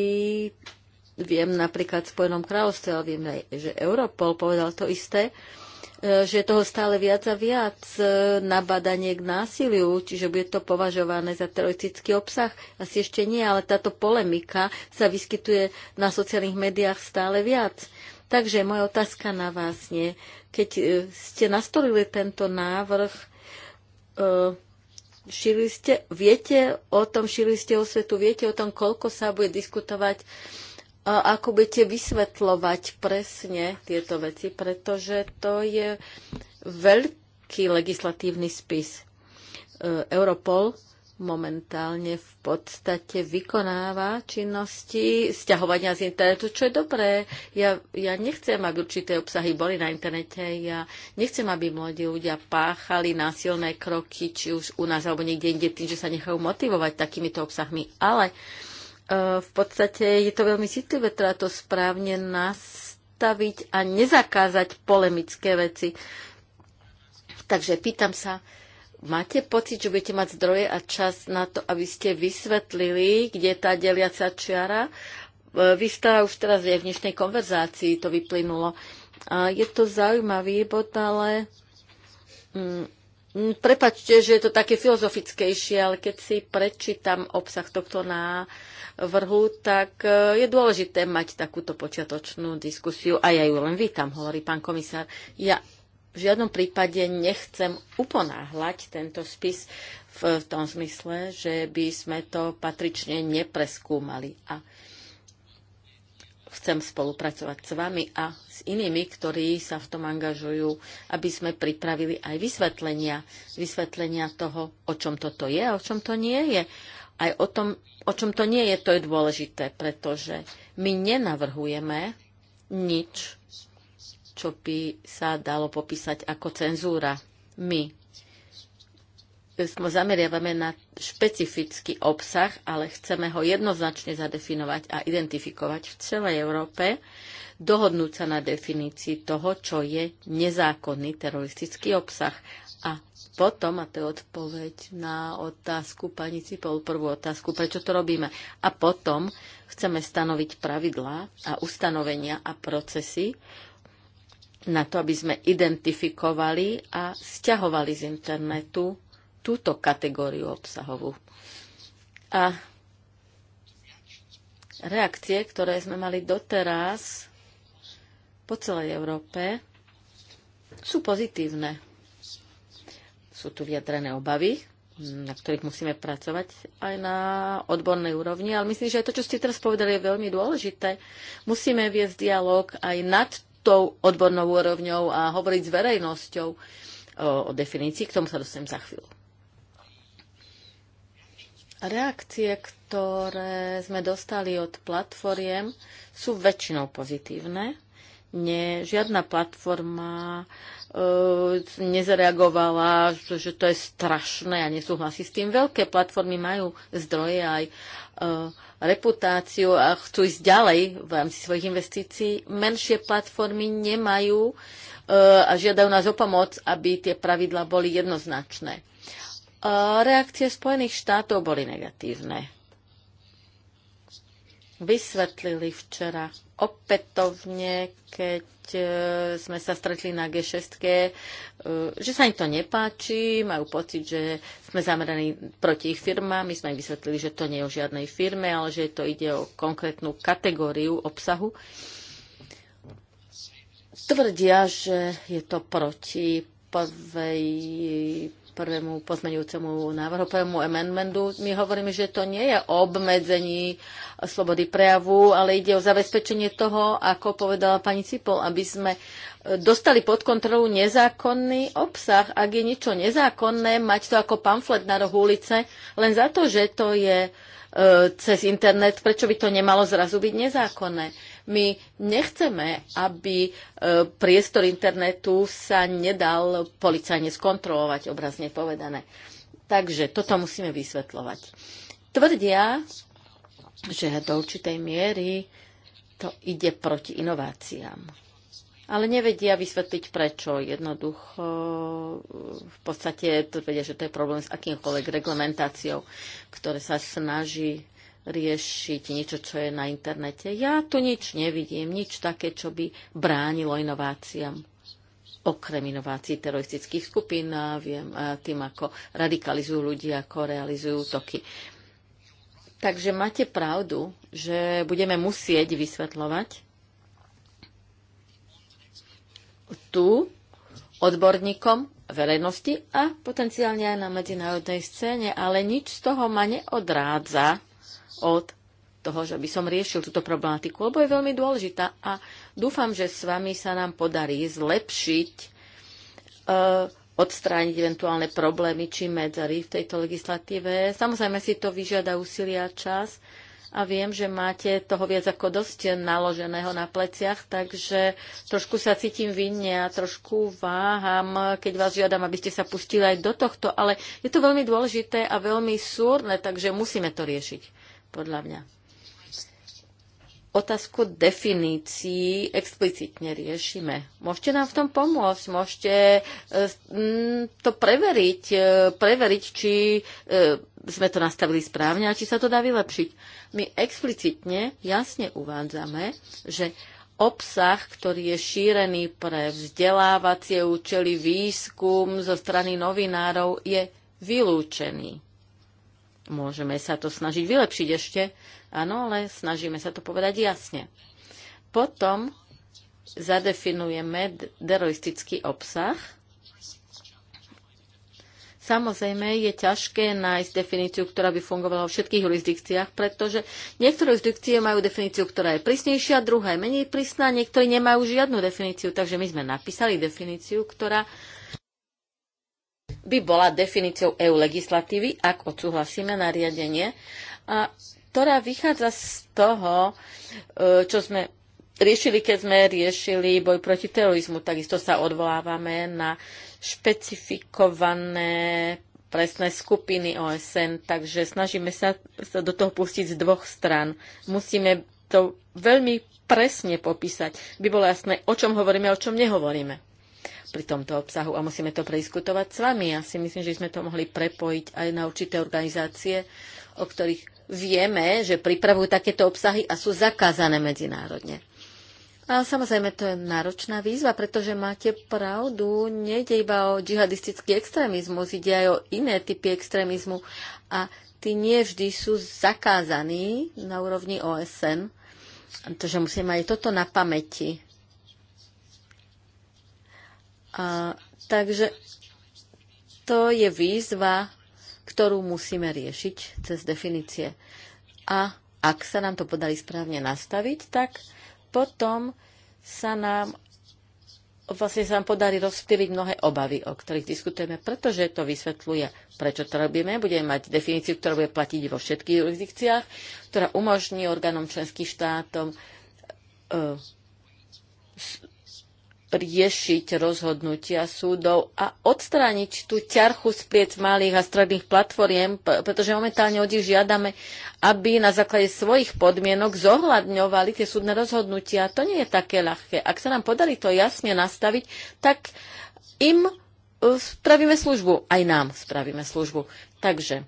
Speaker 1: viem napríklad v Spojenom kráľovstve, ale viem aj, že Europol povedal to isté, e, že je toho stále viac a viac e, nabadanie k násiliu, čiže bude to považované za teroristický obsah. Asi ešte nie, ale táto polemika sa vyskytuje na sociálnych médiách stále viac. Takže moja otázka na vás je, keď e, ste nastolili tento návrh, E, šírili ste, viete o tom, šírili ste o svetu, viete o tom, koľko sa bude diskutovať, ako budete vysvetľovať presne tieto veci, pretože to je veľký legislatívny spis. E, Europol momentálne v podstate vykonáva činnosti sťahovania z internetu, čo je dobré. Ja, ja nechcem, aby určité obsahy boli na internete. Ja nechcem, aby mladí ľudia páchali násilné kroky, či už u nás alebo niekde inde, tým, že sa nechajú motivovať takýmito obsahmi. Ale uh, v podstate je to veľmi citlivé, treba to správne nastaviť a nezakázať polemické veci. Takže pýtam sa, Máte pocit, že budete mať zdroje a čas na to, aby ste vysvetlili, kde je tá deliaca čiara? Vy ste už teraz je v dnešnej konverzácii, to vyplynulo. A je to zaujímavý bod, ale mm, mm prepačte, že je to také filozofickejšie, ale keď si prečítam obsah tohto návrhu, tak e, je dôležité mať takúto počiatočnú diskusiu a ja ju len vítam, hovorí pán komisár. Ja v žiadnom prípade nechcem uponáhľať tento spis v tom zmysle, že by sme to patrične nepreskúmali. A chcem spolupracovať s vami a s inými, ktorí sa v tom angažujú, aby sme pripravili aj vysvetlenia. Vysvetlenia toho, o čom toto je a o čom to nie je. Aj o tom, o čom to nie je, to je dôležité, pretože my nenavrhujeme nič, čo by sa dalo popísať ako cenzúra. My sme zameriavame na špecifický obsah, ale chceme ho jednoznačne zadefinovať a identifikovať v celej Európe, dohodnúť sa na definícii toho, čo je nezákonný teroristický obsah. A potom, a to je odpoveď na otázku pani Cipol, prvú otázku, prečo to robíme. A potom chceme stanoviť pravidlá a ustanovenia a procesy, na to, aby sme identifikovali a stiahovali z internetu túto kategóriu obsahovú. A reakcie, ktoré sme mali doteraz po celej Európe, sú pozitívne. Sú tu vyjadrené obavy, na ktorých musíme pracovať aj na odbornej úrovni, ale myslím, že aj to, čo ste teraz povedali, je veľmi dôležité. Musíme viesť dialog aj nad tou odbornou úrovňou a hovoriť s verejnosťou o, o definícii. K tomu sa dostanem za chvíľu. Reakcie, ktoré sme dostali od platformiem, sú väčšinou pozitívne nie, žiadna platforma uh, nezareagovala, že to je strašné a nesúhlasí s tým. Veľké platformy majú zdroje aj uh, reputáciu a chcú ísť ďalej v rámci svojich investícií. Menšie platformy nemajú uh, a žiadajú nás o pomoc, aby tie pravidla boli jednoznačné. Uh, reakcie Spojených štátov boli negatívne. Vysvetlili včera opätovne, keď e, sme sa stretli na G6, e, že sa im to nepáči, majú pocit, že sme zameraní proti ich firmám. My sme im vysvetlili, že to nie je o žiadnej firme, ale že to ide o konkrétnu kategóriu obsahu. Tvrdia, že je to proti prvej prvému pozmeňujúcemu návrhu, prvému amendmentu. My hovoríme, že to nie je obmedzení slobody prejavu, ale ide o zabezpečenie toho, ako povedala pani Cipol, aby sme dostali pod kontrolu nezákonný obsah. Ak je niečo nezákonné, mať to ako pamflet na rohu ulice, len za to, že to je e, cez internet, prečo by to nemalo zrazu byť nezákonné. My nechceme, aby e, priestor internetu sa nedal policajne skontrolovať, obrazne povedané. Takže toto musíme vysvetľovať. Tvrdia, že do určitej miery to ide proti inováciám. Ale nevedia vysvetliť prečo. Jednoducho v podstate to vedia, že to je problém s akýmkoľvek reglementáciou, ktoré sa snaží riešiť niečo, čo je na internete. Ja tu nič nevidím, nič také, čo by bránilo inováciám. Okrem inovácií teroristických skupín a viem tým, ako radikalizujú ľudí, ako realizujú útoky. Takže máte pravdu, že budeme musieť vysvetľovať tu odborníkom verejnosti a potenciálne aj na medzinárodnej scéne, ale nič z toho ma neodrádza od toho, že by som riešil túto problematiku, lebo je veľmi dôležitá a dúfam, že s vami sa nám podarí zlepšiť, e, odstrániť eventuálne problémy či medzery v tejto legislatíve. Samozrejme si to vyžiada úsilia čas a viem, že máte toho viac ako dosť naloženého na pleciach, takže trošku sa cítim vinne a trošku váham, keď vás žiadam, aby ste sa pustili aj do tohto, ale je to veľmi dôležité a veľmi súrne, takže musíme to riešiť podľa mňa. Otázku definícií explicitne riešime. Môžete nám v tom pomôcť, môžete e, to preveriť, e, preveriť, či e, sme to nastavili správne a či sa to dá vylepšiť. My explicitne, jasne uvádzame, že obsah, ktorý je šírený pre vzdelávacie účely, výskum zo strany novinárov je vylúčený. Môžeme sa to snažiť vylepšiť ešte, áno, ale snažíme sa to povedať jasne. Potom zadefinujeme teroristický obsah. Samozrejme, je ťažké nájsť definíciu, ktorá by fungovala vo všetkých jurisdikciách, pretože niektoré jurisdikcie majú definíciu, ktorá je prísnejšia, druhá je menej prísna, niektorí nemajú žiadnu definíciu. Takže my sme napísali definíciu, ktorá by bola definíciou EU legislatívy, ak odsúhlasíme nariadenie, a ktorá vychádza z toho, e, čo sme riešili, keď sme riešili boj proti terorizmu. Takisto sa odvolávame na špecifikované presné skupiny OSN, takže snažíme sa, sa do toho pustiť z dvoch stran. Musíme to veľmi presne popísať, by bolo jasné, o čom hovoríme, o čom nehovoríme pri tomto obsahu a musíme to prediskutovať s vami. Ja si myslím, že sme to mohli prepojiť aj na určité organizácie, o ktorých vieme, že pripravujú takéto obsahy a sú zakázané medzinárodne. A samozrejme, to je náročná výzva, pretože máte pravdu, nejde iba o džihadistický extrémizmus, ide aj o iné typy extrémizmu a tí nie vždy sú zakázaní na úrovni OSN, pretože musíme aj toto na pamäti. A, takže to je výzva, ktorú musíme riešiť cez definície. A ak sa nám to podarí správne nastaviť, tak potom sa nám vlastne sa nám podarí rozptýliť mnohé obavy, o ktorých diskutujeme, pretože to vysvetľuje, prečo to robíme. Budeme mať definíciu, ktorá bude platiť vo všetkých jurisdikciách, ktorá umožní orgánom členských štátom e, riešiť rozhodnutia súdov a odstrániť tú ťarchu spriec malých a stredných platformiem, pretože momentálne od nich žiadame, aby na základe svojich podmienok zohľadňovali tie súdne rozhodnutia. To nie je také ľahké. Ak sa nám podarí to jasne nastaviť, tak im e, spravíme službu. Aj nám spravíme službu. Takže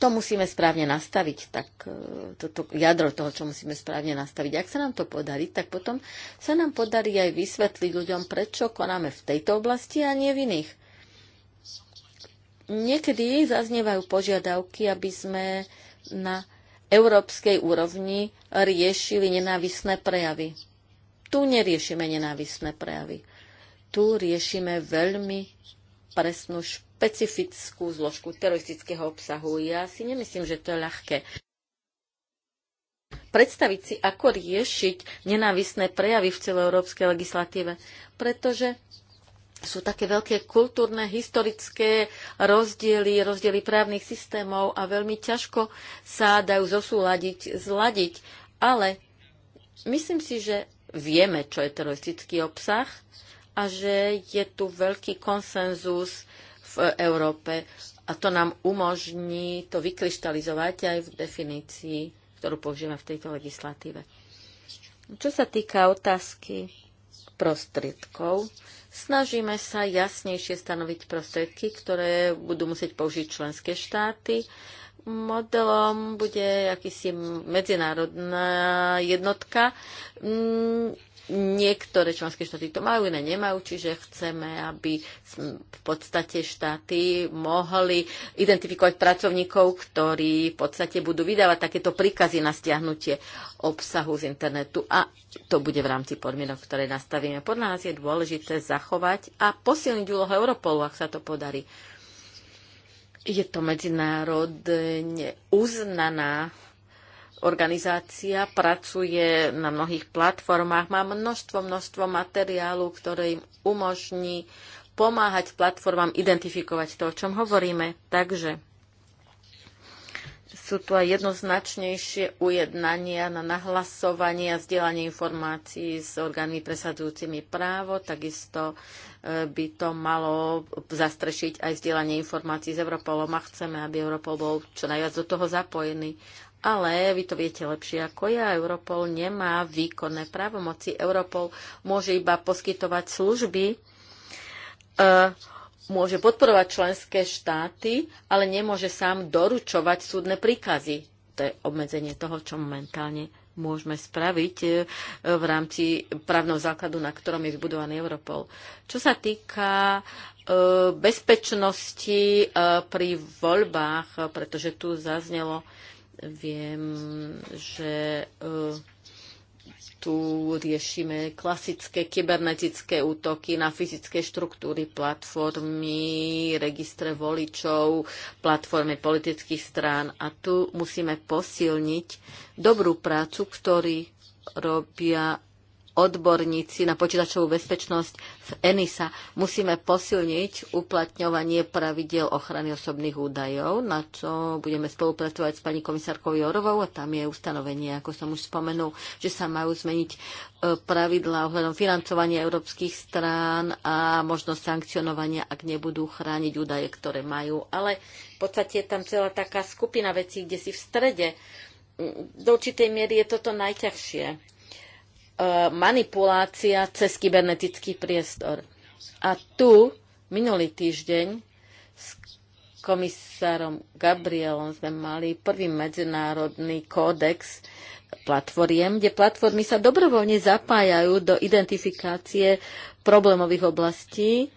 Speaker 1: to musíme správne nastaviť, tak e, toto to jadro toho, čo musíme správne nastaviť. Ak sa nám to podarí, tak potom sa nám podarí aj vysvetliť ľuďom, prečo konáme v tejto oblasti a nie v iných. Niekedy zaznievajú požiadavky, aby sme na európskej úrovni riešili nenávisné prejavy. Tu neriešime nenávisné prejavy. Tu riešime veľmi presnú špecifickú špecifickú zložku teroristického obsahu. Ja si nemyslím, že to je ľahké. Predstaviť si, ako riešiť nenávisné prejavy v celoeurópskej legislatíve, pretože sú také veľké kultúrne, historické rozdiely, rozdiely právnych systémov a veľmi ťažko sa dajú zosúľadiť, zladiť. Ale myslím si, že vieme, čo je teroristický obsah a že je tu veľký konsenzus v Európe a to nám umožní to vykryštalizovať aj v definícii, ktorú používame v tejto legislatíve. Čo sa týka otázky prostriedkov, snažíme sa jasnejšie stanoviť prostriedky, ktoré budú musieť použiť členské štáty. Modelom bude akýsi medzinárodná jednotka mm, Niektoré členské štáty to majú, iné nemajú, čiže chceme, aby v podstate štáty mohli identifikovať pracovníkov, ktorí v podstate budú vydávať takéto príkazy na stiahnutie obsahu z internetu a to bude v rámci podmienok, ktoré nastavíme. Podľa nás je dôležité zachovať a posilniť úlohu Europolu, ak sa to podarí. Je to medzinárodne uznaná organizácia pracuje na mnohých platformách, má množstvo, množstvo materiálu, ktoré im umožní pomáhať platformám identifikovať to, o čom hovoríme. Takže sú tu aj jednoznačnejšie ujednania na nahlasovanie a zdieľanie informácií s orgánmi presadzujúcimi právo. Takisto e, by to malo zastrešiť aj zdieľanie informácií s Europolom a chceme, aby Europol bol čo najviac do toho zapojený. Ale vy to viete lepšie ako ja. Europol nemá výkonné právomoci. Europol môže iba poskytovať služby, e, môže podporovať členské štáty, ale nemôže sám doručovať súdne príkazy. To je obmedzenie toho, čo momentálne môžeme spraviť e, v rámci právneho základu, na ktorom je vybudovaný Europol. Čo sa týka e, bezpečnosti pri voľbách, pretože tu zaznelo, Viem, že e, tu riešime klasické kybernetické útoky na fyzické štruktúry platformy, registre voličov, platformy politických strán a tu musíme posilniť dobrú prácu, ktorý robia odborníci na počítačovú bezpečnosť v ENISA. Musíme posilniť uplatňovanie pravidel ochrany osobných údajov, na čo budeme spolupracovať s pani komisárkou Jorovou a tam je ustanovenie, ako som už spomenul, že sa majú zmeniť e, pravidlá ohľadom financovania európskych strán a možnosť sankcionovania, ak nebudú chrániť údaje, ktoré majú. Ale v podstate je tam celá taká skupina vecí, kde si v strede do určitej miery je toto najťažšie manipulácia cez kybernetický priestor. A tu minulý týždeň s komisárom Gabrielom sme mali prvý medzinárodný kódex platformiem, kde platformy sa dobrovoľne zapájajú do identifikácie problémových oblastí.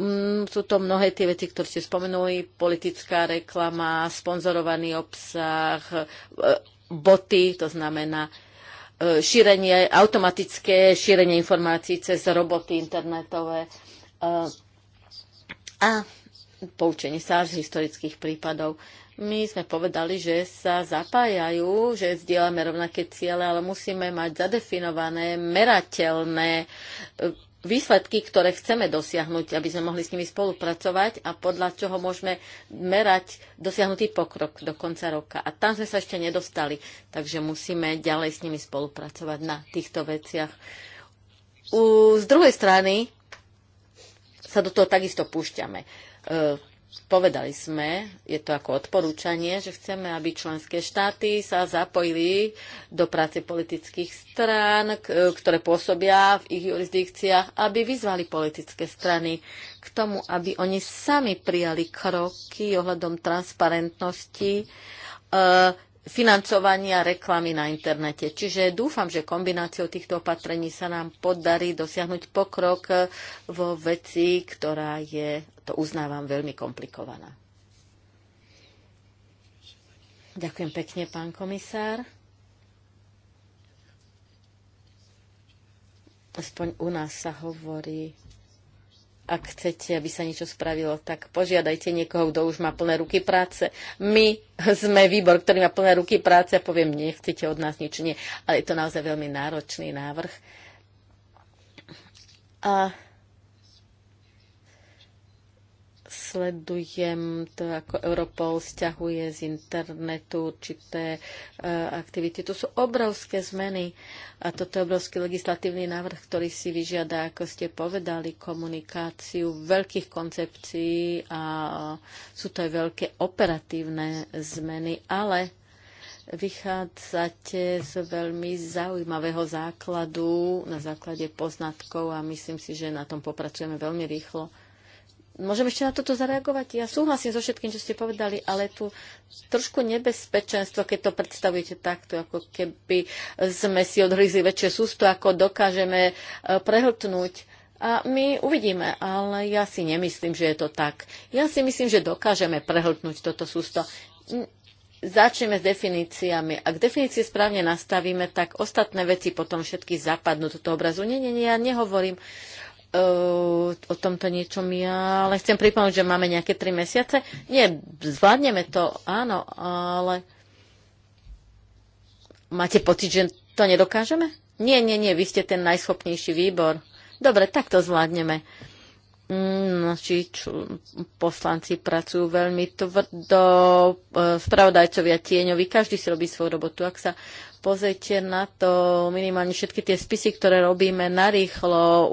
Speaker 1: Mm, sú to mnohé tie veci, ktoré ste spomenuli, politická reklama, sponzorovaný obsah, e, boty, to znamená šírenie, automatické šírenie informácií cez roboty internetové e, a poučenie sa z historických prípadov. My sme povedali, že sa zapájajú, že zdieľame rovnaké ciele, ale musíme mať zadefinované, merateľné e, výsledky, ktoré chceme dosiahnuť, aby sme mohli s nimi spolupracovať a podľa čoho môžeme merať dosiahnutý pokrok do konca roka. A tam sme sa ešte nedostali, takže musíme ďalej s nimi spolupracovať na týchto veciach. U, z druhej strany sa do toho takisto púšťame e, Povedali sme, je to ako odporúčanie, že chceme, aby členské štáty sa zapojili do práce politických strán, ktoré pôsobia v ich jurisdikciách, aby vyzvali politické strany k tomu, aby oni sami prijali kroky ohľadom transparentnosti, e, financovania reklamy na internete. Čiže dúfam, že kombináciou týchto opatrení sa nám podarí dosiahnuť pokrok vo veci, ktorá je, to uznávam, veľmi komplikovaná. Ďakujem pekne, pán komisár. Aspoň u nás sa hovorí ak chcete, aby sa niečo spravilo, tak požiadajte niekoho, kto už má plné ruky práce. My sme výbor, ktorý má plné ruky práce a poviem, nechcete od nás nič, nie. Ale je to naozaj veľmi náročný návrh. A sledujem to, ako Europol stiahuje z internetu určité e, aktivity. To sú obrovské zmeny a toto je obrovský legislatívny návrh, ktorý si vyžiada, ako ste povedali, komunikáciu veľkých koncepcií a sú to aj veľké operatívne zmeny, ale vychádzate z veľmi zaujímavého základu na základe poznatkov a myslím si, že na tom popracujeme veľmi rýchlo Môžem ešte na toto zareagovať? Ja súhlasím so všetkým, čo ste povedali, ale tu trošku nebezpečenstvo, keď to predstavujete takto, ako keby sme si odhryzli väčšie sústo, ako dokážeme e, prehltnúť. A my uvidíme, ale ja si nemyslím, že je to tak. Ja si myslím, že dokážeme prehltnúť toto sústo. Začneme s definíciami. Ak definície správne nastavíme, tak ostatné veci potom všetky zapadnú do toho obrazu. Nie, nie, nie, ja nehovorím o tomto niečom ja, ale chcem pripomínať, že máme nejaké tri mesiace. Nie, zvládneme to, áno, ale máte pocit, že to nedokážeme? Nie, nie, nie, vy ste ten najschopnejší výbor. Dobre, tak to zvládneme. Mm, naši poslanci pracujú veľmi tvrdo, e, spravodajcovia tieňovi, každý si robí svoju robotu. Ak sa pozrite na to minimálne všetky tie spisy, ktoré robíme narýchlo,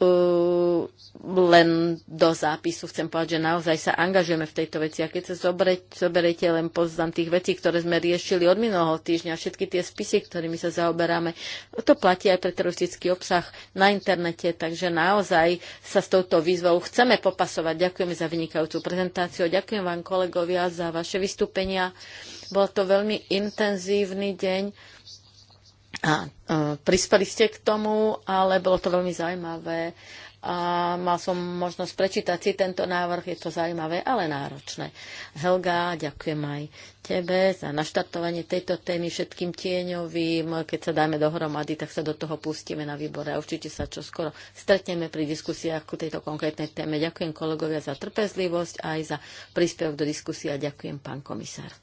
Speaker 1: Uh, len do zápisu chcem povedať, že naozaj sa angažujeme v tejto veci. A keď sa zoberete, zoberete len poznám tých vecí, ktoré sme riešili od minulého týždňa, všetky tie spisy, ktorými sa zaoberáme, to platí aj pre teroristický obsah na internete, takže naozaj sa s touto výzvou chceme popasovať. Ďakujeme za vynikajúcu prezentáciu, ďakujem vám kolegovia za vaše vystúpenia. Bol to veľmi intenzívny deň a e, prispeli ste k tomu, ale bolo to veľmi zaujímavé. A mal som možnosť prečítať si tento návrh, je to zaujímavé, ale náročné. Helga, ďakujem aj tebe za naštartovanie tejto témy všetkým tieňovým. Keď sa dáme dohromady, tak sa do toho pustíme na výbore a určite sa čo skoro stretneme pri diskusiách ku tejto konkrétnej téme. Ďakujem kolegovia za trpezlivosť aj za príspevok do diskusie a ďakujem pán komisár.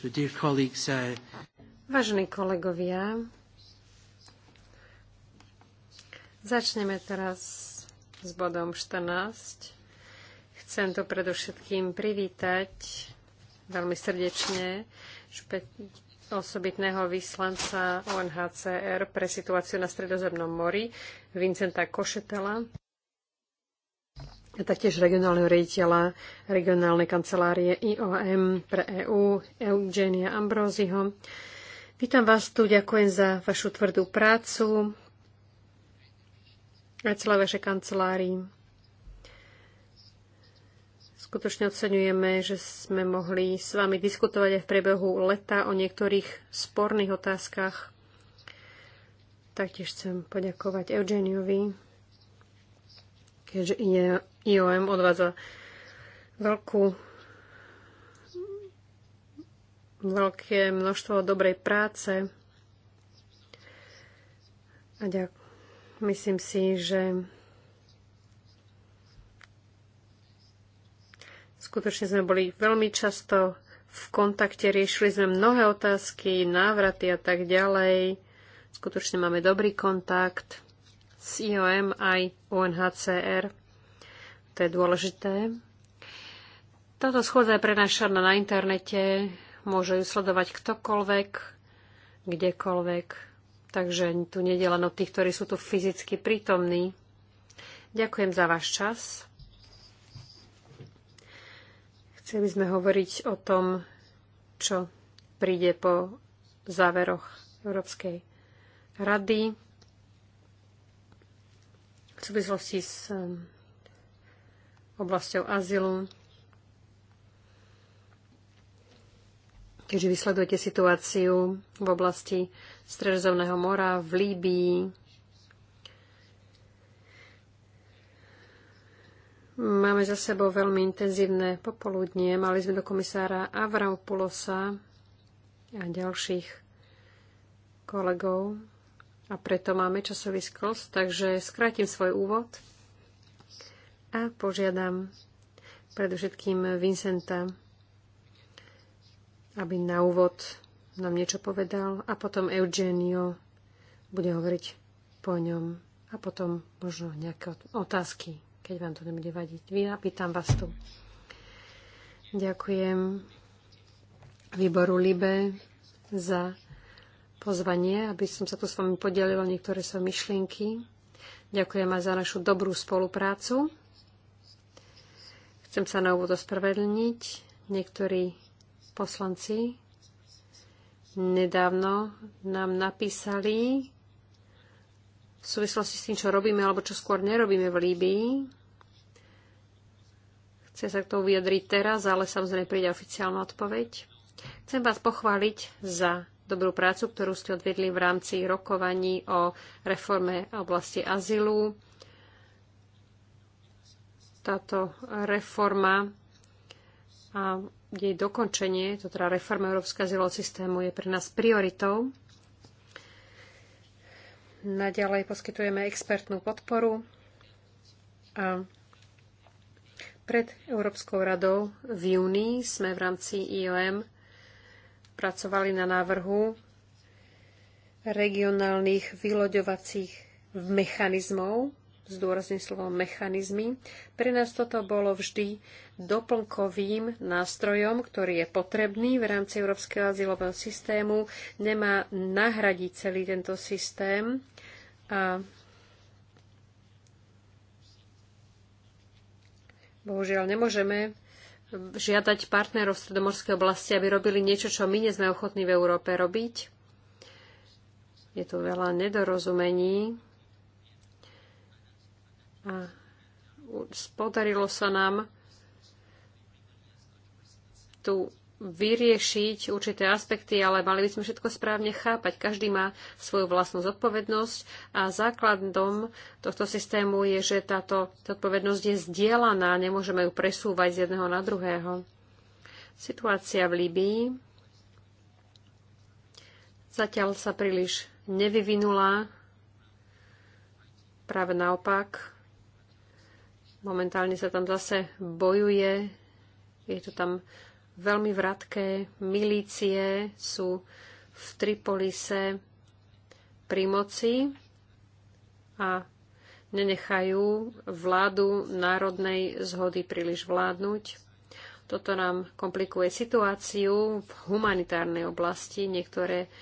Speaker 4: Uh,
Speaker 3: Vážení kolegovia, začneme teraz s bodom 14. Chcem to predovšetkým privítať veľmi srdečne špe- osobitného vyslanca UNHCR pre situáciu na Stredozemnom mori, Vincenta Košetela taktiež regionálneho rejiteľa regionálnej kancelárie IOM pre EÚ, Eugenia Ambroziho. Vítam vás tu, ďakujem za vašu tvrdú prácu a celé vaše kancelárii. Skutočne oceňujeme, že sme mohli s vami diskutovať aj v priebehu leta o niektorých sporných otázkach. Taktiež chcem poďakovať Eugeniovi, keďže je IOM odvádza veľkú veľké množstvo dobrej práce. A ďak, myslím si, že skutočne sme boli veľmi často v kontakte, riešili sme mnohé otázky, návraty a tak ďalej. Skutočne máme dobrý kontakt s IOM aj UNHCR to je dôležité. Táto schôdza je prenášaná na internete, môže ju sledovať ktokoľvek, kdekoľvek. Takže tu nie len od tých, ktorí sú tu fyzicky prítomní. Ďakujem za váš čas. Chceli sme hovoriť o tom, čo príde po záveroch Európskej rady v súvislosti s oblasťou azylu. Keďže vysledujete situáciu v oblasti Stredozemného mora, v Líbii, Máme za sebou veľmi intenzívne popoludnie. Mali sme do komisára Pulosa a ďalších kolegov a preto máme časový sklos, takže skrátim svoj úvod a požiadam predovšetkým Vincenta, aby na úvod nám niečo povedal a potom Eugenio bude hovoriť po ňom a potom možno nejaké otázky, keď vám to nebude vadiť. Ja vás tu. Ďakujem výboru Libe za pozvanie, aby som sa tu s vami podelila niektoré svoje myšlienky. Ďakujem aj za našu dobrú spoluprácu. Chcem sa na úvod ospravedlniť. Niektorí poslanci nedávno nám napísali v súvislosti s tým, čo robíme alebo čo skôr nerobíme v Líbii. Chce sa k tomu vyjadriť teraz, ale samozrejme príde oficiálna odpoveď. Chcem vás pochváliť za dobrú prácu, ktorú ste odvedli v rámci rokovaní o reforme oblasti azylu táto reforma a jej dokončenie, to teda reforma Európskeho azylového systému, je pre nás prioritou. Naďalej poskytujeme expertnú podporu a pred Európskou radou v júni sme v rámci IOM pracovali na návrhu regionálnych vyloďovacích mechanizmov zdôrazním slovo mechanizmy. Pre nás toto bolo vždy doplnkovým nástrojom, ktorý je potrebný v rámci Európskeho azylového systému. Nemá nahradiť celý tento systém. A bohužiaľ nemôžeme žiadať partnerov v stredomorskej oblasti, aby robili niečo, čo my nie sme ochotní v Európe robiť. Je tu veľa nedorozumení a podarilo sa nám tu vyriešiť určité aspekty, ale mali by sme všetko správne chápať. Každý má svoju vlastnú zodpovednosť a základom tohto systému je, že táto zodpovednosť je zdieľaná, nemôžeme ju presúvať z jedného na druhého. Situácia v Libii zatiaľ sa príliš nevyvinula, práve naopak Momentálne sa tam zase bojuje. Je to tam veľmi vratké. Milície sú v Tripolise pri moci a nenechajú vládu národnej zhody príliš vládnuť. Toto nám komplikuje situáciu v humanitárnej oblasti. Niektoré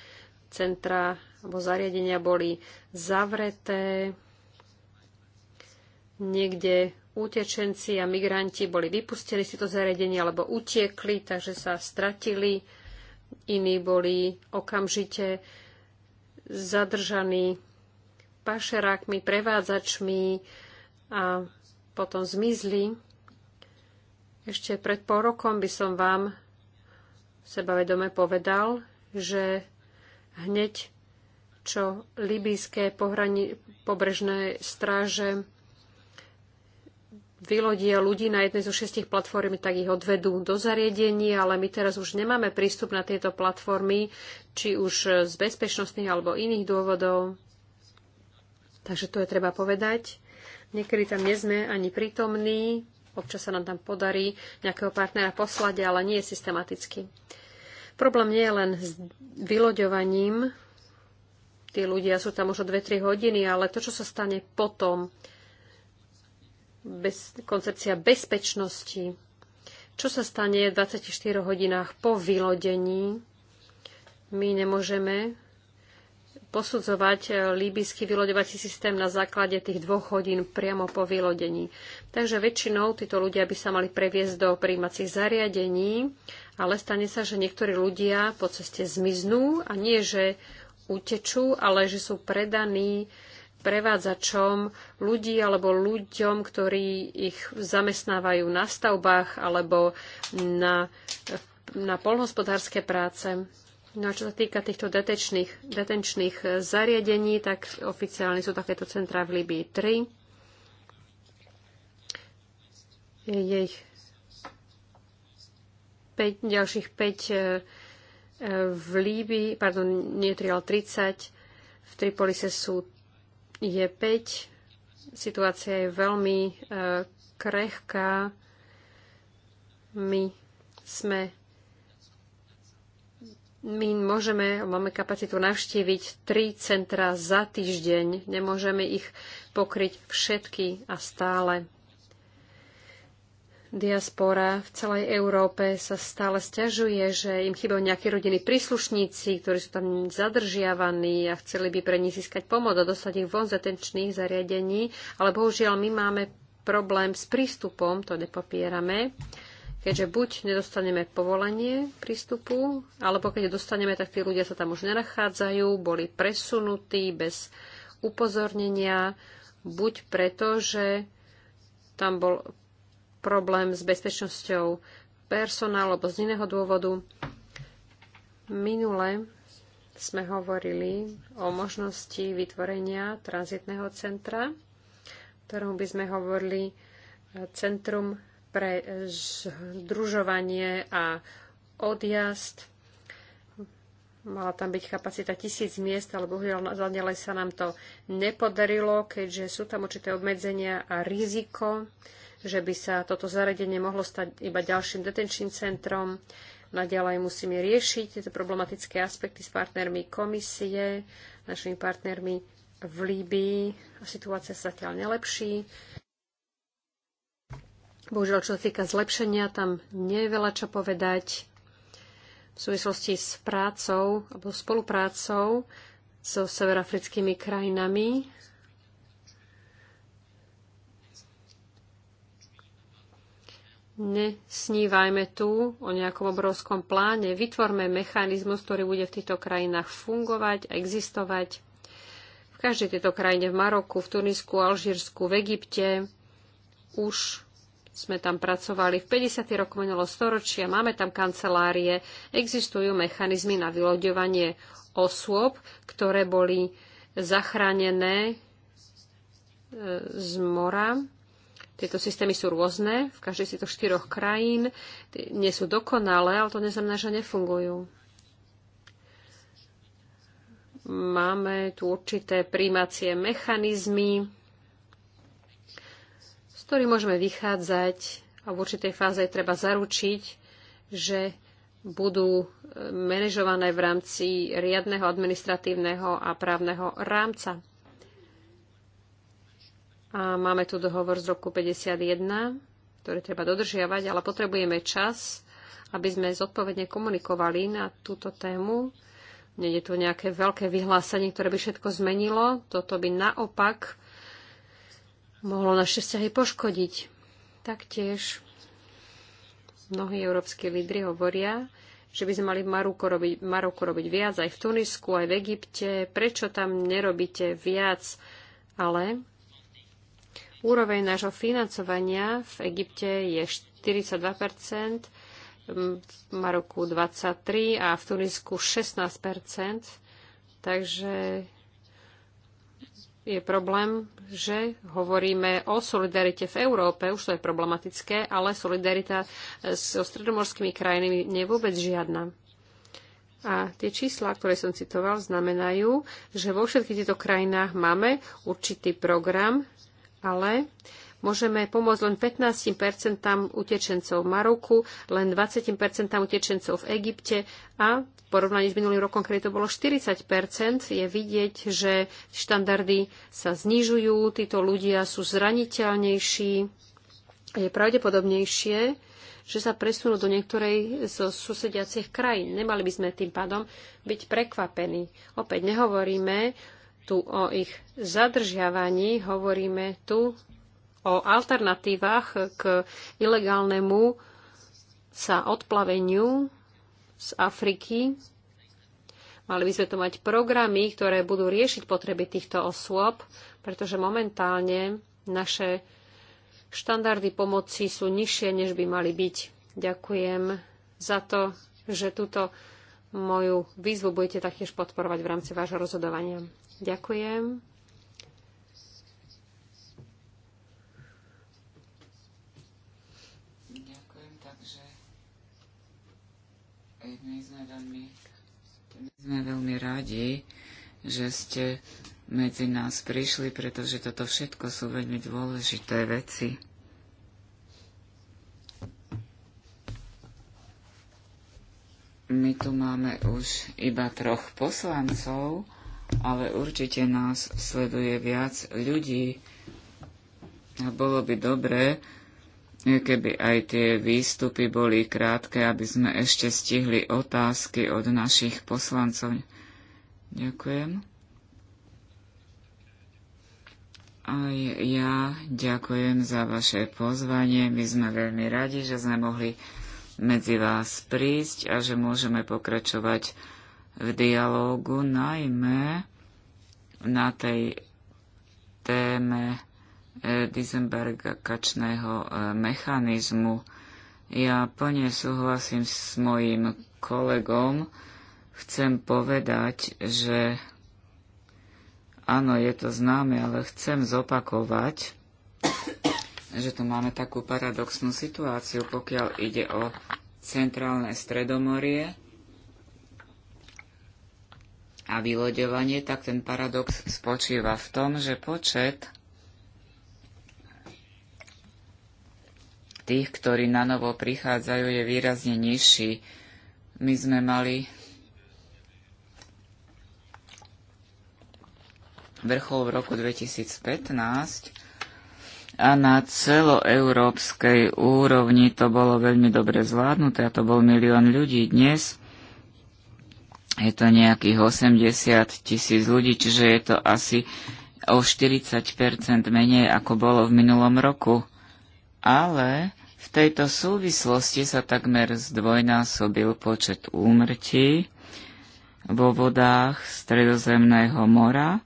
Speaker 3: centra alebo zariadenia boli zavreté. Niekde utečenci a migranti boli vypustili si to zariadenia alebo utiekli, takže sa stratili. Iní boli okamžite zadržaní pašerákmi, prevádzačmi a potom zmizli. Ešte pred pol rokom by som vám sebavedome povedal, že hneď čo libijské pohrani, pobrežné stráže vylodia ľudí na jednej zo šestich platform, tak ich odvedú do zariadení, ale my teraz už nemáme prístup na tieto platformy, či už z bezpečnostných alebo iných dôvodov. Takže to je treba povedať. Niekedy tam nie sme ani prítomní, občas sa nám tam podarí nejakého partnera poslať, ale nie je systematicky. Problém nie je len s vyloďovaním, tí ľudia sú tam už o 2-3 hodiny, ale to, čo sa stane potom, bez, koncepcia bezpečnosti. Čo sa stane v 24 hodinách po vylodení? My nemôžeme posudzovať eh, líbysky vyloďovací systém na základe tých dvoch hodín priamo po vylodení. Takže väčšinou títo ľudia by sa mali previesť do príjmacích zariadení, ale stane sa, že niektorí ľudia po ceste zmiznú a nie, že utečú, ale že sú predaní prevádzačom ľudí alebo ľuďom, ktorí ich zamestnávajú na stavbách alebo na, na polnohospodárske práce. No a čo sa týka týchto detečných, detenčných zariadení, tak oficiálne sú takéto centrá v Libii 3. Je ich 5, ďalších 5 e, e, v Líbi pardon, nie 3, ale 30. V Tripolise sú je 5. Situácia je veľmi e, krehká. My sme my môžeme, máme kapacitu navštíviť tri centra za týždeň. Nemôžeme ich pokryť všetky a stále diaspora v celej Európe sa stále stiažuje, že im chýbajú nejakí rodiny príslušníci, ktorí sú tam zadržiavaní a chceli by pre nich získať pomoc a dostať ich von z detenčných zariadení. Ale bohužiaľ my máme problém s prístupom, to nepopierame, keďže buď nedostaneme povolenie prístupu, alebo keď dostaneme, tak tí ľudia sa tam už nenachádzajú, boli presunutí bez upozornenia, buď preto, že tam bol problém s bezpečnosťou personálu alebo z iného dôvodu. Minule sme hovorili o možnosti vytvorenia tranzitného centra, ktorom by sme hovorili e, Centrum pre združovanie a odjazd. Mala tam byť kapacita tisíc miest, ale bohužiaľ zadnele sa nám to nepodarilo, keďže sú tam určité obmedzenia a riziko že by sa toto zariadenie mohlo stať iba ďalším detenčným centrom. Naďalej musíme riešiť tieto problematické aspekty s partnermi komisie, našimi partnermi v Líbii. A situácia sa zatiaľ nelepší. Bohužiaľ, čo sa týka zlepšenia, tam nie je veľa čo povedať v súvislosti s prácou alebo spoluprácou so severafrickými krajinami Nesnívajme tu o nejakom obrovskom pláne. Vytvorme mechanizmus, ktorý bude v týchto krajinách fungovať, existovať. V každej tejto krajine, v Maroku, v Tunisku, Alžírsku, v Egypte, už sme tam pracovali v 50. rokoch minulého storočia, máme tam kancelárie, existujú mechanizmy na vyloďovanie osôb, ktoré boli zachránené e, z mora tieto systémy sú rôzne, v každej z týchto štyroch krajín. Nie sú dokonalé, ale to neznamená, že nefungujú. Máme tu určité príjmacie mechanizmy, z ktorých môžeme vychádzať a v určitej fáze treba zaručiť, že budú e, manažované v rámci riadneho administratívneho a právneho rámca. A máme tu dohovor z roku 51, ktorý treba dodržiavať, ale potrebujeme čas, aby sme zodpovedne komunikovali na túto tému. Nie je tu nejaké veľké vyhlásenie, ktoré by všetko zmenilo. Toto by naopak mohlo naše vzťahy poškodiť. Taktiež mnohí európsky lídry hovoria, že by sme mali v Maroku robiť, Maroku robiť viac, aj v Tunisku, aj v Egypte. Prečo tam nerobíte viac? Ale Úroveň nášho financovania v Egypte je 42 v Maroku 23 a v Tunisku 16 Takže je problém, že hovoríme o solidarite v Európe, už to je problematické, ale solidarita so stredomorskými krajinami nie je vôbec žiadna. A tie čísla, ktoré som citoval, znamenajú, že vo všetkých týchto krajinách máme určitý program ale môžeme pomôcť len 15% utečencov v Maroku, len 20% utečencov v Egypte a v porovnaní s minulým rokom, kedy to bolo 40%, je vidieť, že štandardy sa znižujú, títo ľudia sú zraniteľnejší a je pravdepodobnejšie, že sa presunú do niektorej zo susediacich krajín. Nemali by sme tým pádom byť prekvapení. Opäť nehovoríme tu o ich zadržiavaní, hovoríme tu o alternatívach k ilegálnemu sa odplaveniu z Afriky. Mali by sme tu mať programy, ktoré budú riešiť potreby týchto osôb, pretože momentálne naše štandardy pomoci sú nižšie, než by mali byť. Ďakujem za to, že túto moju výzvu budete taktiež podporovať v rámci vášho rozhodovania. Ďakujem.
Speaker 2: Ďakujem, takže my sme veľmi, my sme veľmi radi, že ste medzi nás prišli, pretože toto všetko sú veľmi dôležité veci. My tu máme už iba troch poslancov ale určite nás sleduje viac ľudí. A bolo by dobré, e, keby aj tie výstupy boli krátke, aby sme ešte stihli otázky od našich poslancov. Ďakujem. Aj ja ďakujem za vaše pozvanie. My sme veľmi radi, že sme mohli medzi vás prísť a že môžeme pokračovať v dialógu, najmä na tej téme kačného eh, eh, mechanizmu. Ja plne súhlasím s mojim kolegom. Chcem povedať, že áno, je to známe, ale chcem zopakovať, že tu máme takú paradoxnú situáciu, pokiaľ ide o centrálne stredomorie, a vyloďovanie, tak ten paradox spočíva v tom, že počet tých, ktorí na novo prichádzajú, je výrazne nižší. My sme mali vrchol v roku 2015 a na celoeurópskej úrovni to bolo veľmi dobre zvládnuté a to bol milión ľudí. Dnes je to nejakých 80 tisíc ľudí, čiže je to asi o 40 menej, ako bolo v minulom roku. Ale v tejto súvislosti sa takmer zdvojnásobil počet úmrtí vo vodách Stredozemného mora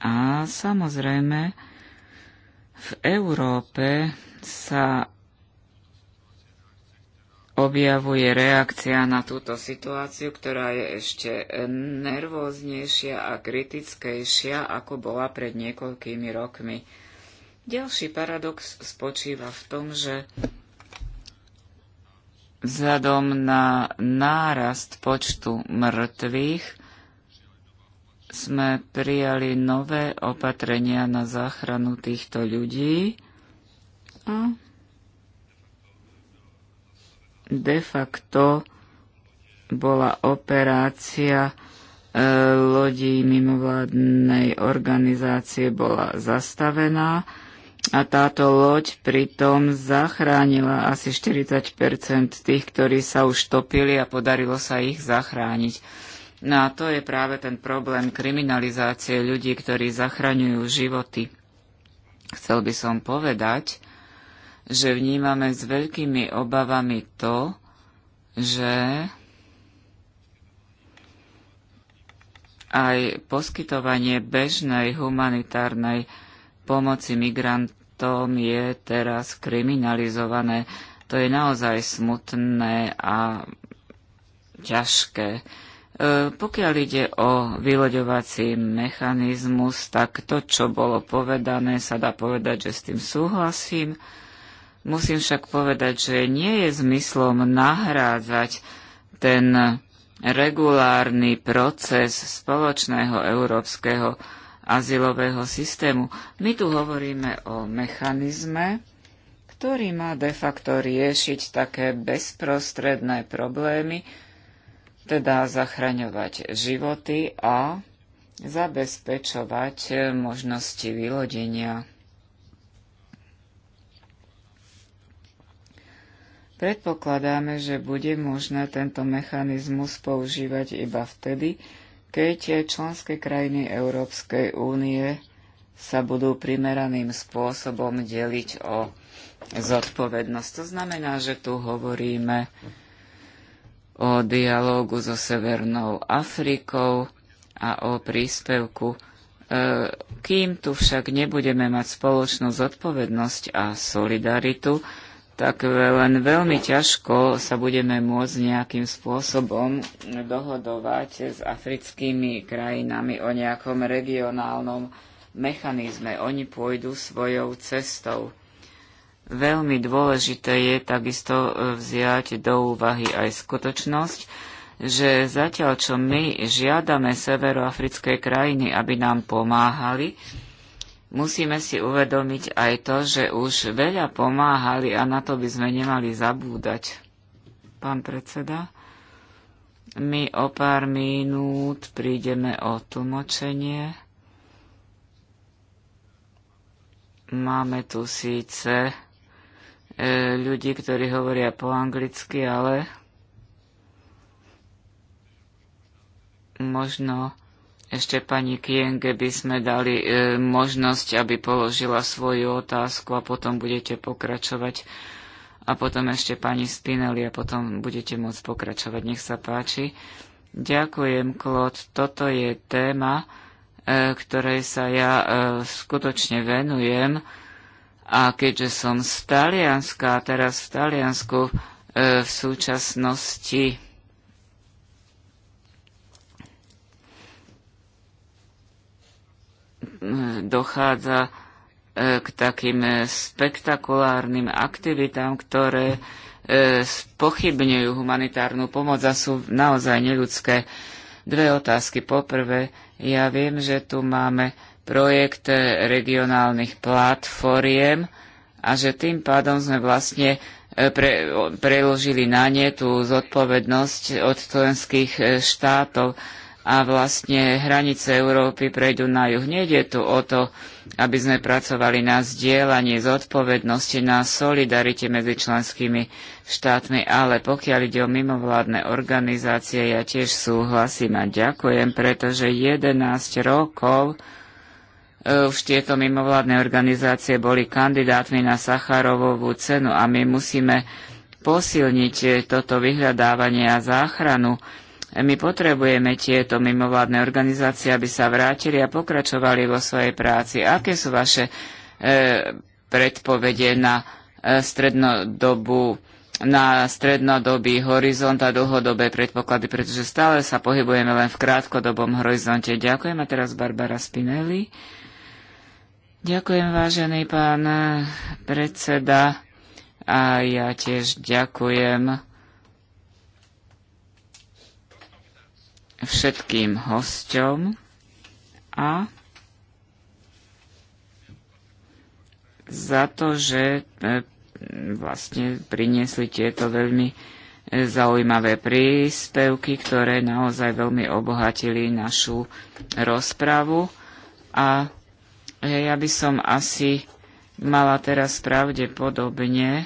Speaker 2: a samozrejme v Európe sa objavuje reakcia na túto situáciu, ktorá je ešte nervóznejšia a kritickejšia, ako bola pred niekoľkými rokmi. Ďalší paradox spočíva v tom, že vzhľadom na nárast počtu mŕtvych sme prijali nové opatrenia na záchranu týchto ľudí a de facto bola operácia e, lodí mimovládnej organizácie bola zastavená a táto loď pritom zachránila asi 40 tých, ktorí sa už topili a podarilo sa ich zachrániť. No a to je práve ten problém kriminalizácie ľudí, ktorí zachraňujú životy. Chcel by som povedať, že vnímame s veľkými obavami to, že aj poskytovanie bežnej humanitárnej pomoci migrantom je teraz kriminalizované. To je naozaj smutné a ťažké. E, pokiaľ ide o vyloďovací mechanizmus, tak to, čo bolo povedané, sa dá povedať, že s tým súhlasím. Musím však povedať, že nie je zmyslom nahrádzať ten regulárny proces spoločného európskeho azylového systému. My tu hovoríme o mechanizme, ktorý má de facto riešiť také bezprostredné problémy, teda zachraňovať životy a zabezpečovať možnosti vylodenia. Predpokladáme, že bude možné tento mechanizmus používať iba vtedy, keď členské krajiny Európskej únie sa budú primeraným spôsobom deliť o zodpovednosť. To znamená, že tu hovoríme o dialógu so Severnou Afrikou a o príspevku. E, kým tu však nebudeme mať spoločnú zodpovednosť a solidaritu, tak len veľmi ťažko sa budeme môcť nejakým spôsobom dohodovať s africkými krajinami o nejakom regionálnom mechanizme. Oni pôjdu svojou cestou. Veľmi dôležité je takisto e, vziať do úvahy aj skutočnosť, že zatiaľ čo my žiadame severoafrické krajiny, aby nám pomáhali, Musíme si uvedomiť aj to, že už veľa pomáhali a na to by sme nemali zabúdať. Pán predseda, my o pár minút prídeme o tlmočenie. Máme tu síce e, ľudí, ktorí hovoria po anglicky, ale možno ešte pani Kienge by sme dali e, možnosť, aby položila svoju otázku a potom budete pokračovať. A potom ešte pani Spinelli a potom budete môcť pokračovať. Nech sa páči. Ďakujem, Klod. Toto je téma, e, ktorej sa ja e, skutočne venujem. A keďže som z Talianska, teraz v Taliansku e, v súčasnosti dochádza e, k takým spektakulárnym aktivitám, ktoré e, spochybňujú humanitárnu pomoc a sú naozaj neľudské. Dve otázky. Poprvé, ja viem, že tu máme projekt regionálnych platformiem a že tým pádom sme vlastne e, pre, preložili na ne tú zodpovednosť od členských štátov a vlastne hranice Európy prejdú na juh. Nejde tu o to, aby sme pracovali na zdieľanie zodpovednosti, na solidarite medzi členskými štátmi, ale pokiaľ ide o mimovládne organizácie, ja tiež súhlasím a ďakujem, pretože 11 rokov e, už tieto mimovládne organizácie boli kandidátmi na Sacharovovú cenu a my musíme posilniť e, toto vyhľadávanie a záchranu E, my potrebujeme tieto mimovládne organizácie, aby sa vrátili a pokračovali vo svojej práci. Aké sú vaše e, predpovede na e, na strednodobý horizont a dlhodobé predpoklady, pretože stále sa pohybujeme len v krátkodobom horizonte. Ďakujem a teraz Barbara Spinelli. Ďakujem, vážený pán e, predseda. A ja tiež ďakujem všetkým hosťom a za to, že e, vlastne priniesli tieto veľmi e, zaujímavé príspevky, ktoré naozaj veľmi obohatili našu rozpravu. A e, ja by som asi mala teraz pravdepodobne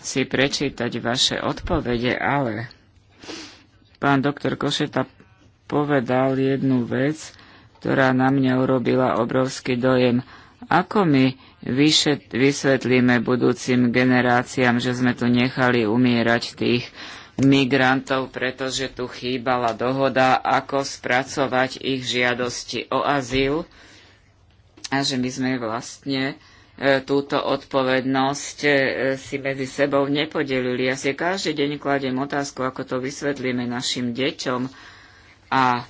Speaker 2: si prečítať vaše odpovede, ale Pán doktor Košeta povedal jednu vec, ktorá na mňa urobila obrovský dojem. Ako my vyšet, vysvetlíme budúcim generáciám, že sme tu nechali umierať tých migrantov, pretože tu chýbala dohoda, ako spracovať ich žiadosti o azyl a že my sme vlastne túto odpovednosť e, si medzi sebou nepodelili. Ja si každý deň kladiem otázku, ako to vysvetlíme našim deťom a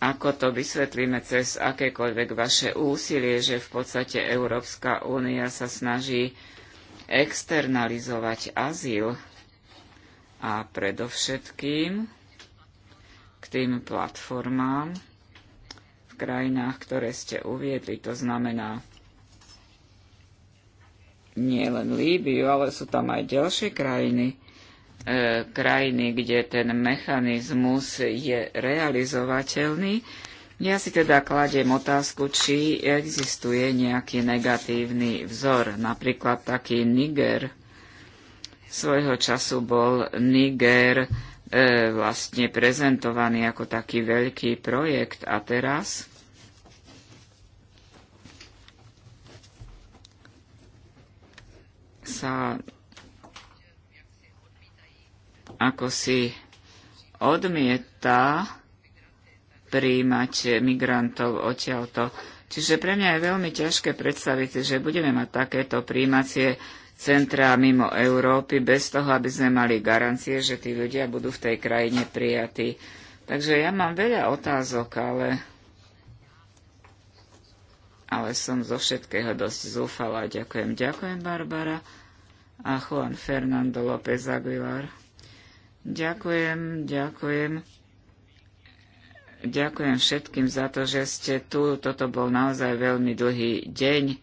Speaker 2: ako to vysvetlíme cez akékoľvek vaše úsilie, že v podstate Európska únia sa snaží externalizovať azyl a predovšetkým k tým platformám v krajinách, ktoré ste uviedli, to znamená nie len Líbiu, ale sú tam aj ďalšie krajiny, e, krajiny, kde ten mechanizmus je realizovateľný. Ja si teda kladiem otázku, či existuje nejaký negatívny vzor, napríklad taký Niger. Svojho času bol Niger e, vlastne prezentovaný ako taký veľký projekt a teraz sa ako si odmieta príjmať migrantov odtiaľto. Čiže pre mňa je veľmi ťažké predstaviť, že budeme mať takéto príjmacie centrá mimo Európy bez toho, aby sme mali garancie, že tí ľudia budú v tej krajine prijatí. Takže ja mám veľa otázok, ale, ale som zo všetkého dosť zúfala. Ďakujem, ďakujem, Barbara a Juan Fernando López Aguilar. Ďakujem, ďakujem. Ďakujem všetkým za to, že ste tu. Toto bol naozaj veľmi dlhý deň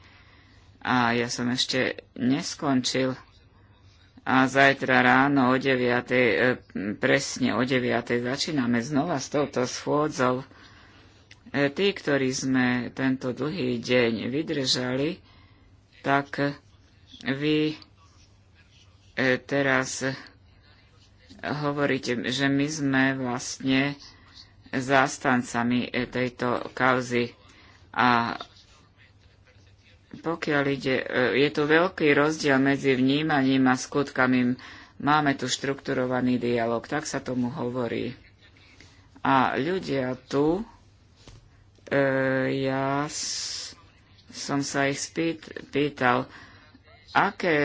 Speaker 2: a ja som ešte neskončil. A zajtra ráno o 9. E, presne o 9. začíname znova s touto schôdzou. E, tí, ktorí sme tento dlhý deň vydržali, tak vy E, teraz hovoríte, že my sme vlastne zástancami e, tejto kauzy a pokiaľ ide, e, je tu veľký rozdiel medzi vnímaním a skutkami. Máme tu štrukturovaný dialog, tak sa tomu hovorí. A ľudia tu, e, ja s, som sa ich spýt, pýtal, aké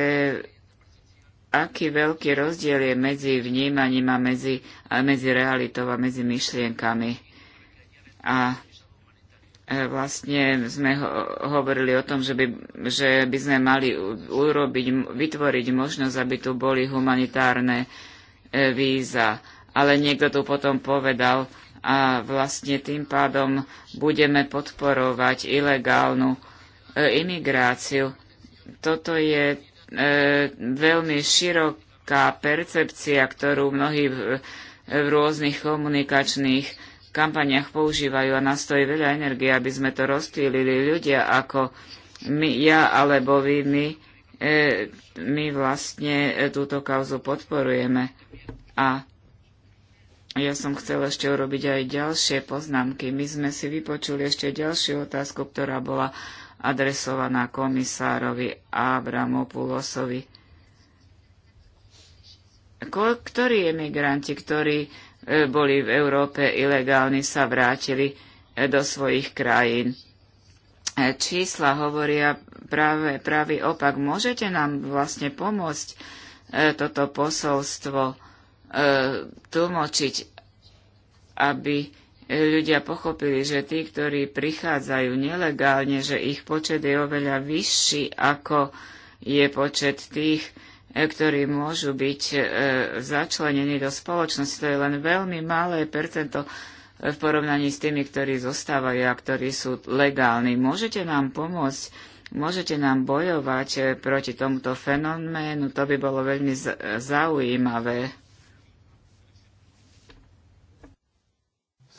Speaker 2: aký veľký rozdiel je medzi vnímaním a medzi, a medzi realitou a medzi myšlienkami. A e, vlastne sme hovorili o tom, že by, že by sme mali urobiť, vytvoriť možnosť, aby tu boli humanitárne e, víza. Ale niekto tu potom povedal, a vlastne tým pádom budeme podporovať ilegálnu e, imigráciu. Toto je E, veľmi široká percepcia, ktorú mnohí v, e, v rôznych komunikačných kampaniach používajú a nastojí veľa energie, aby sme to rozptýlili. Ľudia ako my, ja alebo vy, my, e, my vlastne e, túto kauzu podporujeme. A ja som chcel ešte urobiť aj ďalšie poznámky. My sme si vypočuli ešte ďalšiu otázku, ktorá bola adresovaná komisárovi Abramopulosovi. Ktorí emigranti, ktorí e, boli v Európe ilegálni, sa vrátili e, do svojich krajín? E, čísla hovoria práve pravý opak. Môžete nám vlastne pomôcť toto posolstvo tlmočiť, aby ľudia pochopili, že tí, ktorí prichádzajú nelegálne, že ich počet je oveľa vyšší, ako je počet tých, e, ktorí môžu byť e, začlenení do spoločnosti. To je len veľmi malé percento e, v porovnaní s tými, ktorí zostávajú a ktorí sú legálni. Môžete nám pomôcť, môžete nám bojovať e, proti tomuto fenoménu, to by bolo veľmi zaujímavé.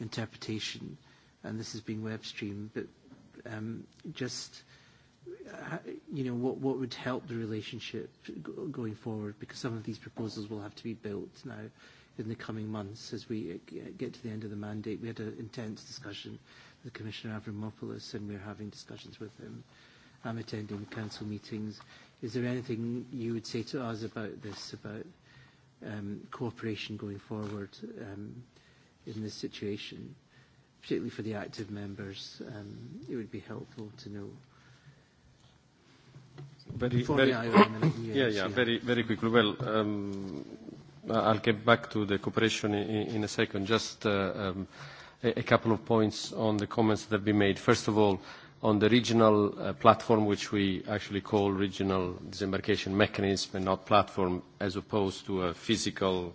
Speaker 4: interpretation, and this is being web streamed, but um, just uh, you know what what would help the relationship going forward because some of these proposals will have to be built now in the coming months as we uh, uh, get to the end of the mandate. We had an intense discussion with Commissioner Avramopoulos and we're having discussions with him. I'm attending council meetings. Is there anything you would say to us about this, about um, cooperation going forward? Um, in this situation, particularly for the active members, um, it would be helpful to know.
Speaker 5: Very, very, yeah, yeah, very, very quickly. Well, um, I'll get back to the cooperation in, in a second. Just uh, um, a, a couple of points on the comments that have been made. First of all, on the regional uh, platform, which we actually call regional disembarkation mechanism and not platform, as opposed to a physical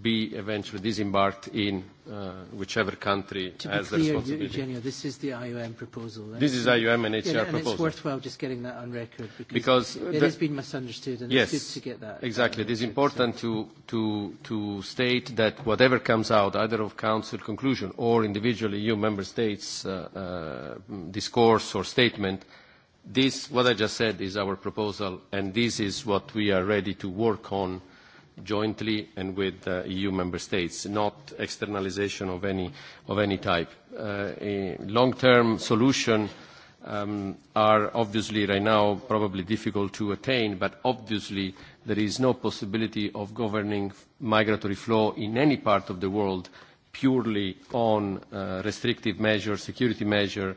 Speaker 5: be eventually disembarked in uh, whichever country to has clear, the responsibility.
Speaker 4: Eugenio, this is the IOM proposal. Right? Eh? This is IOM and HCR yeah, proposal. And it's no, worthwhile just getting that on record because, because it the, has been misunderstood and yes, it's good to get that. Uh, exactly. It is important
Speaker 5: so. to, to, to state that whatever comes out, either of Council conclusion or individually EU member states' uh, uh, discourse or statement, this, what I just said, is our proposal and this is what we are ready to work on jointly and with uh, EU member states, not externalization of any, of any type. Uh, a long-term solution um, are obviously right now probably difficult to attain, but obviously there is no possibility of governing migratory flow in any part of the world purely on uh, restrictive measures, security measures,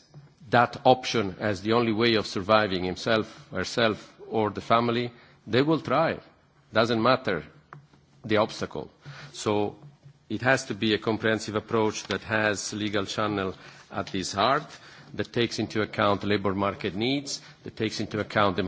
Speaker 5: that option as the only way of surviving himself, herself, or the family, they will try. Doesn't matter the obstacle. So it has to be a comprehensive approach that has legal channel at its heart, that takes into account labour market needs, that takes into account the